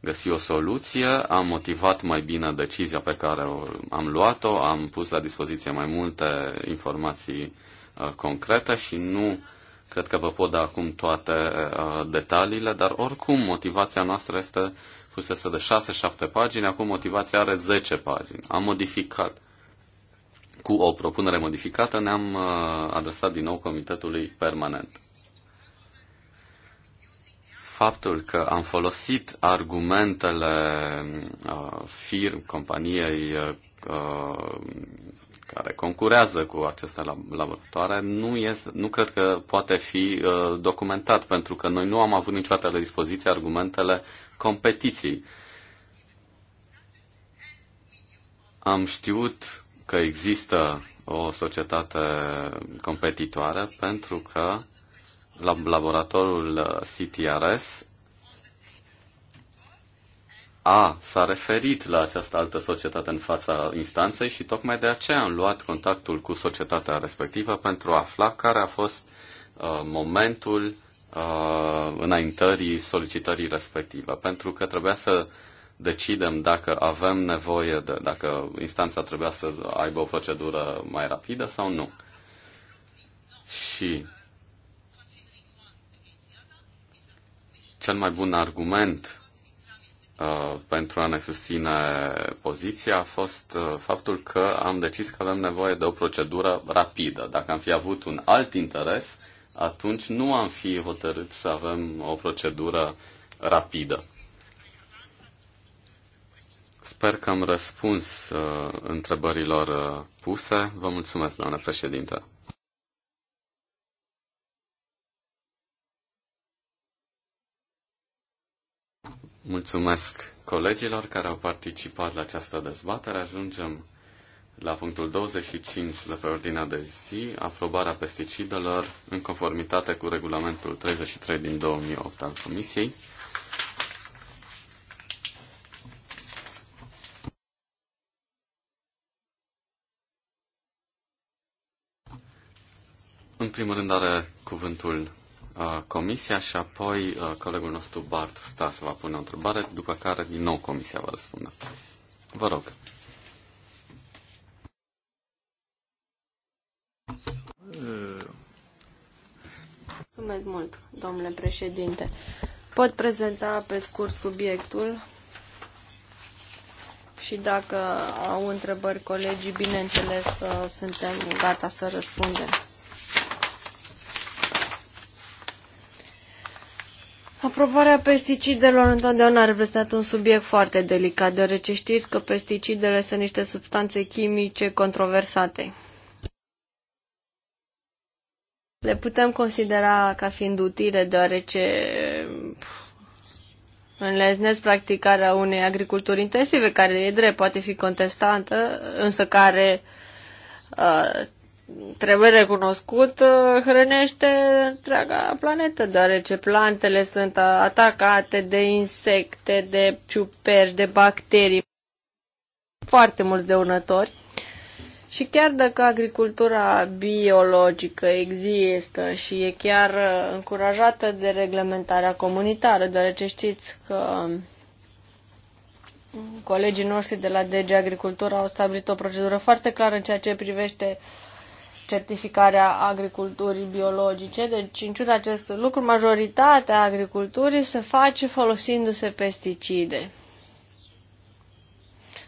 găsi o soluție, am motivat mai bine decizia pe care o am luat-o, am pus la dispoziție mai multe informații uh, concrete și nu cred că vă pot da acum toate uh, detaliile, dar oricum motivația noastră este pusese de 6-7 pagini, acum motivația are 10 pagini. Am modificat cu o propunere modificată, ne-am uh, adresat din nou Comitetului Permanent faptul că am folosit argumentele uh, firm, companiei uh, uh, care concurează cu aceste laboratoare, nu, este, nu cred că poate fi uh, documentat, pentru că noi nu am avut niciodată la dispoziție argumentele competiției. Am știut că există o societate competitoare pentru că laboratorul uh, CTRS a, s-a referit la această altă societate în fața instanței și tocmai de aceea am luat contactul cu societatea respectivă pentru a afla care a fost uh, momentul uh, înaintării solicitării respective. Pentru că trebuia să decidem dacă avem nevoie de, dacă instanța trebuia să aibă o procedură mai rapidă sau nu. Și cel mai bun argument uh, pentru a ne susține poziția a fost uh, faptul că am decis că avem nevoie de o procedură rapidă. Dacă am fi avut un alt interes, atunci nu am fi hotărât să avem o procedură rapidă. Sper că am răspuns uh, întrebărilor uh, puse. Vă mulțumesc, doamnă președinte. Mulțumesc colegilor care au participat la această dezbatere. Ajungem la punctul 25 de pe ordinea de zi, aprobarea pesticidelor în conformitate cu regulamentul 33 din 2008 al Comisiei. În primul rând are cuvântul Uh, comisia și apoi uh, colegul nostru Bart Stas va pune o întrebare, după care din nou Comisia va răspunde. Vă rog. Mulțumesc mult, domnule președinte. Pot prezenta pe scurt subiectul și dacă au întrebări colegii, bineînțeles, uh, suntem gata să răspundem. Aprobarea pesticidelor întotdeauna a reprezentat un subiect foarte delicat, deoarece știți că pesticidele sunt niște substanțe chimice controversate. Le putem considera ca fiind utile, deoarece înleznesc practicarea unei agriculturi intensive, care e drept, poate fi contestată, însă care uh, trebuie recunoscut, uh, hrănește întreaga planetă, deoarece plantele sunt atacate de insecte, de ciuperci, de bacterii, foarte mulți dăunători. Și chiar dacă agricultura biologică există și e chiar uh, încurajată de reglementarea comunitară, deoarece știți că um, colegii noștri de la DG Agricultura au stabilit o procedură foarte clară în ceea ce privește uh, certificarea agriculturii biologice. Deci, în ciuda acestui lucru, majoritatea agriculturii se face folosindu-se pesticide.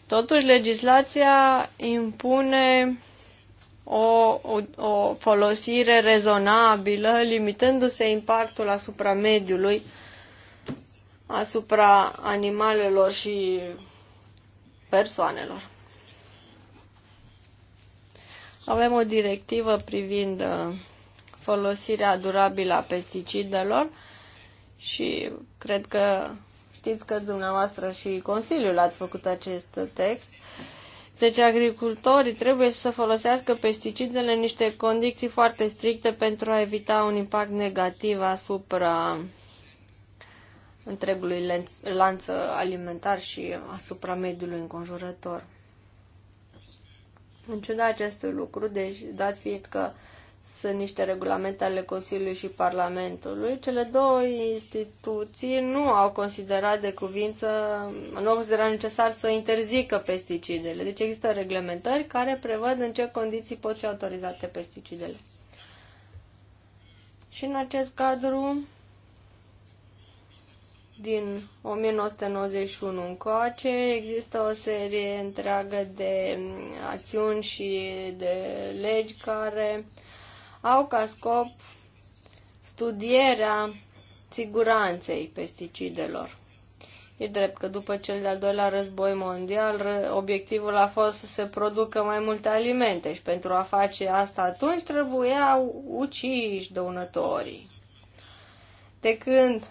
Totuși, legislația impune o, o, o folosire rezonabilă, limitându-se impactul asupra mediului, asupra animalelor și persoanelor. Avem o directivă privind uh, folosirea durabilă a pesticidelor și cred că știți că dumneavoastră și Consiliul ați făcut acest text. Deci agricultorii trebuie să folosească pesticidele în niște condiții foarte stricte pentru a evita un impact negativ asupra întregului lanț alimentar și asupra mediului înconjurător. În ciuda acestui lucru, deci dat fiind că sunt niște regulamente ale Consiliului și Parlamentului, cele două instituții nu au considerat de cuvință, nu au considerat necesar să interzică pesticidele. Deci există reglementări care prevăd în ce condiții pot fi autorizate pesticidele. Și în acest cadru din 1991 încoace există o serie întreagă de acțiuni și de legi care au ca scop studierea siguranței pesticidelor. E drept că după cel de-al doilea război mondial, obiectivul a fost să se producă mai multe alimente și pentru a face asta atunci trebuiau uciși dăunătorii. De când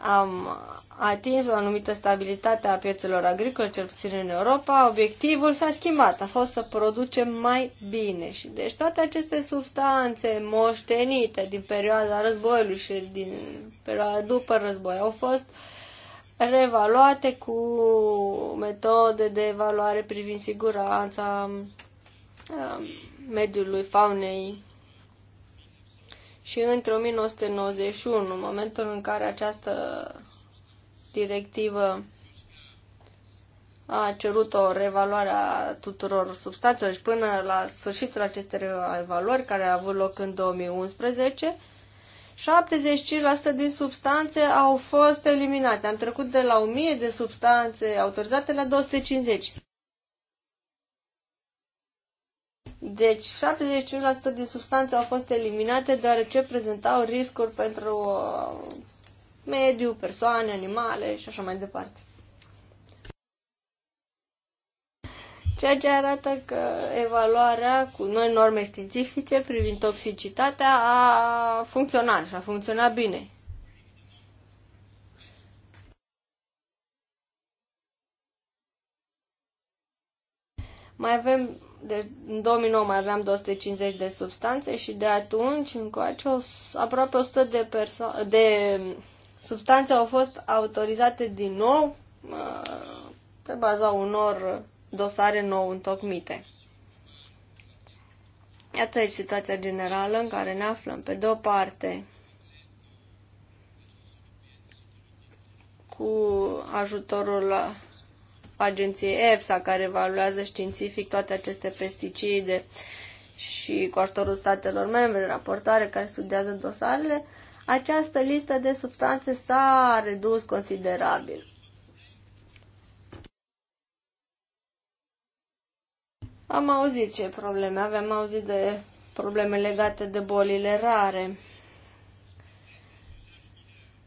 am atins o anumită stabilitate a piețelor agricole, cel puțin în Europa, obiectivul s-a schimbat, a fost să producem mai bine. Și deci toate aceste substanțe moștenite din perioada războiului și din perioada după război au fost revaluate cu metode de evaluare privind siguranța um, mediului faunei și între 1991, în momentul în care această directivă a cerut o reevaluare a tuturor substanțelor și până la sfârșitul acestei evaluări, care a avut loc în 2011, 75% din substanțe au fost eliminate. Am trecut de la 1000 de substanțe autorizate la 250. Deci 75% din substanțe au fost eliminate deoarece prezentau riscuri pentru uh, mediu, persoane, animale și așa mai departe. Ceea ce arată că evaluarea cu noi norme științifice privind toxicitatea a funcționat și a funcționat bine. Mai avem deci, în 2009 mai aveam 250 de substanțe și de atunci încoace aproape 100 de, perso- de substanțe au fost autorizate din nou pe baza unor dosare nou întocmite. Iată aici situația generală în care ne aflăm. Pe de o parte, cu ajutorul agenției EFSA, care evaluează științific toate aceste pesticide și cu ajutorul statelor membre, raportare care studiază dosarele, această listă de substanțe s-a redus considerabil. Am auzit ce probleme avem, am auzit de probleme legate de bolile rare.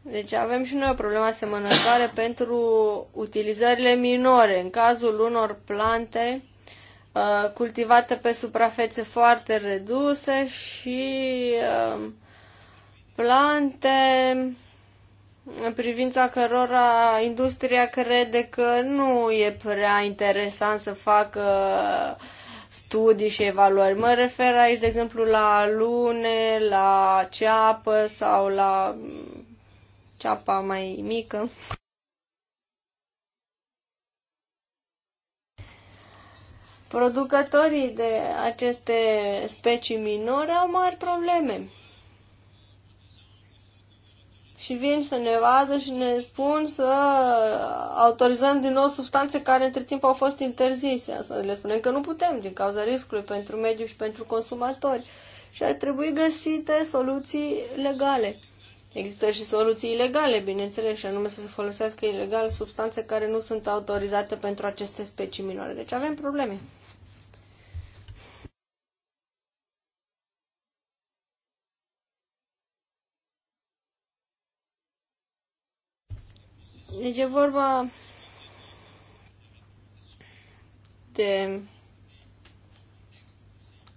Deci avem și noi o problemă asemănătoare pentru utilizările minore. În cazul unor plante uh, cultivate pe suprafețe foarte reduse și uh, plante în privința cărora industria crede că nu e prea interesant să facă studii și evaluări. Mă refer aici, de exemplu, la lune, la ceapă sau la ceapa mai mică. Producătorii de aceste specii minore au mari probleme. Și vin să ne vadă și ne spun să autorizăm din nou substanțe care între timp au fost interzise. Să le spunem că nu putem din cauza riscului pentru mediu și pentru consumatori. Și ar trebui găsite soluții legale. Există și soluții ilegale, bineînțeles, și anume să se folosească ilegal substanțe care nu sunt autorizate pentru aceste specii minore. Deci avem probleme. Deci e vorba de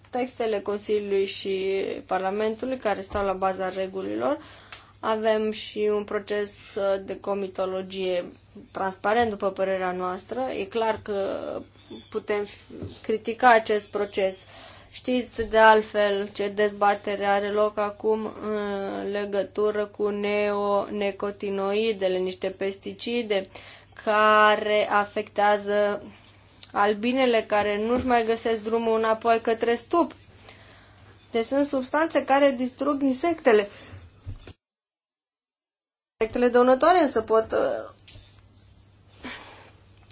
textele Consiliului și Parlamentului care stau la baza regulilor. Avem și un proces uh, de comitologie transparent, după părerea noastră. E clar că putem critica acest proces. Știți de altfel ce dezbatere are loc acum uh, în legătură cu neonecotinoidele, niște pesticide care afectează albinele care nu-și mai găsesc drumul înapoi către stup. Deci sunt substanțe care distrug insectele. Efectele dăunătoare însă pot uh,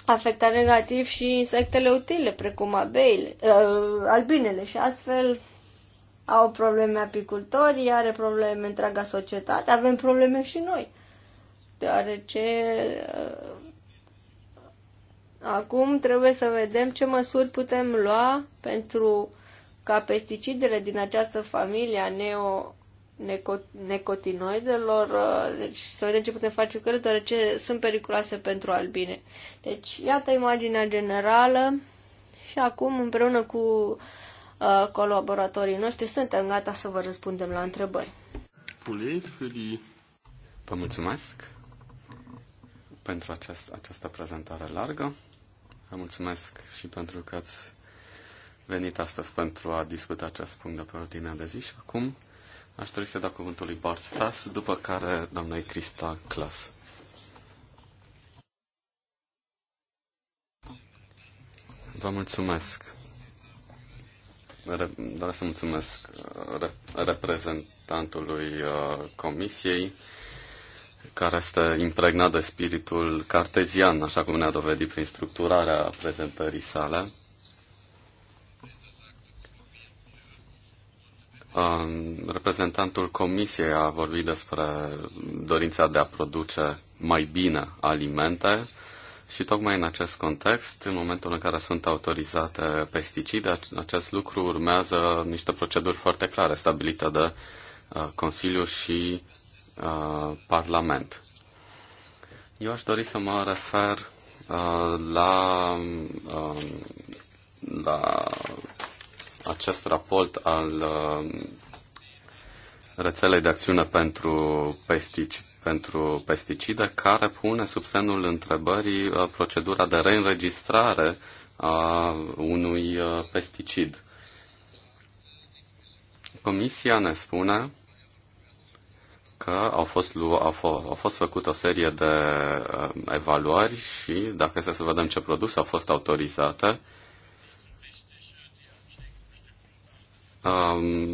afecta negativ și insectele utile, precum abeile, uh, albinele și astfel au probleme apicultorii, are probleme întreaga societate, avem probleme și noi. Deoarece uh, acum trebuie să vedem ce măsuri putem lua pentru ca pesticidele din această familie a neo necotinoidelor, uh, deci să vedem ce putem face cu ele, deoarece sunt periculoase pentru albine. Deci, iată imaginea generală și acum, împreună cu uh, colaboratorii noștri, suntem gata să vă răspundem la întrebări. Vă mulțumesc pentru aceast, această prezentare largă. Vă mulțumesc și pentru că ați venit astăzi pentru a discuta acest punct de pe ordinea de zi și acum Aș dori să dau cuvântul lui Bart Stas, după care doamna Crista Clas. Vă mulțumesc. Doresc să mulțumesc reprezentantului uh, Comisiei, care este impregnat de spiritul cartezian, așa cum ne-a dovedit prin structurarea prezentării sale. Um, reprezentantul Comisiei a vorbit despre dorința de a produce mai bine alimente și tocmai în acest context, în momentul în care sunt autorizate pesticide, acest lucru urmează niște proceduri foarte clare stabilite de uh, Consiliu și uh, Parlament. Eu aș dori să mă refer uh, la, um, la acest raport al uh, rețelei de acțiune pentru, pestici, pentru pesticide, care pune sub semnul întrebării uh, procedura de reînregistrare a unui uh, pesticid. Comisia ne spune că au fost, lu au, fost, au fost făcut o serie de evaluări și, dacă să vedem ce produse au fost autorizate,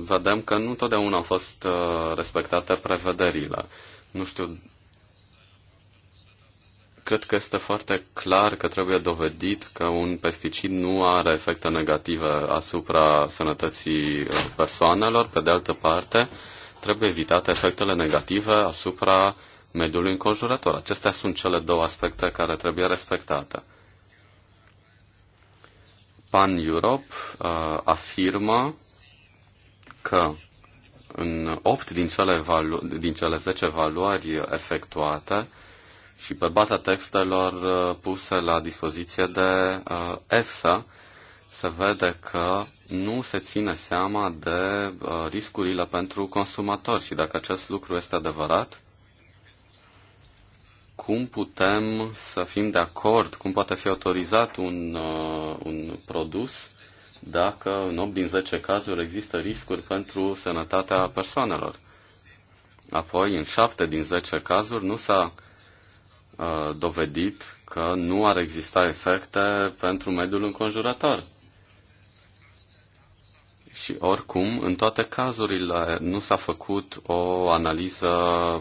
vedem că nu totdeauna au fost uh, respectate prevederile. Nu știu, cred că este foarte clar că trebuie dovedit că un pesticid nu are efecte negative asupra sănătății uh, persoanelor. Pe de altă parte, trebuie evitate efectele negative asupra mediului înconjurător. Acestea sunt cele două aspecte care trebuie respectate. Pan Europe uh, afirmă că în 8 din cele, valo- din cele 10 valori efectuate și pe baza textelor uh, puse la dispoziție de uh, EFSA, se vede că nu se ține seama de uh, riscurile pentru consumatori și dacă acest lucru este adevărat, cum putem să fim de acord, cum poate fi autorizat un, un produs dacă în 8 din 10 cazuri există riscuri pentru sănătatea persoanelor. Apoi, în 7 din 10 cazuri nu s-a uh, dovedit că nu ar exista efecte pentru mediul înconjurător. Și oricum, în toate cazurile nu s-a făcut o analiză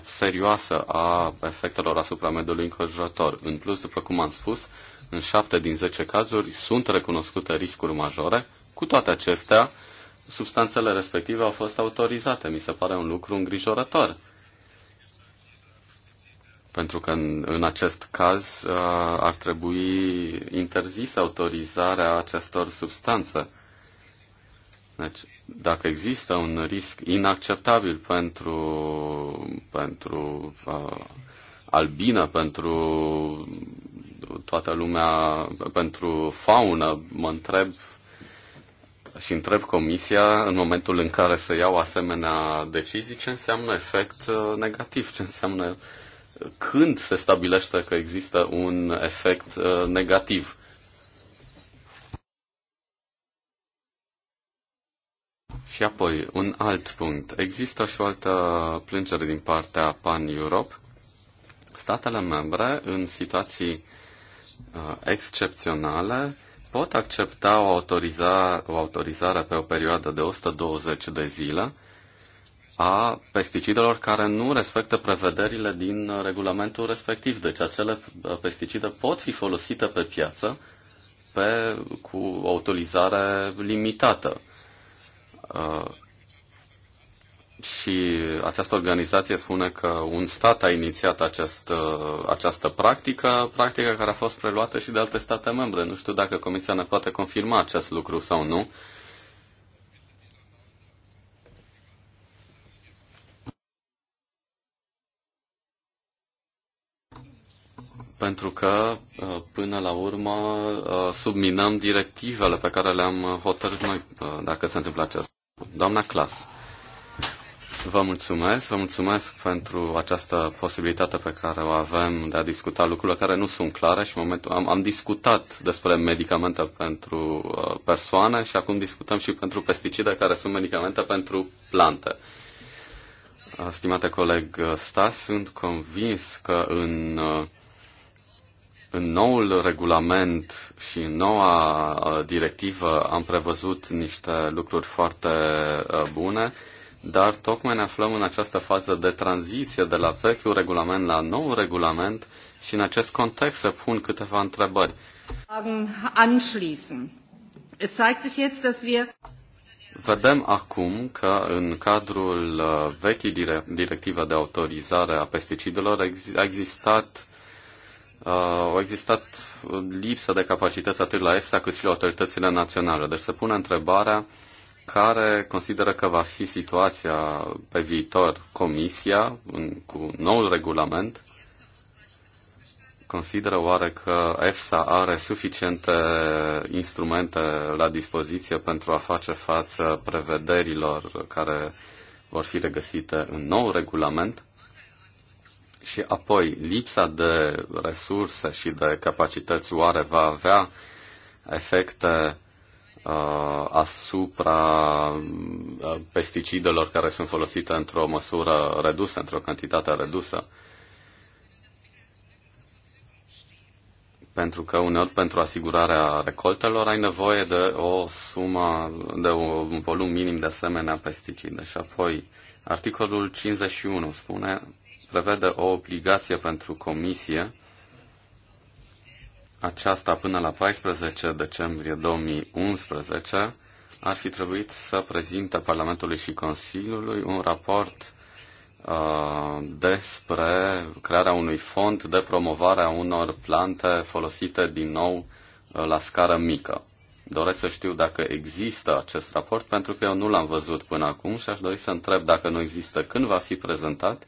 serioasă a efectelor asupra mediului înconjurător. În plus, după cum am spus, în 7 din 10 cazuri sunt recunoscute riscuri majore cu toate acestea, substanțele respective au fost autorizate. Mi se pare un lucru îngrijorător. Pentru că în, în acest caz uh, ar trebui interzisă autorizarea acestor substanțe. Deci, dacă există un risc inacceptabil pentru, pentru uh, albină, pentru toată lumea, pentru faună, mă întreb și întreb Comisia în momentul în care se iau asemenea decizii ce înseamnă efect uh, negativ, ce înseamnă uh, când se stabilește că există un efect uh, negativ. Și apoi, un alt punct. Există și o altă plângere din partea Pan Europe. Statele membre, în situații uh, excepționale, pot accepta o, autoriza, o autorizare pe o perioadă de 120 de zile a pesticidelor care nu respectă prevederile din regulamentul respectiv. Deci acele pesticide pot fi folosite pe piață pe, cu autorizare limitată. Uh, și această organizație spune că un stat a inițiat acest, această practică, practică care a fost preluată și de alte state membre. Nu știu dacă Comisia ne poate confirma acest lucru sau nu. pentru că, uh, până la urmă, uh, subminăm directivele pe care le-am hotărât noi, uh, dacă se întâmplă acest. Doamna Clas. Vă mulțumesc, vă mulțumesc pentru această posibilitate pe care o avem de a discuta lucrurile care nu sunt clare și în momentul am, am discutat despre medicamente pentru uh, persoane și acum discutăm și pentru pesticide care sunt medicamente pentru plante. Uh, stimate coleg uh, Stas, sunt convins că în, în noul regulament și în noua directivă am prevăzut niște lucruri foarte bune dar tocmai ne aflăm în această fază de tranziție de la vechiul regulament la nou regulament și în acest context se pun câteva întrebări. Vedem acum că în cadrul uh, vechii directive de autorizare a pesticidelor a existat uh, au existat lipsă de capacități atât la EFSA cât și la autoritățile naționale. Deci se pune întrebarea uh, care consideră că va fi situația pe viitor Comisia în, cu noul regulament? Consideră oare că EFSA are suficiente instrumente la dispoziție pentru a face față prevederilor care vor fi regăsite în nou regulament? Și apoi, lipsa de resurse și de capacități oare va avea efecte Uh, asupra uh, pesticidelor care sunt folosite într-o măsură redusă, într-o cantitate redusă. Pentru că uneori pentru asigurarea recoltelor ai nevoie de o sumă, de un volum minim de asemenea pesticide. Și apoi articolul 51 spune, prevede o obligație pentru comisie aceasta până la 14 decembrie 2011 ar fi trebuit să prezinte Parlamentului și Consiliului un raport uh, despre crearea unui fond de promovare a unor plante folosite din nou uh, la scară mică. Doresc să știu dacă există acest raport, pentru că eu nu l-am văzut până acum și aș dori să întreb dacă nu există, când va fi prezentat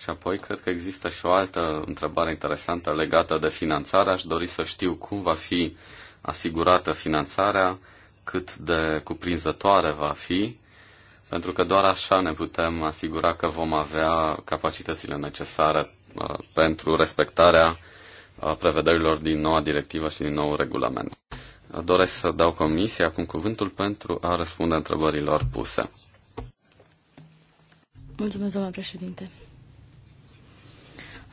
și apoi cred că există și o altă întrebare interesantă legată de finanțare. Aș dori să știu cum va fi asigurată finanțarea, cât de cuprinzătoare va fi, pentru că doar așa ne putem asigura că vom avea capacitățile necesare uh, pentru respectarea uh, prevederilor din noua directivă și din nou regulament. Doresc să dau comisia acum cuvântul pentru a răspunde întrebărilor puse. Mulțumesc, domnule președinte.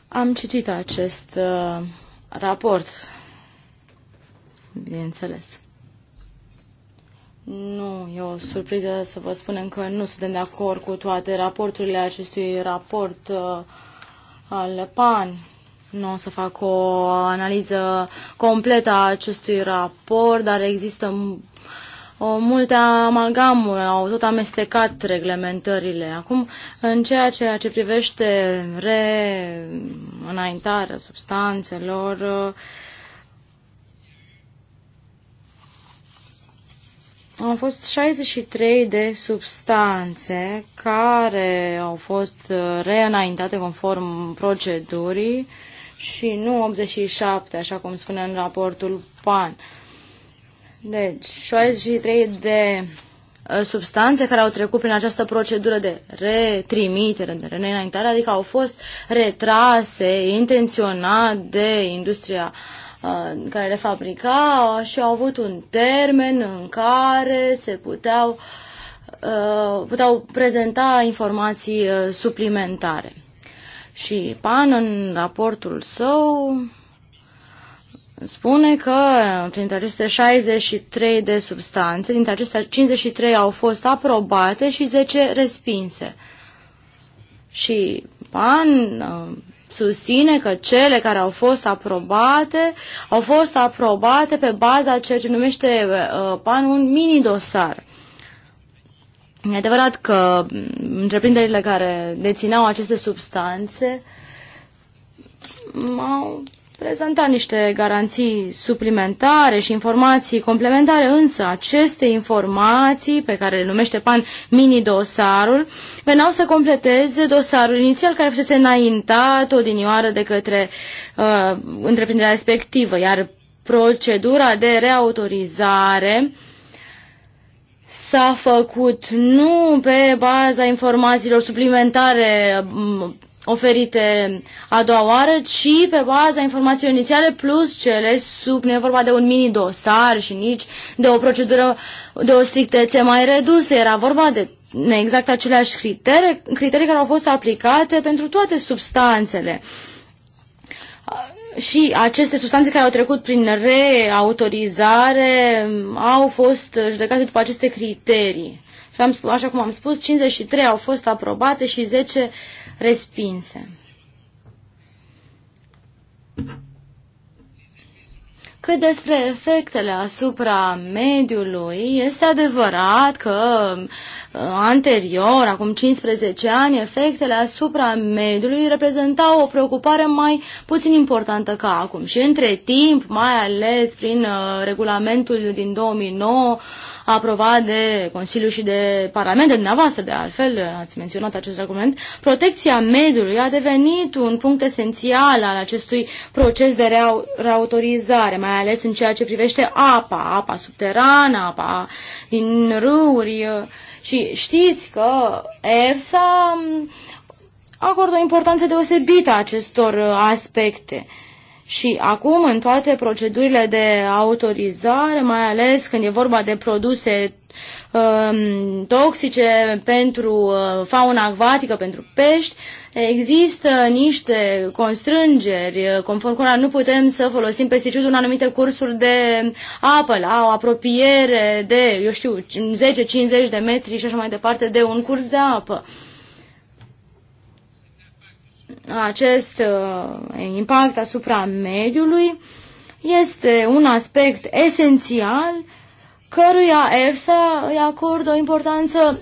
Am citit acest uh, raport, bineînțeles. Nu, e o surpriză să vă spunem că nu suntem de acord cu toate raporturile acestui raport uh, al PAN. Nu o să fac o analiză completă a acestui raport, dar există o multe amalgamuri, au tot amestecat reglementările. Acum, în ceea ce, ce privește reînaintarea substanțelor, au fost 63 de substanțe care au fost reînaintate conform procedurii și nu 87, așa cum spune în raportul PAN. Uh, deci, 63 de ă, substanțe care au trecut prin această procedură de retrimitere, de reînaintare, adică au fost retrase intenționat de industria uh, care le fabrica și au avut un termen în care se puteau, uh, puteau prezenta informații uh, suplimentare. Și Pan, în raportul său, spune că printre aceste 63 de substanțe, dintre acestea 53 au fost aprobate și 10 respinse. Și PAN uh, susține că cele care au fost aprobate au fost aprobate pe baza ceea ce numește uh, PAN un mini-dosar. E adevărat că mm, întreprinderile care dețineau aceste substanțe au prezenta niște garanții suplimentare și informații complementare, însă aceste informații pe care le numește PAN mini-dosarul veneau să completeze dosarul inițial care fusese înaintat odinioară de către uh, întreprinderea respectivă, iar procedura de reautorizare s-a făcut nu pe baza informațiilor suplimentare mm, oferite a doua oară, ci pe baza informațiilor inițiale plus cele sub, nu e vorba de un mini-dosar și nici de o procedură de o strictețe mai redusă, era vorba de exact aceleași criterii, criterii care au fost aplicate pentru toate substanțele. Și aceste substanțe care au trecut prin reautorizare au fost judecate după aceste criterii. Și am, așa cum am spus, 53 au fost aprobate și 10 respinse. Cât despre efectele asupra mediului, este adevărat că uh, anterior, acum 15 ani, efectele asupra mediului reprezentau o preocupare mai puțin importantă ca acum. Și între timp, mai ales prin uh, regulamentul din 2009, aprobat de Consiliu și de Parlament, de dumneavoastră, de altfel, ați menționat acest argument, protecția mediului a devenit un punct esențial al acestui proces de reautorizare, mai ales în ceea ce privește apa, apa subterană, apa din râuri. Și știți că EFSA acordă o importanță deosebită acestor aspecte. Și acum, în toate procedurile de autorizare, mai ales când e vorba de produse um, toxice pentru uh, fauna acvatică, pentru pești, există niște constrângeri conform cărora nu putem să folosim pesticidul în anumite cursuri de apă, la o apropiere de, eu știu, 10-50 de metri și așa mai departe de un curs de apă. Uh, acest uh, impact asupra mediului este un aspect esențial căruia EFSA îi acordă o importanță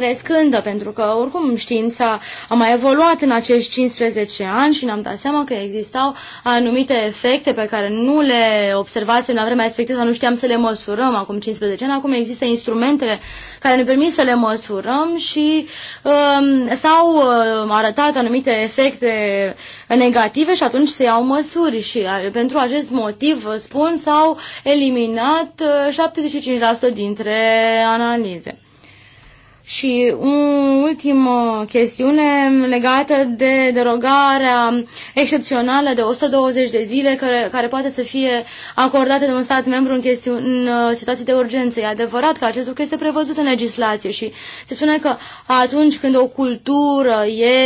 crescândă, pentru că oricum știința a mai evoluat în acești 15 ani și ne-am dat seama că existau anumite efecte pe care nu le observasem la vremea respectivă, nu știam să le măsurăm acum 15 ani, acum există instrumentele care ne permit să le măsurăm și um, s-au um, arătat anumite efecte negative și atunci se iau măsuri și uh, pentru acest motiv, spun, s-au eliminat uh, 75% dintre analize. Și o ultimă uh, chestiune legată de derogarea excepțională de 120 de zile care, care poate să fie acordată de un stat membru în, chestiuni, în uh, situații de urgență. E adevărat că acest lucru este prevăzut în legislație și se spune că atunci când o cultură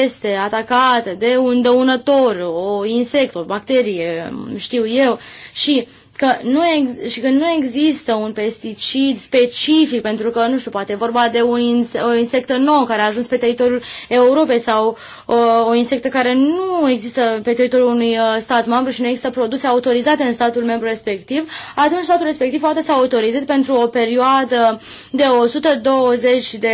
este atacată de un dăunător, o insect, o bacterie, știu eu, și uh, că nu ex- și că nu există un pesticid specific, pentru că, nu știu, poate vorba de un inse- o insectă nouă care a ajuns pe teritoriul Europei sau o, o insectă care nu există pe teritoriul unui uh, stat membru și nu există produse autorizate în statul membru respectiv, atunci statul respectiv poate să autorizeze pentru o perioadă de 120 de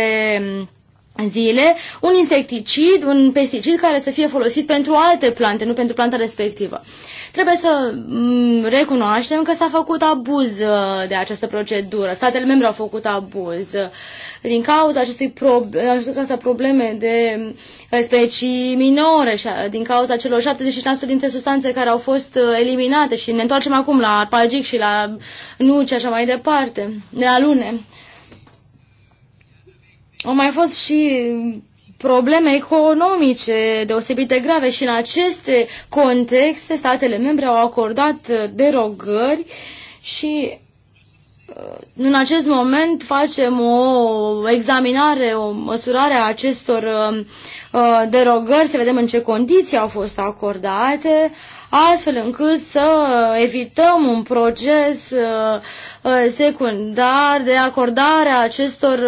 zile un insecticid, un pesticid care să fie folosit pentru alte plante, nu pentru planta respectivă. Trebuie să mm, recunoaștem că s-a făcut abuz uh, de această procedură. Statele membre au făcut abuz uh, din cauza acestui pro- probleme de uh, specii minore și din cauza celor 75% dintre substanțe care au fost eliminate și ne întoarcem acum la arpagic și la nuci așa mai departe, de la lune au mai fost și probleme economice deosebite grave și în aceste contexte statele membre au acordat derogări și Uh, în acest moment facem o examinare, o măsurare a acestor uh, uh, derogări, să vedem în ce condiții au fost acordate, astfel încât să evităm un proces secundar de acordare a acestor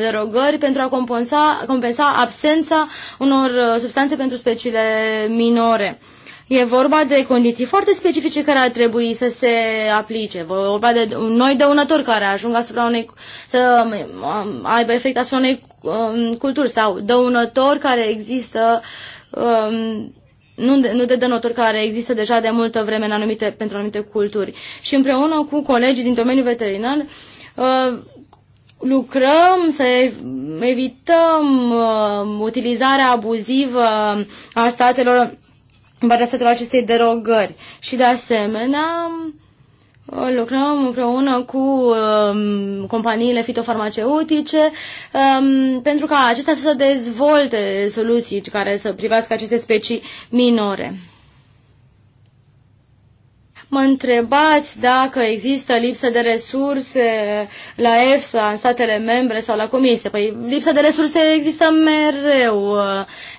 derogări pentru a compensa, compensa absența unor substanțe pentru speciile minore. E vorba de condiții foarte specifice care ar trebui să se aplice. Vorba de noi dăunători care ajung asupra unei, să um, um, aibă efect asupra unei um, culturi sau dăunători care există um, nu de, nu de dănători care există deja de multă vreme în anumite, pentru anumite culturi. Și împreună cu colegii din domeniul veterinar uh, lucrăm să evităm uh, utilizarea abuzivă a statelor în statului acestei derogări. Și de asemenea, uh, lucrăm împreună cu um, companiile fitofarmaceutice um, pentru ca acestea să dezvolte soluții care să privească aceste specii minore. Mă întrebați dacă există lipsă de resurse la EFSA, în statele membre sau la comisie. Păi lipsa de resurse există mereu.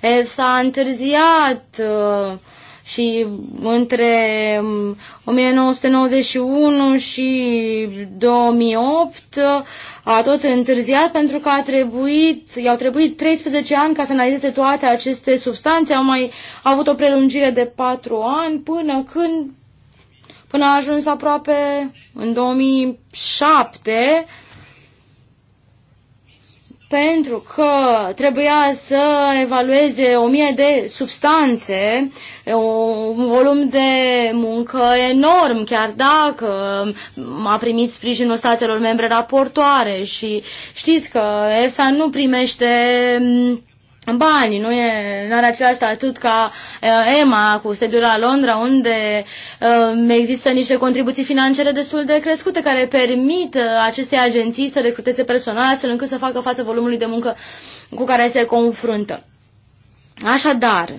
EFSA a întârziat uh, și între 1991 um, și 2008 a tot întârziat pentru că a trebuit, i-au trebuit 13 ani ca să analizeze toate aceste substanțe, au mai avut o prelungire de 4 ani până când până a ajuns aproape în 2007 pentru că trebuia să evalueze o mie de substanțe, un volum de muncă enorm, chiar dacă a primit sprijinul statelor membre raportoare și știți că ESA nu primește bani, nu e, nu are același statut ca uh, EMA cu sediul la Londra, unde uh, există niște contribuții financiare destul de crescute care permit uh, acestei agenții să recruteze personal astfel încât să facă față volumului de muncă cu care se confruntă. Așadar,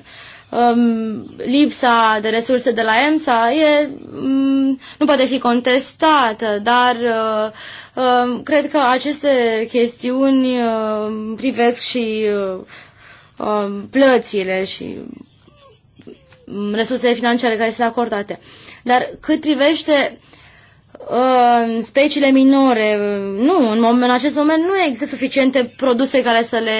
um, lipsa de resurse de la EMSA e, um, nu poate fi contestată, dar uh, uh, cred că aceste chestiuni uh, privesc și uh, Um, plățile și resursele financiare care sunt acordate. Dar cât privește Uh, speciile minore. Nu, în, moment, în acest moment nu există suficiente produse care să le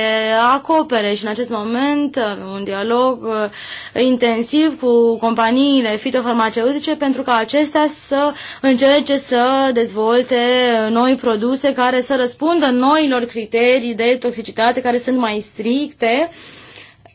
acopere și în acest moment avem uh, un dialog uh, intensiv cu companiile fitofarmaceutice pentru ca acestea să încerce să dezvolte noi produse care să răspundă noilor criterii de toxicitate care sunt mai stricte uh,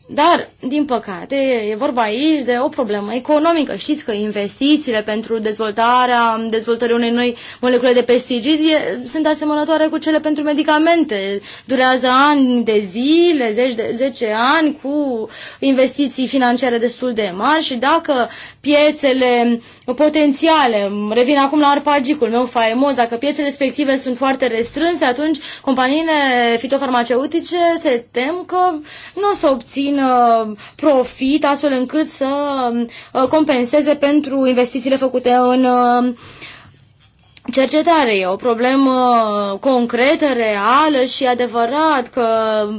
dar, din păcate, e vorba aici de o problemă economică. Știți că investițiile pentru dezvoltarea, dezvoltării unei noi molecule de pesticide sunt asemănătoare cu cele pentru medicamente. Durează ani de zile, zeci de, zece ani cu investiții financiare destul de mari și dacă piețele potențiale, revin acum la arpagicul meu faimos, dacă piețele respective sunt foarte restrânse, atunci companiile fitofarmaceutice se tem că nu o să obțină Uh, profit astfel încât să uh, compenseze pentru investițiile făcute în uh, cercetare. E o problemă concretă, reală și adevărat că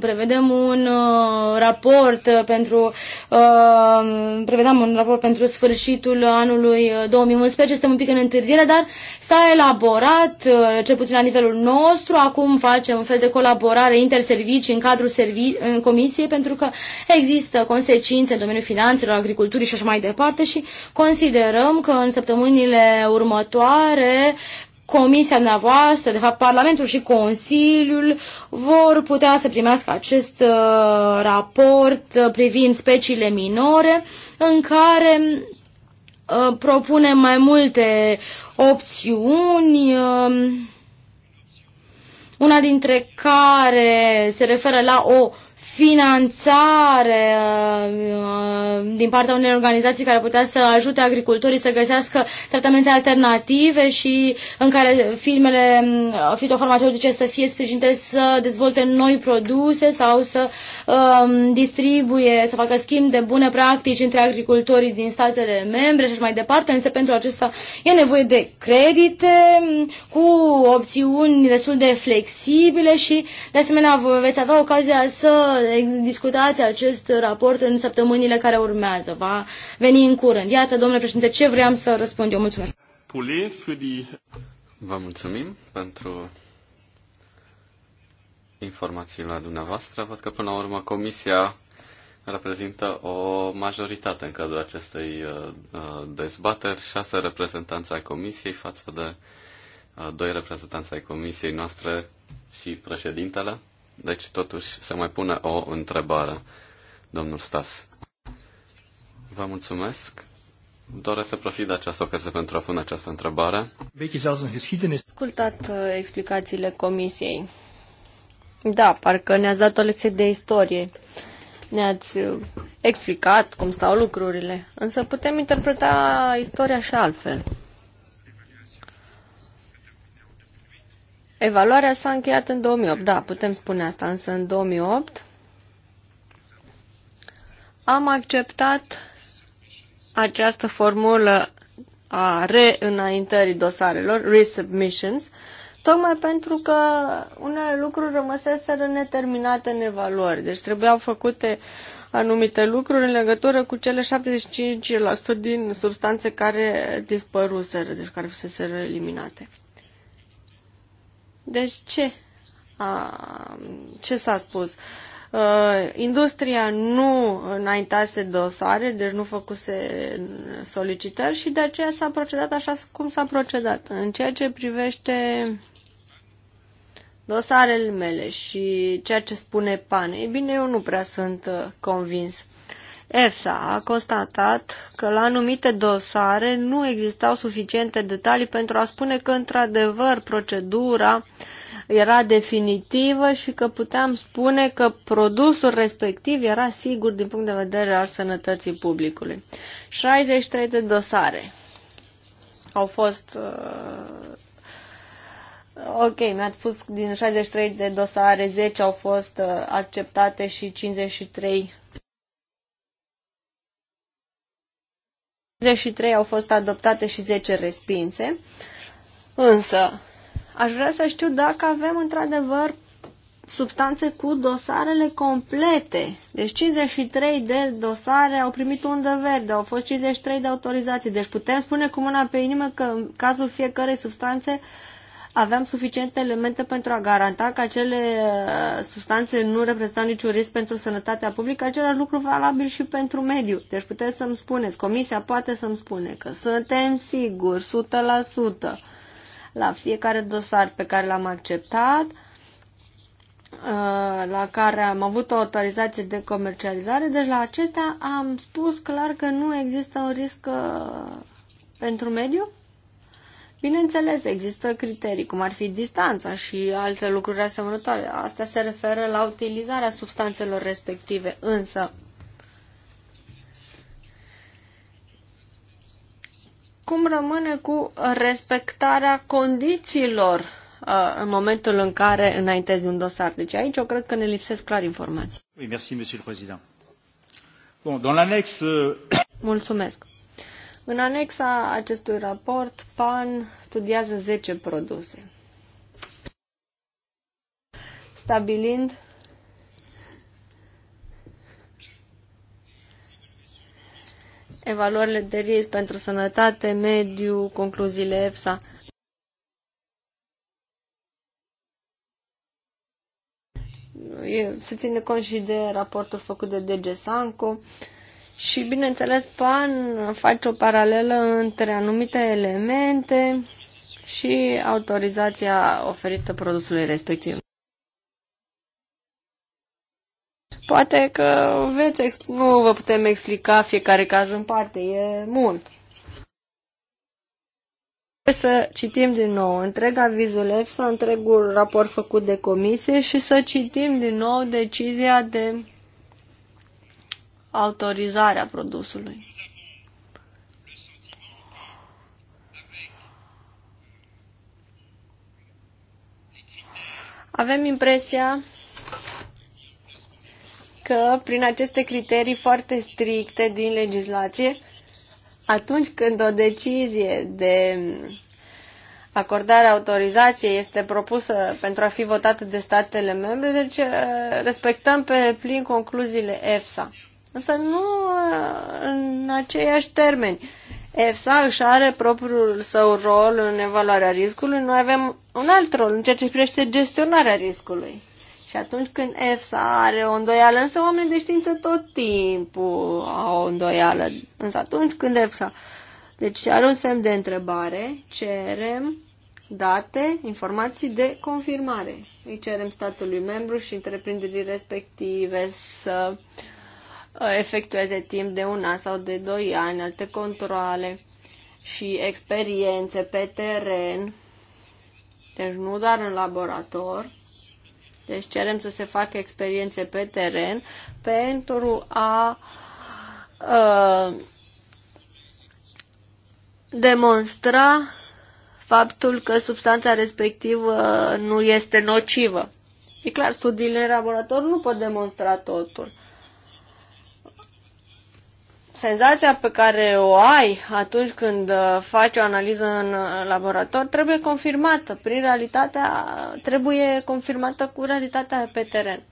prevedem un uh, raport pentru uh, prevedeam un raport pentru sfârșitul anului 2011. Uh, Suntem un pic în întârziere, dar s-a elaborat, uh, cel puțin la nivelul nostru. Acum facem un fel de colaborare interservicii în cadrul servi- în comisiei pentru că există consecințe în domeniul finanțelor, agriculturii și așa mai departe și considerăm că în săptămânile următoare Comisia dumneavoastră, de fapt Parlamentul și Consiliul vor putea să primească acest uh, raport uh, privind speciile minore în care uh, mai multe opțiuni, uh, una dintre care se referă la o finanțare uh, uh, din partea unei organizații care putea să ajute agricultorii să găsească tratamente alternative și în care firmele uh, fitofarmaceutice să fie sprijinite să dezvolte noi produse sau să um, distribuie, să facă schimb de bune practici între agricultorii din statele membre și așa mai departe, însă pentru acesta e nevoie de credite um, cu opțiuni destul de flexibile și de asemenea veți avea ocazia să discutați acest raport în săptămânile care urmează. Va veni în curând. Iată, domnule președinte, ce vreau să răspund eu. Mulțumesc. Vă mulțumim pentru informațiile dumneavoastră. Văd că până la urmă Comisia reprezintă o majoritate în cadrul acestei uh, uh, dezbateri, șase reprezentanți ai Comisiei față de uh, doi reprezentanți ai Comisiei noastre și președintele. Deci, totuși, să mai pune o întrebare, domnul Stas. Vă mulțumesc. Doresc să profit de această ocazie pentru a pune această întrebare. Ascultat uh, explicațiile comisiei. Da, parcă ne-ați dat o lecție de istorie. Ne-ați uh, explicat cum stau lucrurile. Însă putem interpreta istoria și altfel. Evaluarea s-a încheiat în 2008, da, putem spune asta, însă în 2008 am acceptat această formulă a reînaintării dosarelor, resubmissions, tocmai pentru că unele lucruri rămăseseră neterminate în evaluări. Deci trebuiau făcute anumite lucruri în legătură cu cele 75% din substanțe care dispăruseră, deci care fuseseră eliminate. Deci ce, a, ce s-a spus? Uh, industria nu înaintase dosare, deci nu făcuse solicitări și de aceea s-a procedat așa cum s-a procedat. În ceea ce privește dosarele mele și ceea ce spune Pan, e bine, eu nu prea sunt uh, convins. EFSA a constatat că la anumite dosare nu existau suficiente detalii pentru a spune că, într-adevăr, procedura era definitivă și că puteam spune că produsul respectiv era sigur din punct de vedere al sănătății publicului. 63 de dosare au fost uh, Ok, mi a spus din 63 de dosare, 10 au fost uh, acceptate și 53 53 au fost adoptate și 10 respinse. Însă, aș vrea să știu dacă avem într-adevăr substanțe cu dosarele complete. Deci 53 de dosare au primit undă verde, au fost 53 de autorizații. Deci putem spune cu mâna pe inimă că în cazul fiecarei substanțe aveam suficiente elemente pentru a garanta că acele uh, substanțe nu reprezentau niciun risc pentru sănătatea publică, același lucru valabil și pentru mediu. Deci puteți să-mi spuneți, comisia poate să-mi spune că suntem siguri 100% la fiecare dosar pe care l-am acceptat, uh, la care am avut o autorizație de comercializare, deci la acestea am spus clar că nu există un risc uh, pentru mediu? Bineînțeles, există criterii, cum ar fi distanța și alte lucruri asemănătoare. Asta se referă la utilizarea substanțelor respective, însă cum rămâne cu respectarea condițiilor uh, în momentul în care înaintezi un dosar. Deci aici eu cred că ne lipsesc clar informații. Oui, merci, monsieur le président. Bon, dans l'annexe... Euh, Mulțumesc. În anexa acestui raport, PAN studiază 10 produse, stabilind evaluările de risc pentru sănătate, mediu, concluziile EFSA. Se ține cont și de raportul făcut de DG Sanco. Și, bineînțeles, PAN face o paralelă între anumite elemente și autorizația oferită produsului respectiv. Poate că veți, nu vă putem explica fiecare caz în parte, e mult. Să citim din nou întreg avizul EFSA, întregul raport făcut de comisie și să citim din nou decizia de autorizarea produsului. Avem impresia că prin aceste criterii foarte stricte din legislație, atunci când o decizie de acordare autorizației este propusă pentru a fi votată de statele membre, deci eh, respectăm pe plin concluziile EFSA însă nu uh, în aceiași termeni. EFSA își are propriul său rol în evaluarea riscului, noi avem un alt rol în ceea ce privește gestionarea riscului. Și atunci când EFSA are o îndoială, însă oamenii de știință tot timpul au o îndoială. Însă atunci când EFSA deci are un semn de întrebare, cerem date, informații de confirmare. Îi cerem statului membru și întreprinderii respective să uh, Uh, efectueze timp de un an sau de doi ani alte controle și experiențe pe teren, deci nu doar în laborator, deci cerem să se facă experiențe pe teren pentru a uh, demonstra faptul că substanța respectivă nu este nocivă. E clar, studiile în laborator nu pot demonstra totul senzația pe care o ai atunci când uh, faci o analiză în uh, laborator trebuie confirmată prin realitatea, trebuie confirmată cu realitatea pe teren.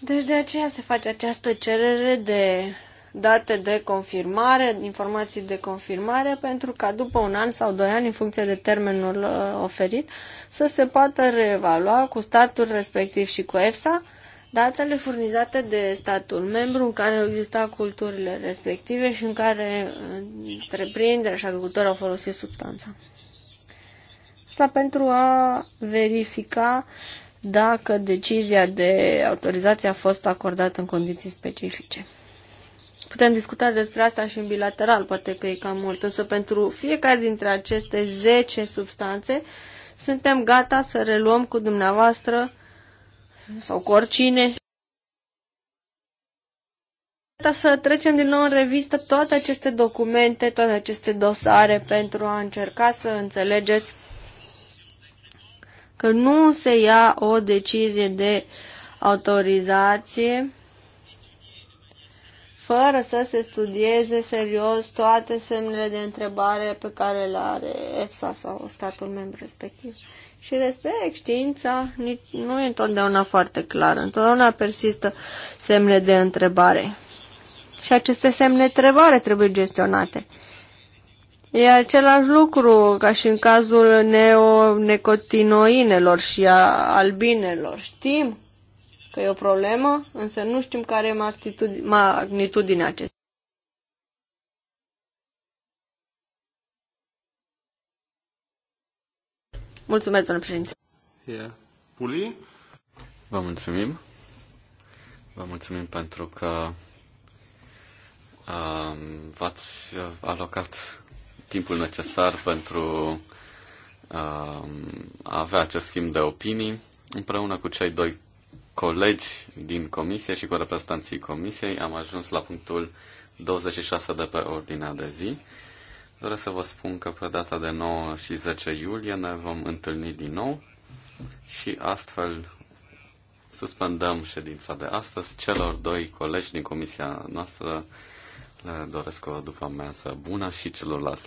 Deci de aceea se face această cerere de date de confirmare, informații de confirmare, pentru ca după un an sau doi ani, în funcție de termenul uh, oferit, să se poată reevalua cu statul respectiv și cu EFSA, datele furnizate de statul membru în care au existat culturile respective și în care uh, întreprinderea și agricultori au folosit substanța. Asta pentru a verifica dacă decizia de autorizație a fost acordată în condiții specifice. Putem discuta despre asta și în bilateral, poate că e cam mult, însă pentru fiecare dintre aceste 10 substanțe suntem gata să reluăm cu dumneavoastră sau cu oricine. Să trecem din nou în revistă toate aceste documente, toate aceste dosare pentru a încerca să înțelegeți că nu se ia o decizie de autorizație fără să se studieze serios toate semnele de întrebare pe care le are EFSA sau statul membru respectiv și respect știința nu e întotdeauna foarte clară. Întotdeauna persistă semne de întrebare. Și aceste semne de întrebare trebuie gestionate. E același lucru ca și în cazul neonecotinoinelor și a albinelor. Știm că e o problemă, însă nu știm care e magnitudinea acestei. Mulțumesc, domnule președinte. Yeah. Puli? Vă mulțumim. Vă mulțumim pentru că um, v-ați alocat timpul necesar pentru um, a avea acest schimb de opinii împreună cu cei doi colegi din comisie și cu reprezentanții comisiei am ajuns la punctul 26 de pe ordinea de zi. Doresc să vă spun că pe data de 9 și 10 iulie ne vom întâlni din nou și astfel suspendăm ședința de astăzi. Celor doi colegi din comisia noastră le doresc o după amiază bună și celorlalți la